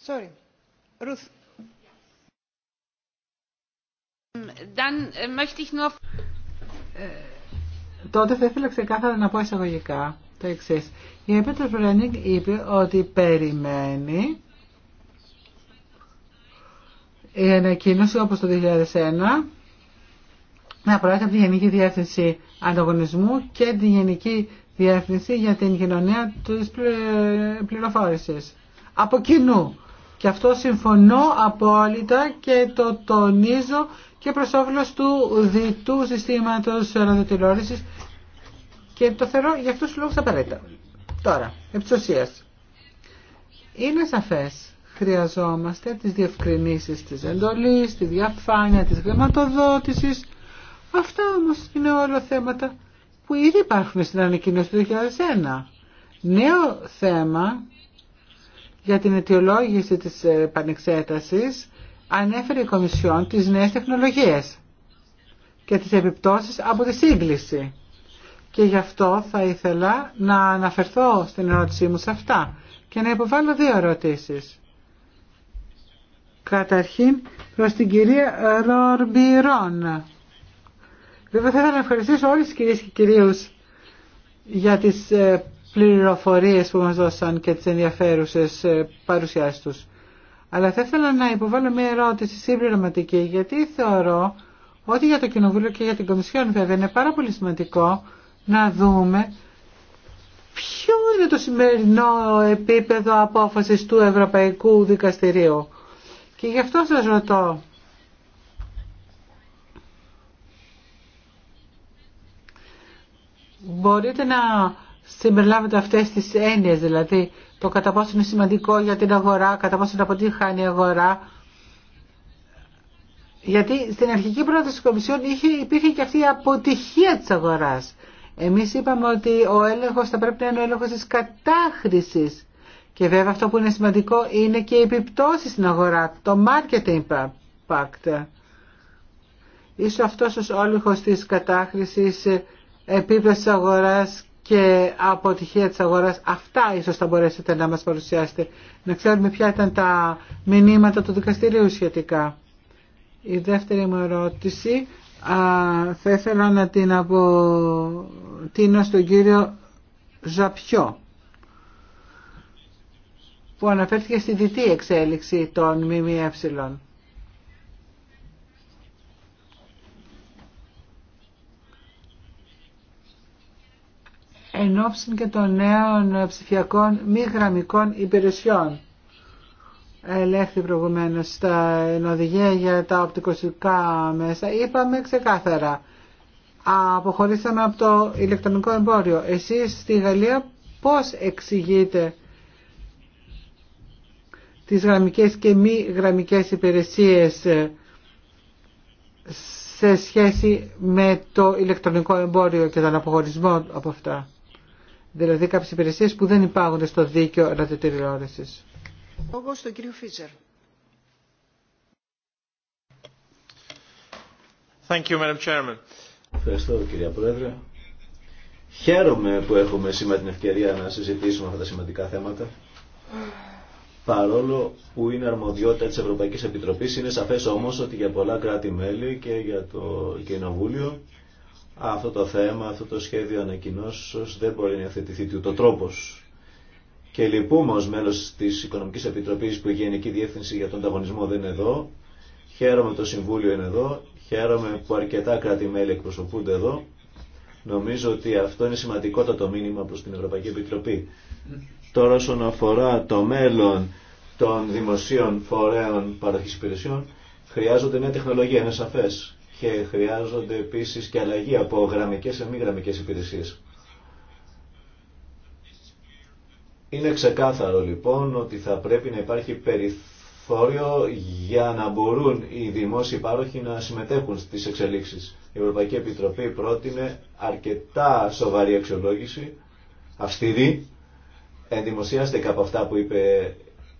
Sorry. Ruth. Dann äh, möchte ε, τότε θα ήθελα ξεκάθαρα να πω εισαγωγικά το εξή. Η Επίτροπη Ρένιγκ είπε ότι περιμένει η ανακοίνωση όπως το 2001 να προέρχεται από τη Γενική Διεύθυνση Ανταγωνισμού και τη Γενική Διεύθυνση για την Κοινωνία της Πληροφόρησης. Από κοινού και αυτό συμφωνώ απόλυτα και το τονίζω και προς όφελος του διτού συστήματος ραδιοτηλεόρασης και το θεωρώ για αυτούς τους λόγους απαραίτητα. Τώρα, επί Είναι σαφές χρειαζόμαστε τις διευκρινήσεις της εντολής, τη διαφάνεια της χρηματοδότησης. Αυτά όμως είναι όλα θέματα που ήδη υπάρχουν στην ανακοίνωση του 2001. Νέο θέμα για την αιτιολόγηση της ε, πανεξέτασης ανέφερε η Κομισιόν τις νέες τεχνολογίες και τις επιπτώσεις από τη σύγκληση. Και γι' αυτό θα ήθελα να αναφερθώ στην ερώτησή μου σε αυτά και να υποβάλω δύο ερωτήσεις. Καταρχήν προς την κυρία Ρορμπιρόν. Βέβαια θα ήθελα να ευχαριστήσω όλες τις κυρίες και κυρίους για τις ε, πληροφορίες που μας δώσαν και τις ενδιαφέρουσες ε, παρουσιάσεις τους. Αλλά θα ήθελα να υποβάλω μια ερώτηση συμπληρωματική, γιατί θεωρώ ότι για το Κοινοβούλιο και για την Κομισιόν βέβαια είναι πάρα πολύ σημαντικό να δούμε ποιο είναι το σημερινό επίπεδο απόφασης του Ευρωπαϊκού Δικαστηρίου. Και γι' αυτό σας ρωτώ, μπορείτε να συμπεριλάβονται αυτές τις έννοιες, δηλαδή το κατά πόσο είναι σημαντικό για την αγορά, κατά πόσο είναι αποτύχανη η αγορά. Γιατί στην αρχική πρόταση της Κομισιόν είχε, υπήρχε και αυτή η αποτυχία της αγοράς. Εμείς είπαμε ότι ο έλεγχος θα πρέπει να είναι ο έλεγχος της κατάχρησης. Και βέβαια αυτό που είναι σημαντικό είναι και οι επιπτώσεις στην αγορά, το marketing impact. Ίσως αυτός ο όλυχος της κατάχρησης, επίπτωση της αγοράς και αποτυχία της αγοράς. Αυτά ίσως θα μπορέσετε να μας παρουσιάσετε. Να ξέρουμε ποια ήταν τα μηνύματα του δικαστηρίου σχετικά. Η δεύτερη μου ερώτηση θα ήθελα να την αποτείνω στον κύριο Ζαπιό που αναφέρθηκε στη δυτή εξέλιξη των ΜΜΕ. εν και των νέων ψηφιακών μη γραμμικών υπηρεσιών. Ελέγχθη προηγουμένως στα οδηγία για τα οπτικοστικά μέσα. Είπαμε ξεκάθαρα. Αποχωρήσαμε από το ηλεκτρονικό εμπόριο. Εσείς στη Γαλλία πώς εξηγείτε τις γραμμικές και μη γραμμικές υπηρεσίες σε σχέση με το ηλεκτρονικό εμπόριο και τον αποχωρισμό από αυτά δηλαδή κάποιες υπηρεσίες που δεν υπάγονται στο δίκαιο ραδιοτηλεόρασης. Λόγω στον κύριο Ευχαριστώ κυρία Πρόεδρε. Χαίρομαι που έχουμε σήμερα την ευκαιρία να συζητήσουμε αυτά τα σημαντικά θέματα. Παρόλο που είναι αρμοδιότητα της Ευρωπαϊκής Επιτροπής, είναι σαφές όμως ότι για πολλά κράτη-μέλη και για το Κοινοβούλιο αυτό το θέμα, αυτό το σχέδιο ανακοινώσεω δεν μπορεί να θετηθεί του το τρόπος. Και λυπούμε ω μέλος της Οικονομικής Επιτροπής που η Γενική Διεύθυνση για τον Ανταγωνισμό δεν είναι εδώ. Χαίρομαι το Συμβούλιο είναι εδώ. Χαίρομαι που αρκετά κράτη-μέλη εκπροσωπούνται εδώ. Νομίζω ότι αυτό είναι σημαντικότατο μήνυμα προ την Ευρωπαϊκή Επιτροπή. Τώρα όσον αφορά το μέλλον των δημοσίων φορέων παροχή υπηρεσιών, χρειάζονται νέα τεχνολογία, είναι σαφέ και χρειάζονται επίσης και αλλαγή από γραμμικές σε μη γραμμικές υπηρεσίες. Είναι ξεκάθαρο λοιπόν ότι θα πρέπει να υπάρχει περιθώριο για να μπορούν οι δημόσιοι πάροχοι να συμμετέχουν στις εξελίξεις. Η Ευρωπαϊκή Επιτροπή πρότεινε αρκετά σοβαρή αξιολόγηση, αυστηρή, ενδημοσιάστηκα από αυτά που είπε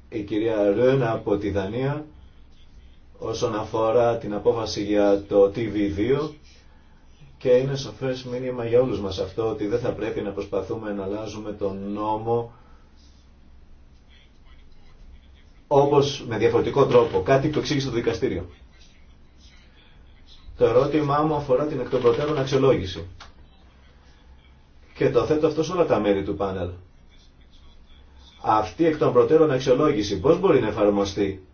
η κυρία Ρένα από τη Δανία όσον αφορά την απόφαση για το TV2 και είναι σοφές μήνυμα για όλους μας αυτό ότι δεν θα πρέπει να προσπαθούμε να αλλάζουμε τον νόμο όπως με διαφορετικό τρόπο, κάτι που εξήγησε το δικαστήριο. Το ερώτημά μου αφορά την εκ των προτέρων αξιολόγηση. Και το θέτω αυτό σε όλα τα μέρη του πάνελ. Αυτή εκ των προτέρων αξιολόγηση πώς μπορεί να εφαρμοστεί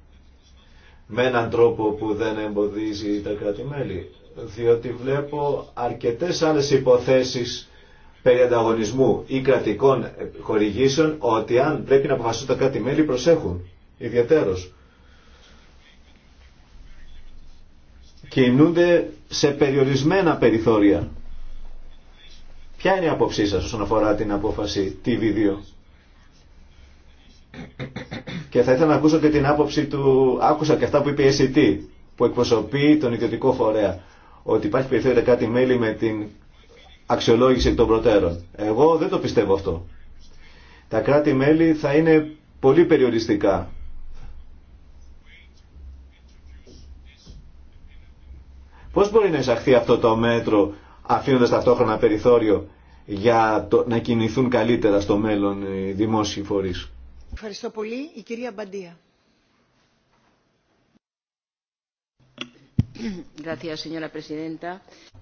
με έναν τρόπο που δεν εμποδίζει τα κράτη-μέλη. Διότι βλέπω αρκετές άλλες υποθέσεις περί ανταγωνισμού ή κρατικών χορηγήσεων ότι αν πρέπει να αποφασίσουν τα κράτη-μέλη προσέχουν ιδιαίτερος. Κινούνται σε περιορισμένα περιθώρια. Ποια είναι η άποψή σας όσον αφορά την απόφαση TV2. Και θα ήθελα να ακούσω και την άποψη του, άκουσα και αυτά που είπε η SET, που εκπροσωπεί τον ιδιωτικό φορέα, ότι υπάρχει περιθώριο κάτι μέλη με την αξιολόγηση των προτέρων. Εγώ δεν το πιστεύω αυτό. Τα κράτη-μέλη θα είναι πολύ περιοριστικά. Πώς μπορεί να εισαχθεί αυτό το μέτρο αφήνοντας ταυτόχρονα περιθώριο για το, να κινηθούν καλύτερα στο μέλλον οι δημόσιοι φορείς. Ευχαριστώ πολύ. Η κυρία Μπαντία.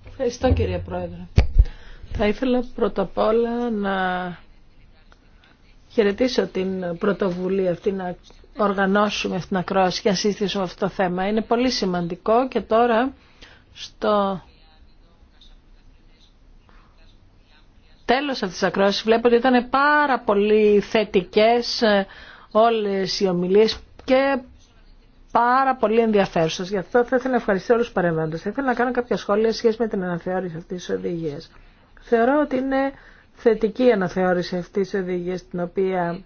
Ευχαριστώ κυρία Πρόεδρε. Θα ήθελα πρώτα απ' όλα να χαιρετήσω την πρωτοβουλία αυτή να οργανώσουμε αυτήν την ακρόαση και να συζητήσουμε αυτό το θέμα. Είναι πολύ σημαντικό και τώρα στο τέλος αυτής της ακρόασης βλέπω ότι ήταν πάρα πολύ θετικές ε, όλες οι ομιλίες και πάρα πολύ ενδιαφέρουσες. Γι' αυτό θα ήθελα να ευχαριστήσω όλους τους παρεμβάντες. Θα ήθελα να κάνω κάποια σχόλια σχέση με την αναθεώρηση αυτής της οδηγίας. Θεωρώ ότι είναι θετική η αναθεώρηση αυτής της οδηγίας την οποία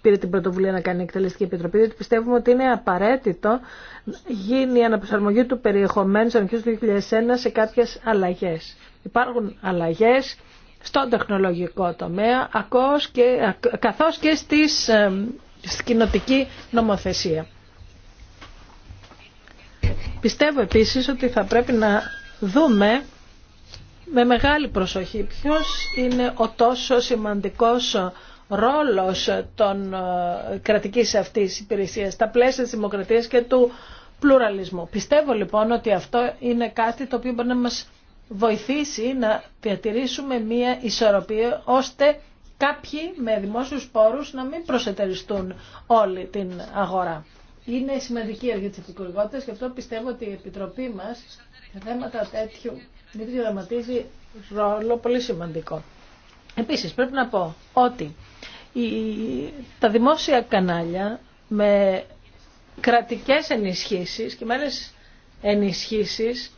πήρε την πρωτοβουλία να κάνει η Εκτελεστική Επιτροπή, διότι πιστεύουμε ότι είναι απαραίτητο γίνει η αναπροσαρμογή του περιεχομένου τη αρχή του 2001 σε κάποιε αλλαγέ. Υπάρχουν αλλαγές στον τεχνολογικό τομέα, και, καθώς και στις, ε, στην νομοθεσία. Πιστεύω επίσης ότι θα πρέπει να δούμε με μεγάλη προσοχή ποιος είναι ο τόσο σημαντικός ρόλος των ε, κρατικής αυτής υπηρεσίας στα πλαίσια της δημοκρατίας και του πλουραλισμού. Πιστεύω λοιπόν ότι αυτό είναι κάτι το οποίο μπορεί να μας βοηθήσει να διατηρήσουμε μία ισορροπία ώστε κάποιοι με δημόσιους πόρους να μην προσετεριστούν όλη την αγορά. Είναι σημαντική η αρχή της Επικουργότητας και αυτό πιστεύω ότι η Επιτροπή μας σε θέματα τέτοιου μην διαδραματίζει ρόλο πολύ σημαντικό. Επίσης πρέπει να πω ότι η, τα δημόσια κανάλια με κρατικές ενισχύσεις και με άλλες ενισχύσεις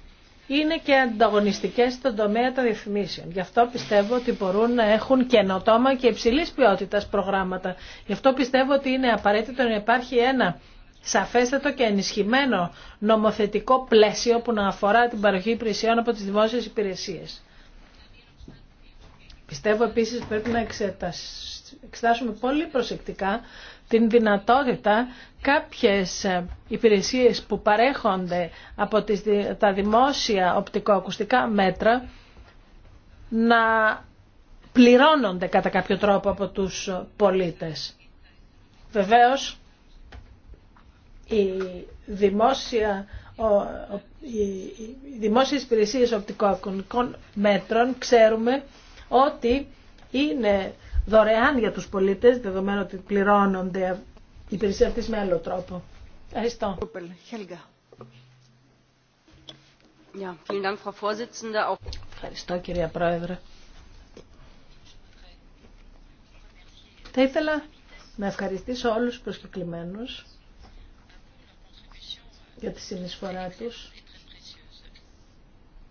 είναι και ανταγωνιστικές στον τομέα των διαφημίσεων. Γι' αυτό πιστεύω ότι μπορούν να έχουν καινοτόμα και υψηλής ποιότητας προγράμματα. Γι' αυτό πιστεύω ότι είναι απαραίτητο να υπάρχει ένα σαφέστατο και ενισχυμένο νομοθετικό πλαίσιο που να αφορά την παροχή υπηρεσιών από τις δημόσιες υπηρεσίες. Πιστεύω επίσης πρέπει να εξετάσουμε πολύ προσεκτικά την δυνατότητα κάποιες ε, υπηρεσίες που παρέχονται από τις, τα δημόσια οπτικοακουστικά μέτρα να πληρώνονται κατά κάποιο τρόπο από τους πολίτες. Βεβαίως, η δημόσια, οι δημόσιες υπηρεσίες οπτικοακουστικών μέτρων ξέρουμε ότι είναι δωρεάν για τους πολίτες, δεδομένου ότι πληρώνονται υπηρεσία αυτή με άλλο τρόπο. Ευχαριστώ. Ευχαριστώ κυρία Πρόεδρε. Θα ήθελα να ευχαριστήσω όλους τους προσκεκλημένους για τη συνεισφορά τους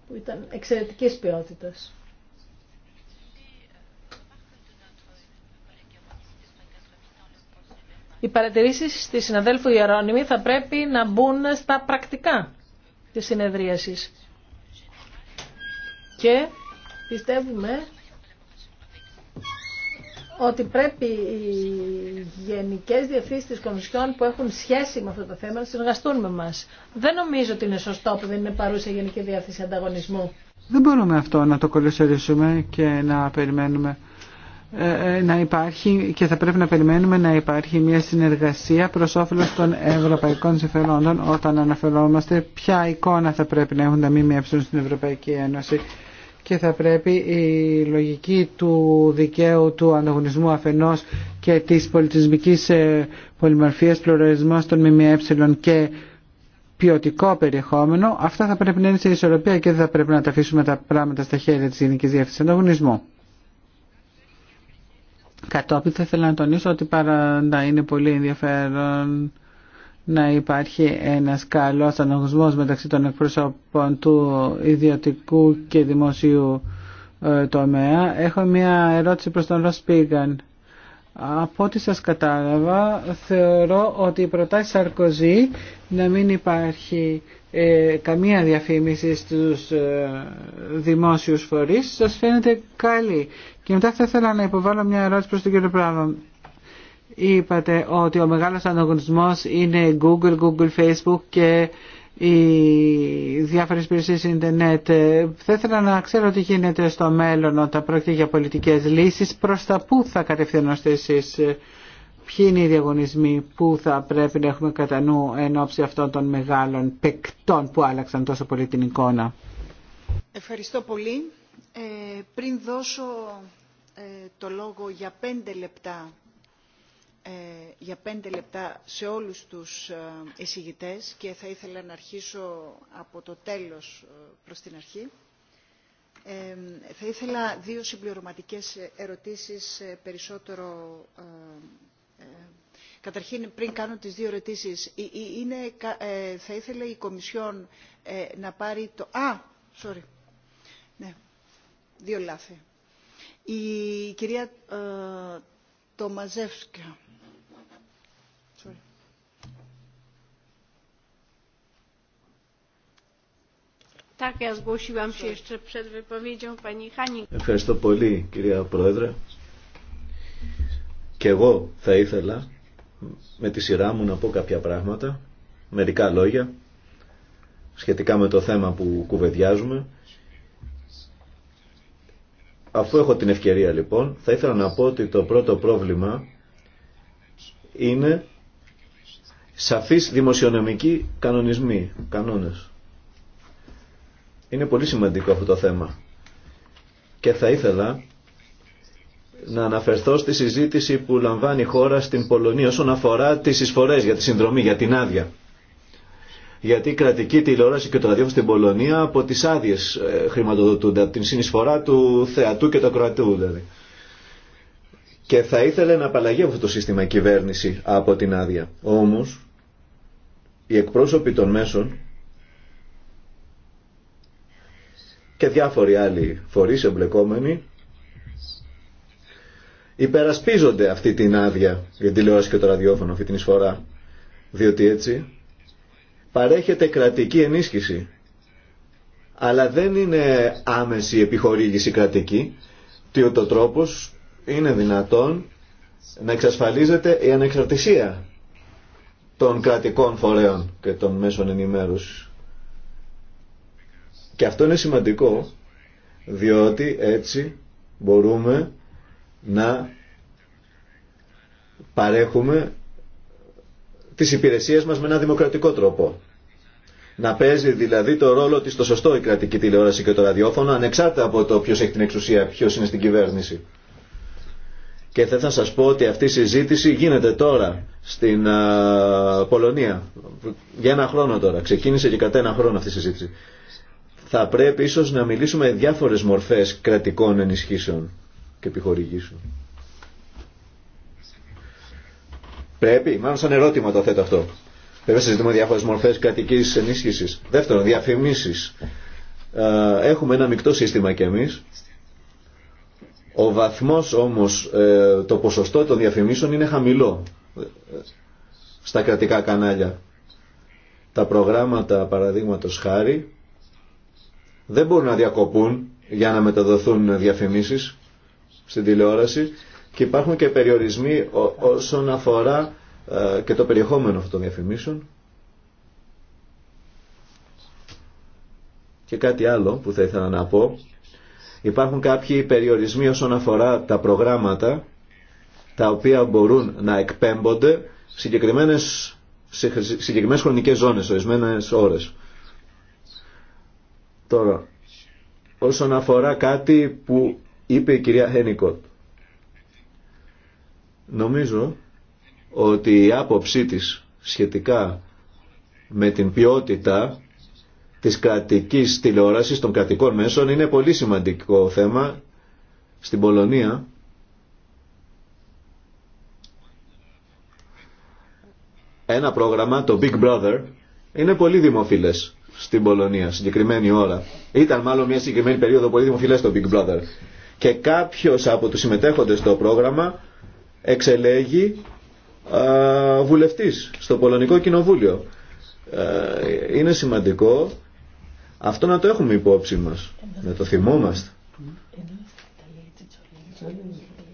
που ήταν εξαιρετικής ποιότητας. οι παρατηρήσεις τη συναδέλφου Ιερώνημη θα πρέπει να μπουν στα πρακτικά της συνεδρίασης. Και πιστεύουμε ότι πρέπει οι γενικές διευθύνσεις της Κομισιόν που έχουν σχέση με αυτό το θέμα να συνεργαστούν με μας. Δεν νομίζω ότι είναι σωστό που δεν είναι παρούσα η Γενική Διεύθυνση Ανταγωνισμού. Δεν μπορούμε αυτό να το κολυσορίσουμε και να περιμένουμε ε, ε, να υπάρχει και θα πρέπει να περιμένουμε να υπάρχει μια συνεργασία προς όφελος των ευρωπαϊκών συμφερόντων όταν αναφερόμαστε ποια εικόνα θα πρέπει να έχουν τα ΜΜΕ στην Ευρωπαϊκή Ένωση και θα πρέπει η λογική του δικαίου του ανταγωνισμού αφενός και της πολιτισμικής ε, πολυμορφίας πλουραλισμός των ΜΜΕ και ποιοτικό περιεχόμενο αυτά θα πρέπει να είναι σε ισορροπία και δεν θα πρέπει να τα αφήσουμε τα πράγματα στα χέρια της Γενικής Διεύθυνσης Ανταγωνισμού. Κατόπιν θα ήθελα να τονίσω ότι παρά είναι πολύ ενδιαφέρον να υπάρχει ένας καλός αναγνωσμός μεταξύ των εκπροσώπων του ιδιωτικού και δημοσίου ε, τομέα. Έχω μια ερώτηση προς τον Ρος Από ό,τι σας κατάλαβα, θεωρώ ότι η προτάση Σαρκοζή να μην υπάρχει ε, καμία διαφήμιση στους ε, δημόσιους φορείς σας φαίνεται καλή. Και μετά θα ήθελα να υποβάλω μια ερώτηση προς τον κύριο Πράγμα. Είπατε ότι ο μεγάλος ανταγωνισμός είναι Google, Google, Facebook και οι διάφορες υπηρεσίες ίντερνετ. Θα ήθελα να ξέρω τι γίνεται στο μέλλον όταν πρόκειται για πολιτικές λύσεις. Προς τα πού θα κατευθυνόστε εσείς. Ποιοι είναι οι διαγωνισμοί που θα πρέπει να έχουμε κατά νου εν ώψη αυτών των μεγάλων παικτών που άλλαξαν τόσο πολύ την εικόνα. Ευχαριστώ πολύ. Ε, πριν δώσω ε, το λόγο για πέντε λεπτά, ε, για πέντε λεπτά σε όλους τους ε, εισηγητές και θα ήθελα να αρχίσω από το τέλος προς την αρχή. θα ήθελα δύο συμπληρωματικές ερωτήσεις περισσότερο... καταρχήν, πριν κάνω τις δύο ερωτήσεις, είναι, θα ήθελε η Κομισιόν να πάρει το... Α, sorry. Ναι, δύο λάθη. Η κυρία ε, Τομαζεύσκα. Ευχαριστώ πολύ κυρία Πρόεδρε. Και εγώ θα ήθελα με τη σειρά μου να πω κάποια πράγματα, μερικά λόγια σχετικά με το θέμα που κουβεντιάζουμε. Αφού έχω την ευκαιρία λοιπόν, θα ήθελα να πω ότι το πρώτο πρόβλημα είναι σαφείς δημοσιονομικοί κανονισμοί, κανόνες. Είναι πολύ σημαντικό αυτό το θέμα. Και θα ήθελα να αναφερθώ στη συζήτηση που λαμβάνει η χώρα στην Πολωνία όσον αφορά τις εισφορές για τη συνδρομή, για την άδεια. Γιατί η κρατική τηλεόραση και το ραδιόφωνο στην Πολωνία από τι άδειε ε, χρηματοδοτούνται, από την συνεισφορά του θεατού και του ακροατού δηλαδή. Και θα ήθελε να απαλλαγεί αυτό το σύστημα η κυβέρνηση από την άδεια. Όμω, οι εκπρόσωποι των μέσων και διάφοροι άλλοι φορεί εμπλεκόμενοι υπερασπίζονται αυτή την άδεια για τηλεόραση και το ραδιόφωνο, αυτή την εισφορά. Διότι έτσι παρέχεται κρατική ενίσχυση. Αλλά δεν είναι άμεση επιχορήγηση κρατική, τι ο τρόπος είναι δυνατόν να εξασφαλίζεται η ανεξαρτησία των κρατικών φορέων και των μέσων ενημέρωση. Και αυτό είναι σημαντικό, διότι έτσι μπορούμε να παρέχουμε τις υπηρεσίες μας με ένα δημοκρατικό τρόπο. Να παίζει δηλαδή το ρόλο της το σωστό η κρατική τηλεόραση και το ραδιόφωνο ανεξάρτητα από το ποιος έχει την εξουσία, ποιος είναι στην κυβέρνηση. Και θα σας πω ότι αυτή η συζήτηση γίνεται τώρα στην Πολωνία. Για ένα χρόνο τώρα. Ξεκίνησε και κατά ένα χρόνο αυτή η συζήτηση. Θα πρέπει ίσως να μιλήσουμε διάφορες μορφές κρατικών ενισχύσεων και επιχορηγήσεων. Πρέπει, μάλλον σαν ερώτημα το θέτω αυτό. Πρέπει να συζητούμε διάφορε μορφέ κρατική ενίσχυση. Δεύτερον, διαφημίσει. Ε, έχουμε ένα μεικτό σύστημα κι εμεί. Ο βαθμός όμως, ε, το ποσοστό των διαφημίσεων είναι χαμηλό ε, στα κρατικά κανάλια. Τα προγράμματα, παραδείγματο χάρη, δεν μπορούν να διακοπούν για να μεταδοθούν διαφημίσεις στην τηλεόραση και υπάρχουν και περιορισμοί όσον αφορά ε, και το περιεχόμενο αυτών των διαφημίσεων. Και κάτι άλλο που θα ήθελα να πω. Υπάρχουν κάποιοι περιορισμοί όσον αφορά τα προγράμματα τα οποία μπορούν να εκπέμπονται συγκεκριμένες, σε συγκεκριμένες χρονικές ζώνες, ορισμένες ώρες. Τώρα, όσον αφορά κάτι που είπε η κυρία Χένικοτ Νομίζω ότι η άποψή της σχετικά με την ποιότητα της κρατικής τηλεόρασης των κρατικών μέσων είναι πολύ σημαντικό θέμα στην Πολωνία. Ένα πρόγραμμα, το Big Brother, είναι πολύ δημοφιλές στην Πολωνία, συγκεκριμένη ώρα. Ήταν μάλλον μια συγκεκριμένη περίοδο πολύ δημοφιλές το Big Brother. Και κάποιος από τους συμμετέχοντες στο πρόγραμμα εξελέγει βουλευτής στο Πολωνικό Κοινοβούλιο. Ε, είναι σημαντικό αυτό να το έχουμε υπόψη μας, να το θυμόμαστε.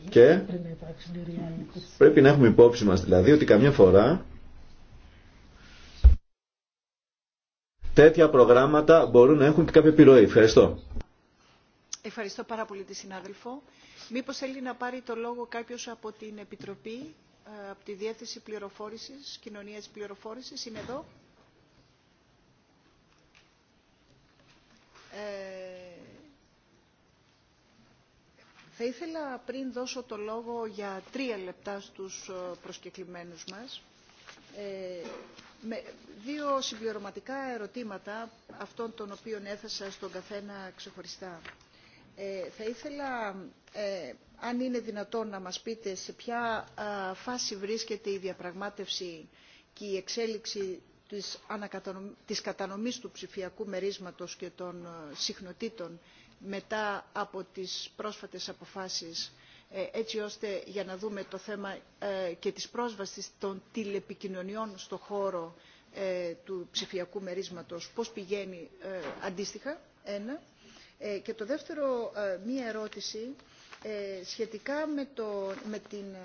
Και πρέπει να έχουμε υπόψη μας δηλαδή ότι καμιά φορά τέτοια προγράμματα μπορούν να έχουν και κάποια επιρροή. Ευχαριστώ. Ευχαριστώ πάρα πολύ τη συνάδελφο. Μήπως θέλει να πάρει το λόγο κάποιος από την Επιτροπή, ε, από τη Διεύθυνση Πληροφόρησης, Κοινωνίας Πληροφόρησης, είναι εδώ. Ε, θα ήθελα πριν δώσω το λόγο για τρία λεπτά στους ε, προσκεκλημένους μας. δύο συμπληρωματικά ερωτήματα, αυτών των οποίων έθεσα στον καθένα ξεχωριστά. Ε, θα ήθελα, ε, αν είναι δυνατόν, να μας πείτε σε ποια φάση βρίσκεται η διαπραγμάτευση και η εξέλιξη της κατανομής του ψηφιακού μερίσματος και των ε, συχνοτήτων μετά από τις πρόσφατες αποφάσεις έτσι ώστε για να δούμε το θέμα και της πρόσβασης των τηλεπικοινωνιών στο χώρο του ψηφιακού μερίσματος πώς πηγαίνει αντίστοιχα, ένα. Ε, και το δεύτερο, ε, μία ερώτηση ε, σχετικά με, το, την...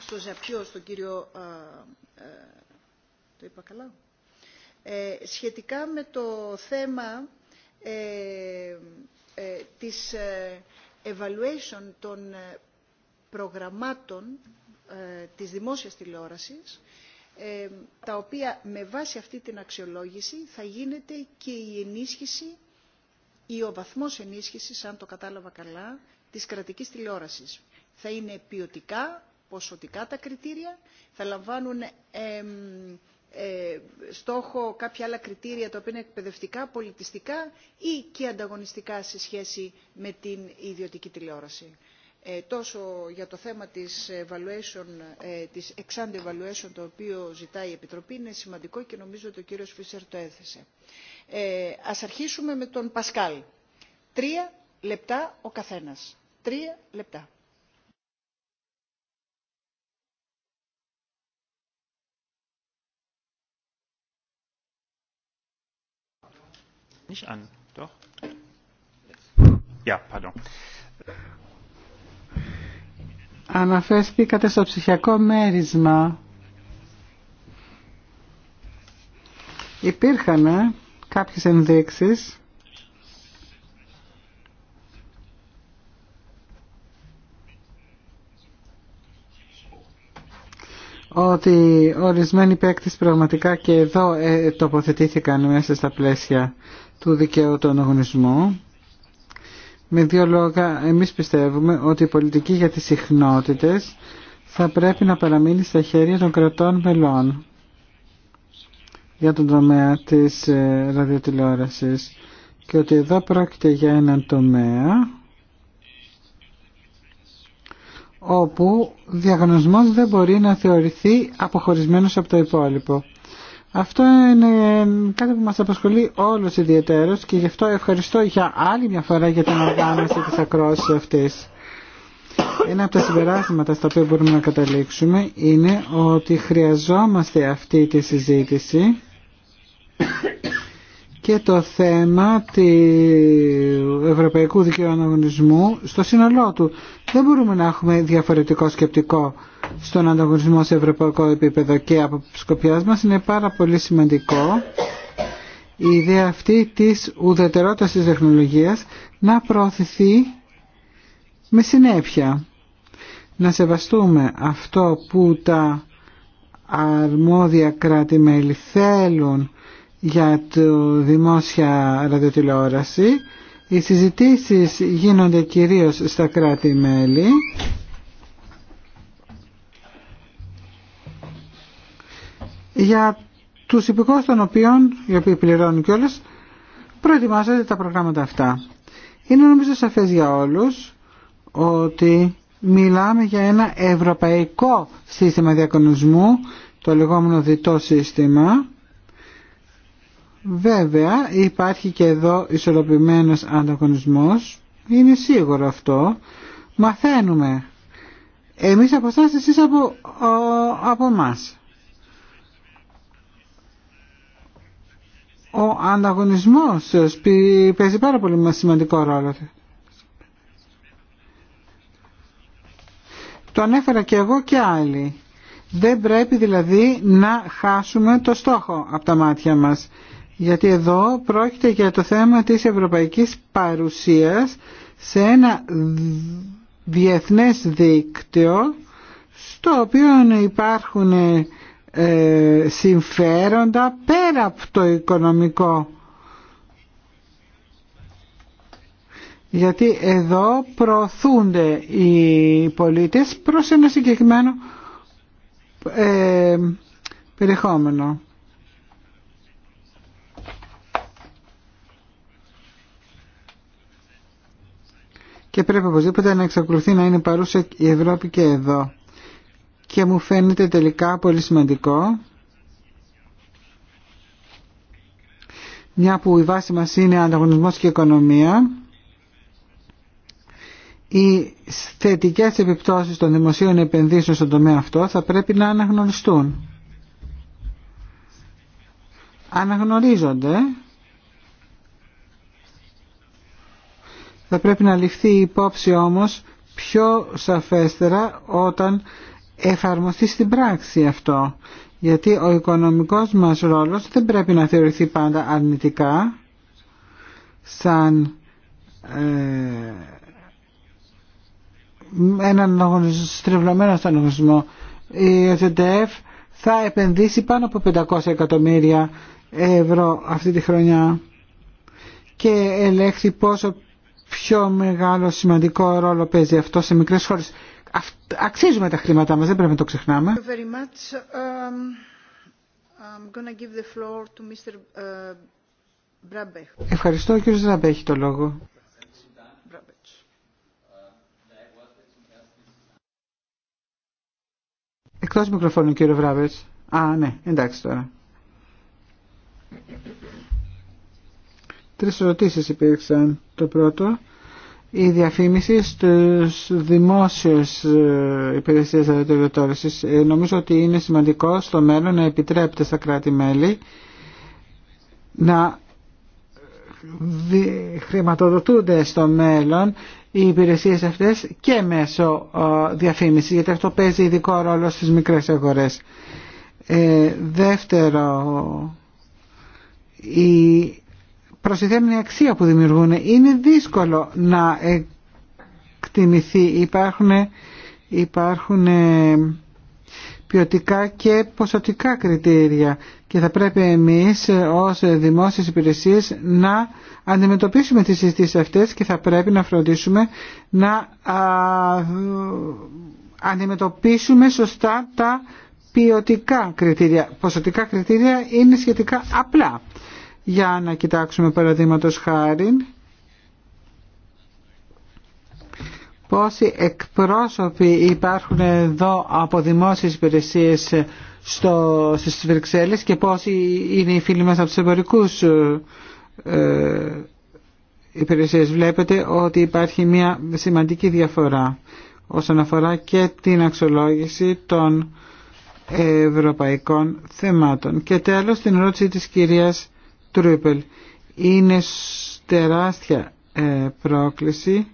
στο Ζαπιό, κύριο... Το είπα καλά. Σχετικά με το θέμα της evaluation των προγραμμάτων της δημόσιας τηλεόρασης τα οποία με βάση αυτή την αξιολόγηση θα γίνεται και η ενίσχυση ή ο βαθμός ενίσχυσης, αν το κατάλαβα καλά, της κρατικής τηλεόρασης. Θα είναι ποιοτικά, ποσοτικά τα κριτήρια, θα λαμβάνουν ε, στόχο κάποια άλλα κριτήρια τα οποία είναι εκπαιδευτικά, πολιτιστικά ή και ανταγωνιστικά σε σχέση με την ιδιωτική τηλεόραση. Ε, τόσο για το θέμα της, evaluation, ε, ε, της evaluation το οποίο ζητάει η Επιτροπή είναι σημαντικό και νομίζω ότι ο κύριος Φίσερ το έθεσε. Ε, ας αρχίσουμε με τον Πασκάλ. Τρία λεπτά ο καθένας. Τρία λεπτά. Nicht an, doch. Ja, pardon. Αναφέρθηκατε στο ψυχιακό μέρισμα. Υπήρχαν ε, κάποιες ενδείξεις ότι ορισμένοι παίκτες πραγματικά και εδώ ε, τοποθετήθηκαν μέσα στα πλαίσια του δικαίου του αναγωνισμού με δύο λόγια, εμείς πιστεύουμε ότι η πολιτική για τις συχνότητες θα πρέπει να παραμείνει στα χέρια των κρατών μελών για τον τομέα της ε, ραδιοτηλεόρασης και ότι εδώ πρόκειται για έναν τομέα όπου διαγνωσμός δεν μπορεί να θεωρηθεί αποχωρισμένος από το υπόλοιπο. Αυτό είναι κάτι που μας απασχολεί όλους ιδιαίτερως και γι' αυτό ευχαριστώ για άλλη μια φορά για την οργάνωση της ακρόσης αυτής. Ένα από τα συμπεράσματα στα οποία μπορούμε να καταλήξουμε είναι ότι χρειαζόμαστε αυτή τη συζήτηση και το θέμα του Ευρωπαϊκού Δικαίου Ανταγωνισμού στο σύνολό του. Δεν μπορούμε να έχουμε διαφορετικό σκεπτικό στον ανταγωνισμό σε ευρωπαϊκό επίπεδο και από σκοπιά μα είναι πάρα πολύ σημαντικό η ιδέα αυτή της ουδετερότητας της τεχνολογίας να προωθηθεί με συνέπεια. Να σεβαστούμε αυτό που τα αρμόδια κράτη-μέλη θέλουν για το δημόσια ραδιοτηλεόραση. Οι συζητήσεις γίνονται κυρίως στα κράτη-μέλη. Για τους υπηκόους των οποίων, οι οποίοι πληρώνουν κιόλας, προετοιμάζονται τα προγράμματα αυτά. Είναι νομίζω σαφές για όλους ότι μιλάμε για ένα ευρωπαϊκό σύστημα διακονισμού, το λεγόμενο διτό σύστημα, Βέβαια υπάρχει και εδώ ισορροπημένος ανταγωνισμός, είναι σίγουρο αυτό, μαθαίνουμε εμείς από εσάς, εσείς από, από μας. Ο ανταγωνισμός παίζει πάρα πολύ σημαντικό ρόλο. Το ανέφερα και εγώ και άλλοι. Δεν πρέπει δηλαδή να χάσουμε το στόχο από τα μάτια μας γιατί εδώ πρόκειται για το θέμα της ευρωπαϊκής παρουσίας σε ένα διεθνές δίκτυο στο οποίο υπάρχουν ε, συμφέροντα πέρα από το οικονομικό. Γιατί εδώ προωθούνται οι πολίτες προς ένα συγκεκριμένο ε, περιεχόμενο. και πρέπει οπωσδήποτε να εξακολουθεί να είναι παρούσα η Ευρώπη και εδώ. Και μου φαίνεται τελικά πολύ σημαντικό μια που η βάση μας είναι ανταγωνισμός και οικονομία οι θετικές επιπτώσεις των δημοσίων επενδύσεων στον τομέα αυτό θα πρέπει να αναγνωριστούν. Αναγνωρίζονται Θα πρέπει να ληφθεί υπόψη όμως πιο σαφέστερα όταν εφαρμοστεί στην πράξη αυτό. Γιατί ο οικονομικός μας ρόλος δεν πρέπει να θεωρηθεί πάντα αρνητικά σαν ε, έναν στρεβλωμένο ανταγωνισμό. Η ΕΤΕΦ θα επενδύσει πάνω από 500 εκατομμύρια ευρώ αυτή τη χρονιά και ελέγχει πόσο πιο μεγάλο σημαντικό ρόλο παίζει αυτό σε μικρές χώρες. Αξίζουμε τα χρήματά μας, δεν πρέπει να το ξεχνάμε. Ευχαριστώ, ο κύριος το λόγο. Εκτός μικροφώνου, κύριε Βράβετς. Α, ναι, εντάξει τώρα. Τρεις ερωτήσεις υπήρξαν το πρώτο, η διαφήμιση στους δημόσιες ε, υπηρεσίες ραδιοτηλεόρασης. Ε, νομίζω ότι είναι σημαντικό στο μέλλον να επιτρέπεται στα κράτη-μέλη να ε, χρηματοδοτούνται στο μέλλον οι υπηρεσίες αυτές και μέσω διαφήμιση γιατί αυτό παίζει ειδικό ρόλο στις μικρές αγορές. Ε, δεύτερο, η προστιθέμενη αξία που δημιουργούν. Είναι δύσκολο να εκτιμηθεί. Υπάρχουν, υπάρχουν ε, ποιοτικά και ποσοτικά κριτήρια και θα πρέπει εμείς ε, ως δημόσιες υπηρεσίες να αντιμετωπίσουμε τις συζητήσεις αυτές και θα πρέπει να φροντίσουμε να αντιμετωπίσουμε σωστά τα ποιοτικά κριτήρια. Ποσοτικά κριτήρια είναι σχετικά απλά για να κοιτάξουμε παραδείγματο χάρη πόσοι εκπρόσωποι υπάρχουν εδώ από δημόσιες υπηρεσίες στο, στις Βρυξέλλες και πόσοι είναι οι φίλοι μας από τους εμπορικούς ε, υπηρεσίες. Βλέπετε ότι υπάρχει μια σημαντική διαφορά όσον αφορά και την αξιολόγηση των ευρωπαϊκών θεμάτων. Και τέλος την ερώτηση της κυρίας Τρούπελ. Είναι τεράστια ε, πρόκληση.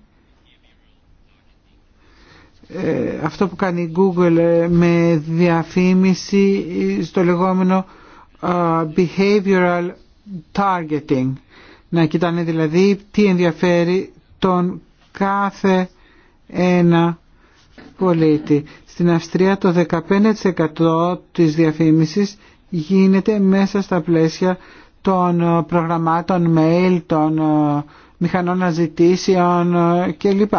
Ε, αυτό που κάνει η Google ε, με διαφήμιση στο λεγόμενο behavioral targeting. Να κοιτάνε δηλαδή τι ενδιαφέρει τον κάθε ένα πολίτη. Στην Αυστρία το 15% της διαφήμισης γίνεται μέσα στα πλαίσια των ε, προγραμμάτων mail, των ε, μηχανών αναζητήσεων ε, κλπ.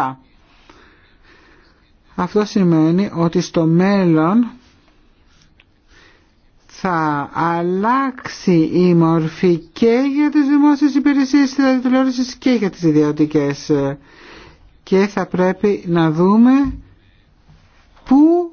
Αυτό σημαίνει ότι στο μέλλον θα αλλάξει η μορφή και για τις δημόσιες υπηρεσίες της δηλαδή τηλεόρασης και για τις ιδιωτικές και θα πρέπει να δούμε πού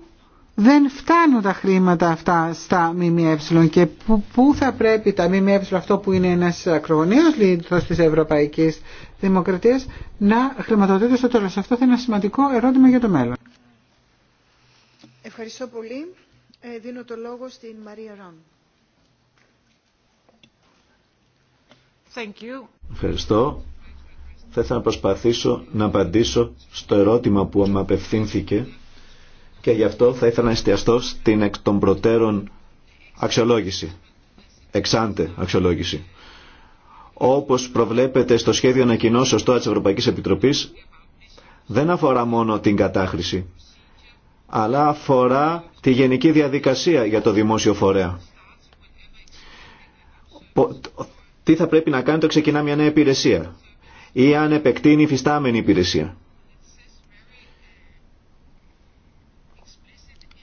δεν φτάνουν τα χρήματα αυτά στα ΜΜΕ και πού θα πρέπει τα ΜΜΕ αυτό που είναι ένας ακρογωνίος λίθος της Ευρωπαϊκής Δημοκρατίας να χρηματοδοτείται στο τέλος. Αυτό θα είναι ένα σημαντικό ερώτημα για το μέλλον. Ευχαριστώ πολύ. Ε, δίνω το λόγο στην Μαρία Ραν. Ευχαριστώ. Θα ήθελα να προσπαθήσω να απαντήσω στο ερώτημα που με απευθύνθηκε και γι' αυτό θα ήθελα να εστιαστώ στην εκ των προτέρων αξιολόγηση, εξάντε αξιολόγηση. Όπως προβλέπεται στο σχέδιο ανακοινώσεως τώρα της Ευρωπαϊκής Επιτροπής, δεν αφορά μόνο την κατάχρηση, αλλά αφορά τη γενική διαδικασία για το δημόσιο φορέα. Τι θα πρέπει να κάνει το ξεκινά μια νέα υπηρεσία ή αν επεκτείνει η φυστάμενη υπηρεσία.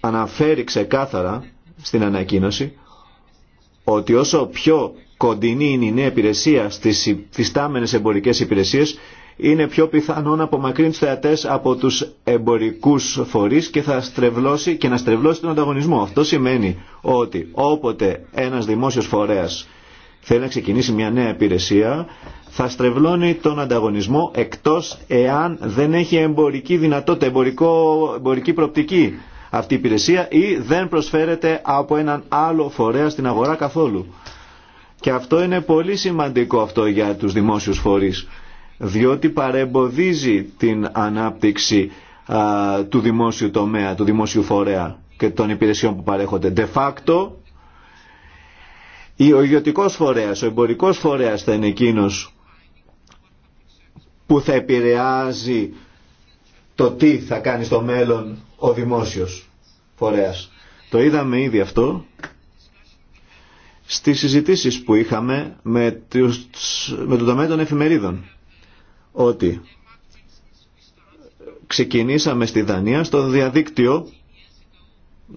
αναφέρει ξεκάθαρα στην ανακοίνωση ότι όσο πιο κοντινή είναι η νέα υπηρεσία στις φυστάμενες εμπορικές υπηρεσίες είναι πιο πιθανό να απομακρύνει τους θεατές από τους εμπορικούς φορείς και θα στρεβλώσει και να στρεβλώσει τον ανταγωνισμό. Αυτό σημαίνει ότι όποτε ένας δημόσιος φορέας θέλει να ξεκινήσει μια νέα υπηρεσία θα στρεβλώνει τον ανταγωνισμό εκτός εάν δεν έχει εμπορική δυνατότητα, εμπορικό, εμπορική προπτική αυτή η υπηρεσία ή δεν προσφέρεται από έναν άλλο φορέα στην αγορά καθόλου. Και αυτό είναι πολύ σημαντικό αυτό για τους δημόσιους φορείς, διότι παρεμποδίζει την ανάπτυξη του δημόσιου τομέα, του δημόσιου φορέα και των υπηρεσιών που παρέχονται. De facto, ο ιδιωτικό φορέας, ο εμπορικός φορέας θα είναι εκείνος που θα επηρεάζει το τι θα κάνει στο μέλλον ο δημόσιος φορέας. Το είδαμε ήδη αυτό στις συζητήσεις που είχαμε με, τους, με τον τομέα των εφημερίδων. Ότι ξεκινήσαμε στη Δανία στο διαδίκτυο,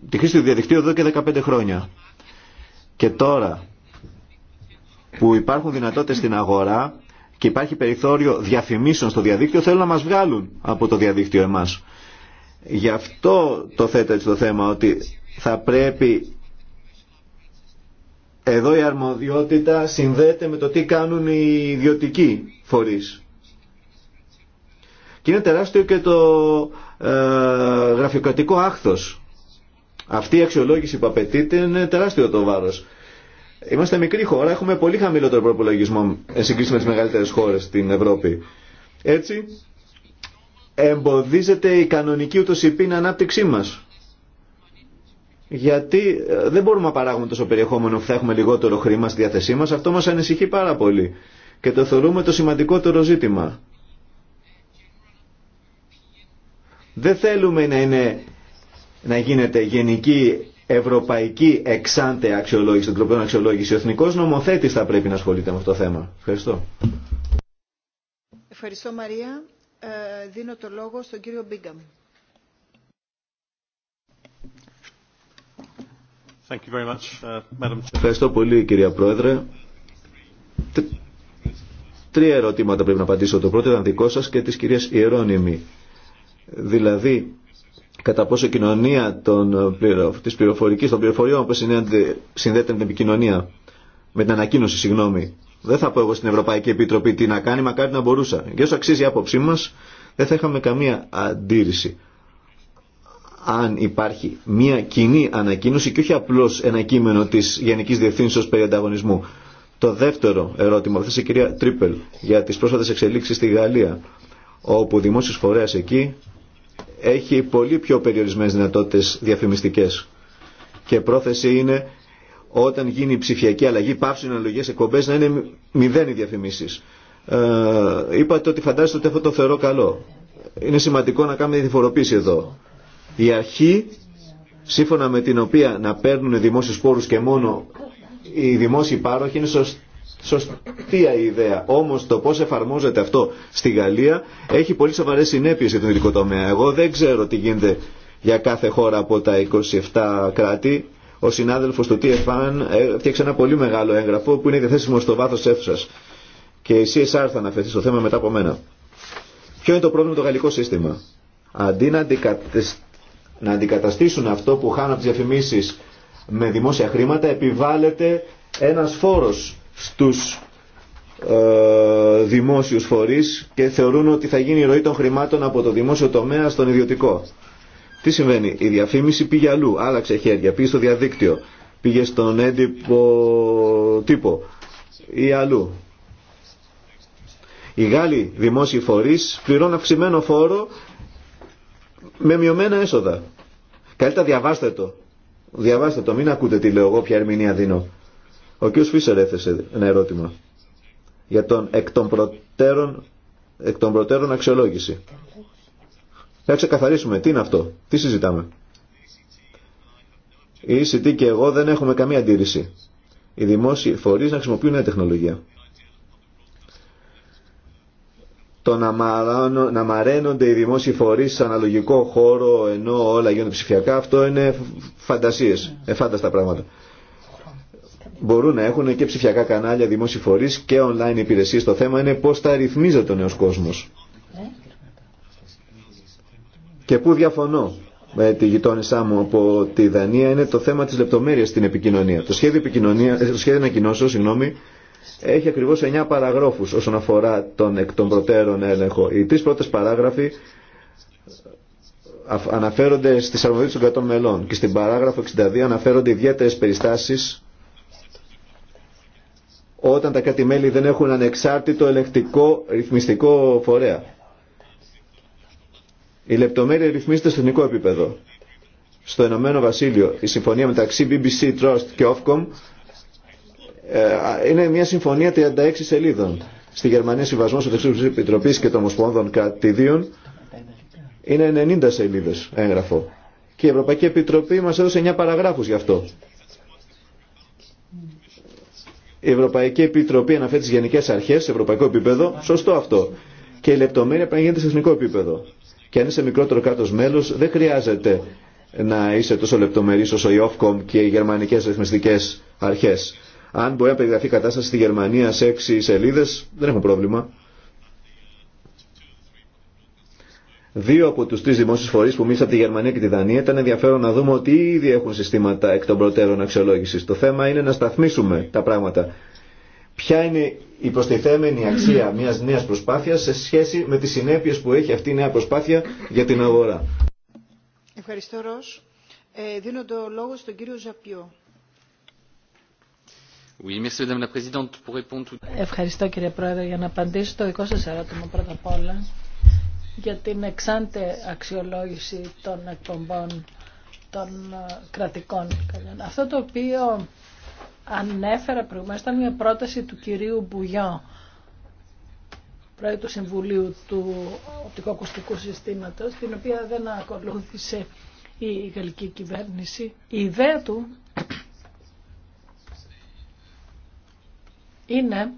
τη χρήση του διαδικτύου εδώ και 15 χρόνια. Και τώρα που υπάρχουν δυνατότητες στην αγορά και υπάρχει περιθώριο διαφημίσεων στο διαδίκτυο, θέλουν να μας βγάλουν από το διαδίκτυο εμάς. Γι' αυτό το θέτω έτσι το θέμα, ότι θα πρέπει εδώ η αρμοδιότητα συνδέεται με το τι κάνουν οι ιδιωτικοί φορείς. Και είναι τεράστιο και το ε, γραφειοκρατικό άχθος. Αυτή η αξιολόγηση που απαιτείται είναι τεράστιο το βάρος. Είμαστε μικρή χώρα, έχουμε πολύ χαμηλότερο προπολογισμό σε συγκρίση με τι μεγαλύτερες χώρες στην Ευρώπη. Έτσι, εμποδίζεται η κανονική ούτως υπήν ανάπτυξή μα. Γιατί ε, δεν μπορούμε να παράγουμε τόσο περιεχόμενο που θα έχουμε λιγότερο χρήμα στη διάθεσή μα. Αυτό μα ανησυχεί πάρα πολύ και το θεωρούμε το σημαντικότερο ζήτημα. Δεν θέλουμε να γίνεται γενική ευρωπαϊκή εξάντε αξιολόγηση, των τροπών αξιολόγηση. Ο εθνικό νομοθέτη θα πρέπει να ασχολείται με αυτό το θέμα. Ευχαριστώ. Ευχαριστώ Μαρία. Ε, δίνω το λόγο στον κύριο Μπίγκαμ. Uh, Ευχαριστώ πολύ κυρία Πρόεδρε. τρία ερωτήματα πρέπει να απαντήσω. Το πρώτο ήταν δικό σας και της κυρίας Ιερώνημη. Δηλαδή, κατά πόσο η κοινωνία των, ε, της πληροφορικής, των πληροφοριών που συνδέεται, συνδέεται με την επικοινωνία, με την ανακοίνωση, συγγνώμη. Δεν θα πω εγώ στην Ευρωπαϊκή Επιτροπή τι να κάνει, μακάρι να μπορούσα. Και όσο αξίζει η άποψή μας, δεν θα είχαμε καμία αντίρρηση. Αν υπάρχει μια κοινή ανακοίνωση και όχι απλώς ένα κείμενο της Γενικής Διευθύνσης περί ανταγωνισμού. Το δεύτερο ερώτημα, αυτή η κυρία Τρίπελ, για τις πρόσφατες εξελίξεις στη Γαλλία, όπου ο εκεί έχει πολύ πιο περιορισμένες δυνατότητες διαφημιστικές. Και πρόθεση είναι όταν γίνει η ψηφιακή αλλαγή, πάψουν οι αναλογίες εκπομπές να είναι μηδέν οι διαφημίσεις. Ε, είπατε ότι φαντάζεστε ότι αυτό το θεωρώ καλό. Είναι σημαντικό να κάνουμε διαφοροποίηση εδώ. Η αρχή, σύμφωνα με την οποία να παίρνουν δημόσιους πόρους και μόνο οι δημόσιοι πάροχοι, είναι σωστή Σωστή η ιδέα. Όμω το πώ εφαρμόζεται αυτό στη Γαλλία έχει πολύ σοβαρέ συνέπειε για τον ειδικό τομέα. Εγώ δεν ξέρω τι γίνεται για κάθε χώρα από τα 27 κράτη. Ο συνάδελφο του TFAN έφτιαξε ένα πολύ μεγάλο έγγραφο που είναι διαθέσιμο στο βάθο τη αίθουσα. Και η CSR θα αναφερθεί στο θέμα μετά από μένα. Ποιο είναι το πρόβλημα με το γαλλικό σύστημα. Αντί να, να αντικαταστήσουν αυτό που χάνουν από τι διαφημίσει με δημόσια χρήματα, επιβάλλεται ένα φόρο στους ε, δημόσιους φορείς και θεωρούν ότι θα γίνει η ροή των χρημάτων από το δημόσιο τομέα στον ιδιωτικό. Τι συμβαίνει, η διαφήμιση πήγε αλλού, άλλαξε χέρια, πήγε στο διαδίκτυο, πήγε στον έντυπο τύπο ή αλλού. Οι Γάλλοι δημόσιοι φορείς πληρώνουν αυξημένο φόρο με μειωμένα έσοδα. Καλύτερα διαβάστε το. Διαβάστε το, μην ακούτε τι λέω εγώ, ποια ερμηνεία δίνω. Ο κ. Φίσερ έθεσε ένα ερώτημα για τον εκ των προτέρων, αξιολόγηση. Θα ξεκαθαρίσουμε τι είναι αυτό, τι συζητάμε. Η ECT και εγώ δεν έχουμε καμία αντίρρηση. Οι δημόσιοι φορείς να χρησιμοποιούν νέα τεχνολογία. Το να, μαραίνον να μαραίνονται οι δημόσιοι φορείς σε αναλογικό χώρο ενώ όλα γίνονται ψηφιακά, αυτό είναι φαντασίες, εφάνταστα πράγματα μπορούν να έχουν και ψηφιακά κανάλια, δημόσιοι φορεί και online υπηρεσίε. Το θέμα είναι πώ τα ρυθμίζεται ο νέο κόσμο. Και πού διαφωνώ με τη γειτόνισά μου από τη Δανία είναι το θέμα τη λεπτομέρεια στην επικοινωνία. Το σχέδιο, επικοινωνία, το σχέδιο ανακοινώσεω, συγγνώμη, έχει ακριβώ 9 παραγράφου όσον αφορά τον εκ των προτέρων έλεγχο. Οι τρει πρώτε παράγραφοι αναφέρονται στι αρμοδίε των κρατών μελών και στην παράγραφο 62 αναφέρονται ιδιαίτερε περιστάσει όταν τα κράτη-μέλη δεν έχουν ανεξάρτητο ελεκτικό ρυθμιστικό φορέα. Η λεπτομέρεια ρυθμίζεται στο εθνικό επίπεδο. Στο Ενωμένο Βασίλειο η συμφωνία μεταξύ BBC Trust και Ofcom ε, είναι μια συμφωνία 36 σελίδων. Στη Γερμανία Συμβασμό Εξωτερική Επιτροπή και των Ομοσπονδών Κατηδίων είναι 90 σελίδε έγγραφο. Και η Ευρωπαϊκή Επιτροπή μα έδωσε 9 παραγράφου γι' αυτό. Η Ευρωπαϊκή Επιτροπή αναφέρει τι γενικέ αρχέ σε ευρωπαϊκό επίπεδο. Σωστό αυτό. Και η λεπτομέρεια πρέπει να γίνεται σε εθνικό επίπεδο. Και αν είσαι μικρότερο κράτο μέλο, δεν χρειάζεται να είσαι τόσο λεπτομερή όσο η Ofcom και οι γερμανικέ ρυθμιστικέ αρχέ. Αν μπορεί να περιγραφεί η κατάσταση στη Γερμανία σε έξι σελίδε, δεν έχουμε πρόβλημα. Δύο από του τρει δημόσιου φορεί που μίλησαν από τη Γερμανία και τη Δανία ήταν ενδιαφέρον να δούμε ότι ήδη έχουν συστήματα εκ των προτέρων αξιολόγηση. Το θέμα είναι να σταθμίσουμε τα πράγματα. Ποια είναι η προστιθέμενη αξία μια νέα προσπάθεια σε σχέση με τι συνέπειε που έχει αυτή η νέα προσπάθεια για την αγορά. Ευχαριστώ, Ε, το λόγο στον κύριο Ζαπιό. Ευχαριστώ κύριε Πρόεδρε για να απαντήσω το δικό σα ερώτημα πρώτα απ' όλα για την εξάντε αξιολόγηση των εκπομπών των ε, κρατικών. Αυτό το οποίο ανέφερα προηγουμένως ήταν μια πρόταση του κυρίου Μπουγιό, πρόεδρου του Συμβουλίου του Οπτικοακουστικού Συστήματος, την οποία δεν ακολούθησε η γαλλική κυβέρνηση. Η ιδέα του είναι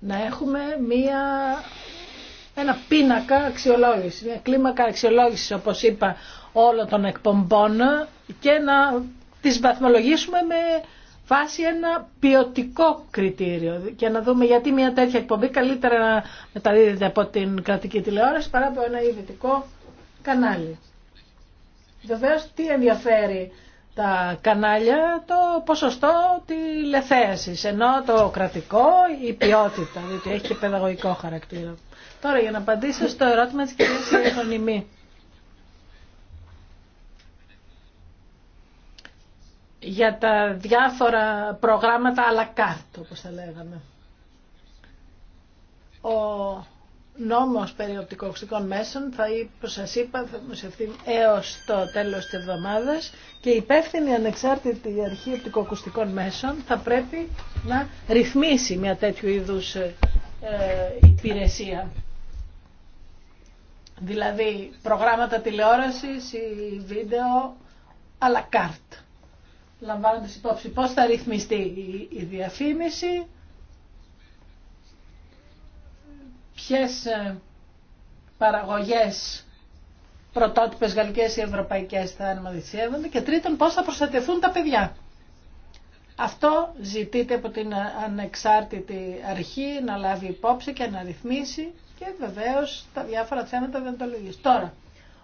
να έχουμε μία ένα πίνακα αξιολόγηση, μια κλίμακα αξιολόγηση όπως είπα όλων των εκπομπών και να τις βαθμολογήσουμε με βάση ένα ποιοτικό κριτήριο και να δούμε γιατί μια τέτοια εκπομπή καλύτερα να μεταδίδεται από την κρατική τηλεόραση παρά από ένα ιδιωτικό κανάλι. Βεβαίω τι ενδιαφέρει τα κανάλια το ποσοστό τηλεθέασης, ενώ το κρατικό η ποιότητα, διότι έχει και παιδαγωγικό χαρακτήρα. Τώρα για να απαντήσω στο ερώτημα της κυρίας Ιεχονιμή. για τα διάφορα προγράμματα αλλά la carte, όπως λέγαμε. Ο νόμος περί οπτικοοξικών μέσων θα, όπως σας είπα, θα δημοσιευθεί έως το τέλος της εβδομάδας και η υπεύθυνη ανεξάρτητη αρχή οπτικοοκουστικών μέσων θα πρέπει να ρυθμίσει μια τέτοιου είδους ε, ε, υπηρεσία. Δηλαδή προγράμματα τηλεόρασης ή βίντεο à la carte. Λαμβάνοντας υπόψη πώς θα ρυθμιστεί η διαφήμιση, ποιες ε, παραγωγές πρωτότυπες γαλλικές ή ευρωπαϊκές θα και τρίτον πώς θα προστατευτούν τα παιδιά. Αυτό ζητείται από την ανεξάρτητη αρχή να λάβει υπόψη και να ρυθμίσει και βεβαίω τα διάφορα θέματα δεντολογής. Τώρα,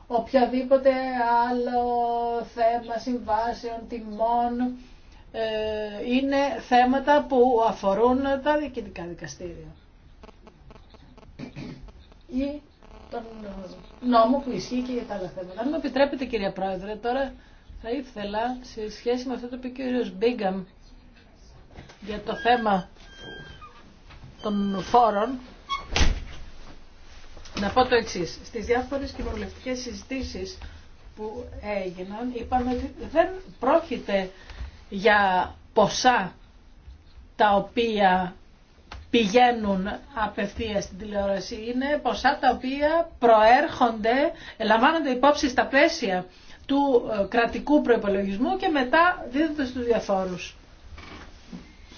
οποιαδήποτε άλλο θέμα συμβάσεων, τιμών, ε, είναι θέματα που αφορούν τα διοικητικά δικαστήρια. Ή τον νόμο που ισχύει και για τα άλλα θέματα. Αν μου επιτρέπετε κυρία Πρόεδρε, τώρα θα ήθελα σε σχέση με αυτό το που ο κύριος Μπίγκαμ για το θέμα των φόρων να πω το εξή. Στι διάφορε κοινοβουλευτικέ συζητήσει που έγιναν, είπαμε ότι δεν πρόκειται για ποσά τα οποία πηγαίνουν απευθεία στην τηλεόραση. Είναι ποσά τα οποία προέρχονται, λαμβάνονται υπόψη στα πλαίσια του ε, κρατικού προϋπολογισμού και μετά δίδονται στους διαφόρους.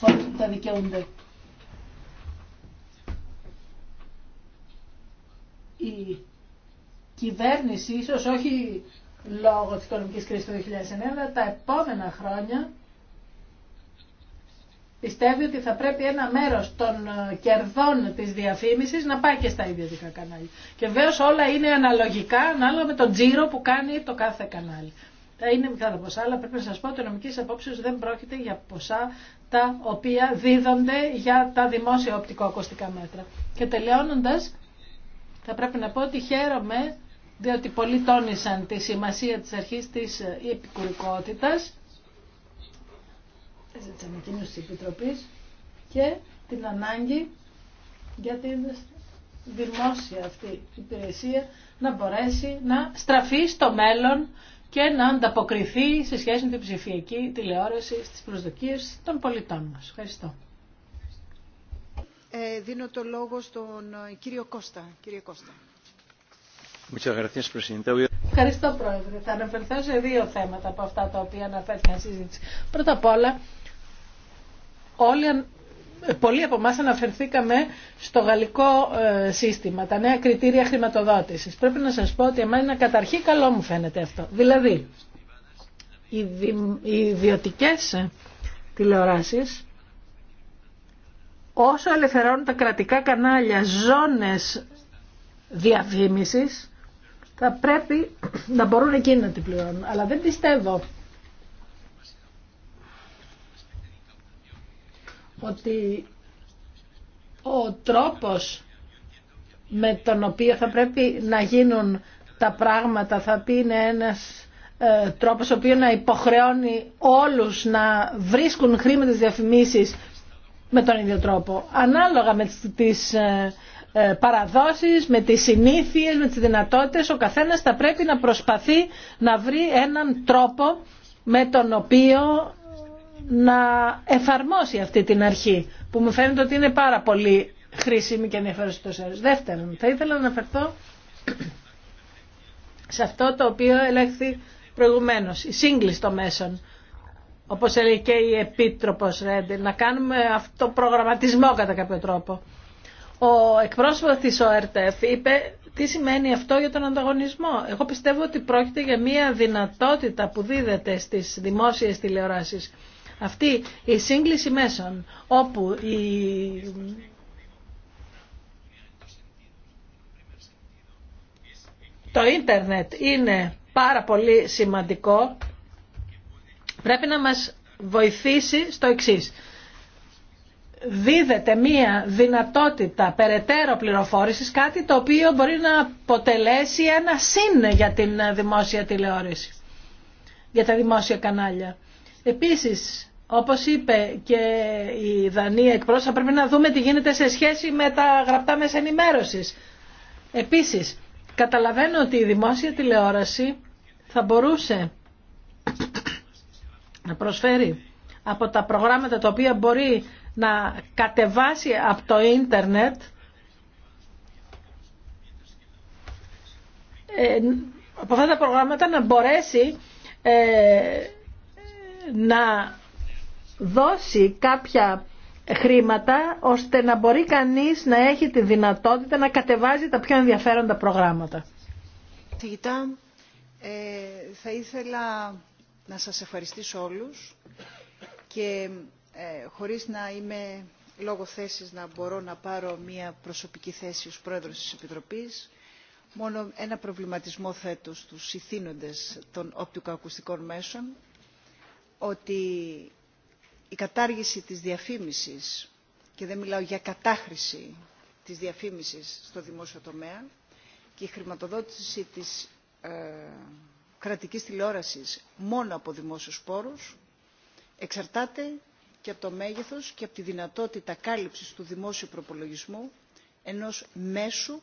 όταν τα δικαιούνται. η κυβέρνηση, ίσως όχι λόγω της οικονομικής κρίσης του 2009, αλλά τα επόμενα χρόνια πιστεύει ότι θα πρέπει ένα μέρος των ε, κερδών της διαφήμισης να πάει και στα ιδιωτικά κανάλια. Και βέβαια όλα είναι αναλογικά ανάλογα με τον τζίρο που κάνει το κάθε κανάλι. Θα είναι μικρά τα ποσά, αλλά πρέπει να σας πω ότι νομικής απόψεως δεν πρόκειται για ποσά τα οποία δίδονται για τα δημόσια οπτικοακουστικά μέτρα. Και τελειώνοντας, θα πρέπει να πω ότι χαίρομαι διότι πολλοί τόνισαν τη σημασία της αρχής της ε, επικουρικότητας της ανακοίνωσης της Επιτροπής και την ανάγκη για την δημόσια αυτή υπηρεσία να μπορέσει να στραφεί στο μέλλον και να ανταποκριθεί σε σχέση με την ψηφιακή τηλεόραση στις προσδοκίες των πολιτών μας. Ευχαριστώ. Ε, δίνω το λόγο στον ε, κύριο Κώστα. Κύριε Κώστα. Ευχαριστώ Πρόεδρε. Θα αναφερθώ σε δύο θέματα από αυτά τα οποία αναφέρθηκαν συζήτηση. Πρώτα απ' όλα, όλοι, πολλοί από εμά αναφερθήκαμε στο γαλλικό ε, σύστημα, τα νέα κριτήρια χρηματοδότησης. Πρέπει να σας πω ότι εμένα καταρχήν καλό μου φαίνεται αυτό. Δηλαδή, οι ιδιωτικές τηλεοράσεις όσο ελευθερώνουν τα κρατικά κανάλια ζώνες διαφήμισης, θα πρέπει να μπορούν εκείνοι να την πληρώνουν. Αλλά δεν πιστεύω ότι ο τρόπος με τον οποίο θα πρέπει να γίνουν τα πράγματα θα πει είναι ένας ε, τρόπος ο οποίος να υποχρεώνει όλους να βρίσκουν χρήματα διαφημίσεις με τον ίδιο τρόπο. Ανάλογα με τις ε, ε, παραδόσεις, με τις συνήθειες, με τις δυνατότητες, ο καθένας θα πρέπει να προσπαθεί να βρει έναν τρόπο με τον οποίο να εφαρμόσει αυτή την αρχή, που μου φαίνεται ότι είναι πάρα πολύ χρήσιμη και ενδιαφέρουσα στο σέρις. Δεύτερον, θα ήθελα να αναφερθώ σε αυτό το οποίο ελέγχθη προηγουμένως, η σύγκληση των μέσων όπως έλεγε και η Επίτροπος Ρέντιν, να κάνουμε αυτό προγραμματισμό κατά κάποιο τρόπο. Ο εκπρόσωπος της ΟΕΡΤΕΦ είπε τι σημαίνει αυτό για τον ανταγωνισμό. Εγώ πιστεύω ότι πρόκειται για μια δυνατότητα που δίδεται στις δημόσιες τηλεοράσεις. Αυτή η σύγκληση μέσων όπου η... το ίντερνετ είναι πάρα πολύ σημαντικό πρέπει να μας βοηθήσει στο εξής. Δίδεται μία δυνατότητα περαιτέρω πληροφόρησης, κάτι το οποίο μπορεί να αποτελέσει ένα σύν για την δημόσια τηλεόραση, για τα δημόσια κανάλια. Επίσης, όπως είπε και η Δανία εκπρόσωπα, πρέπει να δούμε τι γίνεται σε σχέση με τα γραπτά μέσα ενημέρωσης. Επίσης, καταλαβαίνω ότι η δημόσια τηλεόραση θα μπορούσε να προσφέρει από τα προγράμματα τα οποία μπορεί να κατεβάσει από το ίντερνετ ε, από αυτά τα προγράμματα να μπορέσει ε, να δώσει κάποια χρήματα ώστε να μπορεί κανείς να έχει τη δυνατότητα να κατεβάζει τα πιο ενδιαφέροντα προγράμματα. Ε, θα ήθελα να σας ευχαριστήσω όλους και ε, χωρίς να είμαι λόγω θέσης να μπορώ να πάρω μια προσωπική θέση ως πρόεδρος της Επιτροπής, μόνο ένα προβληματισμό θέτω στους ηθήνοντες των οπτικοακουστικών μέσων, ότι η κατάργηση της διαφήμισης, και δεν μιλάω για κατάχρηση της διαφήμισης στο δημόσιο τομέα, και η χρηματοδότηση της ε, κρατικής τηλεόρασης μόνο από δημόσιους πόρους εξαρτάται και από το μέγεθος και από τη δυνατότητα κάλυψης του δημόσιου προπολογισμού ενός μέσου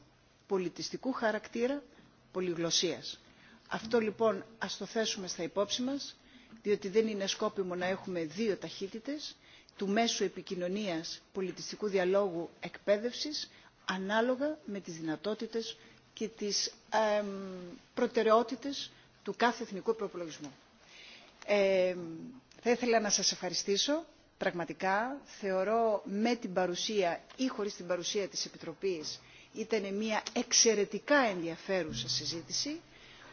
πολιτιστικού χαρακτήρα πολυγλωσσίας. Αυτό λοιπόν ας το θέσουμε στα υπόψη μας, διότι δεν είναι σκόπιμο να έχουμε δύο ταχύτητες του μέσου επικοινωνίας πολιτιστικού διαλόγου εκπαίδευσης ανάλογα με τις δυνατότητες και τις προτεραιότητες του κάθε εθνικού προπολογισμού. Ε, θα ήθελα να σας ευχαριστήσω πραγματικά. Θεωρώ με την παρουσία ή χωρίς την παρουσία της Επιτροπής ήταν μια εξαιρετικά ενδιαφέρουσα συζήτηση.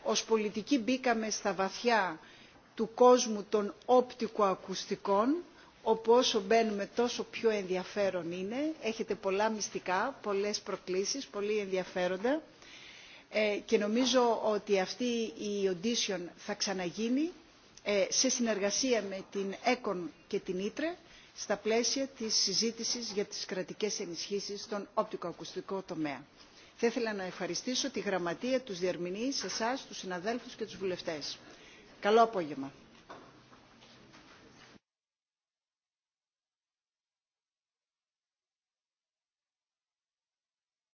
Ως πολιτική μπήκαμε στα βαθιά του κόσμου των ακουστικών, όπου όσο μπαίνουμε τόσο πιο ενδιαφέρον είναι. Έχετε πολλά μυστικά, πολλές προκλήσεις, πολύ ενδιαφέροντα. Ε, και νομίζω ότι αυτή η audition θα ξαναγίνει ε, σε συνεργασία με την ΕΚΟΝ και την Ήτρε στα πλαίσια της συζήτησης για τις κρατικές ενισχύσεις στον οπτικοακουστικό τομέα. Θα ήθελα να ευχαριστήσω τη Γραμματεία, τους διερμηνείς, εσάς, τους συναδέλφους και τους βουλευτές. Καλό απόγευμα.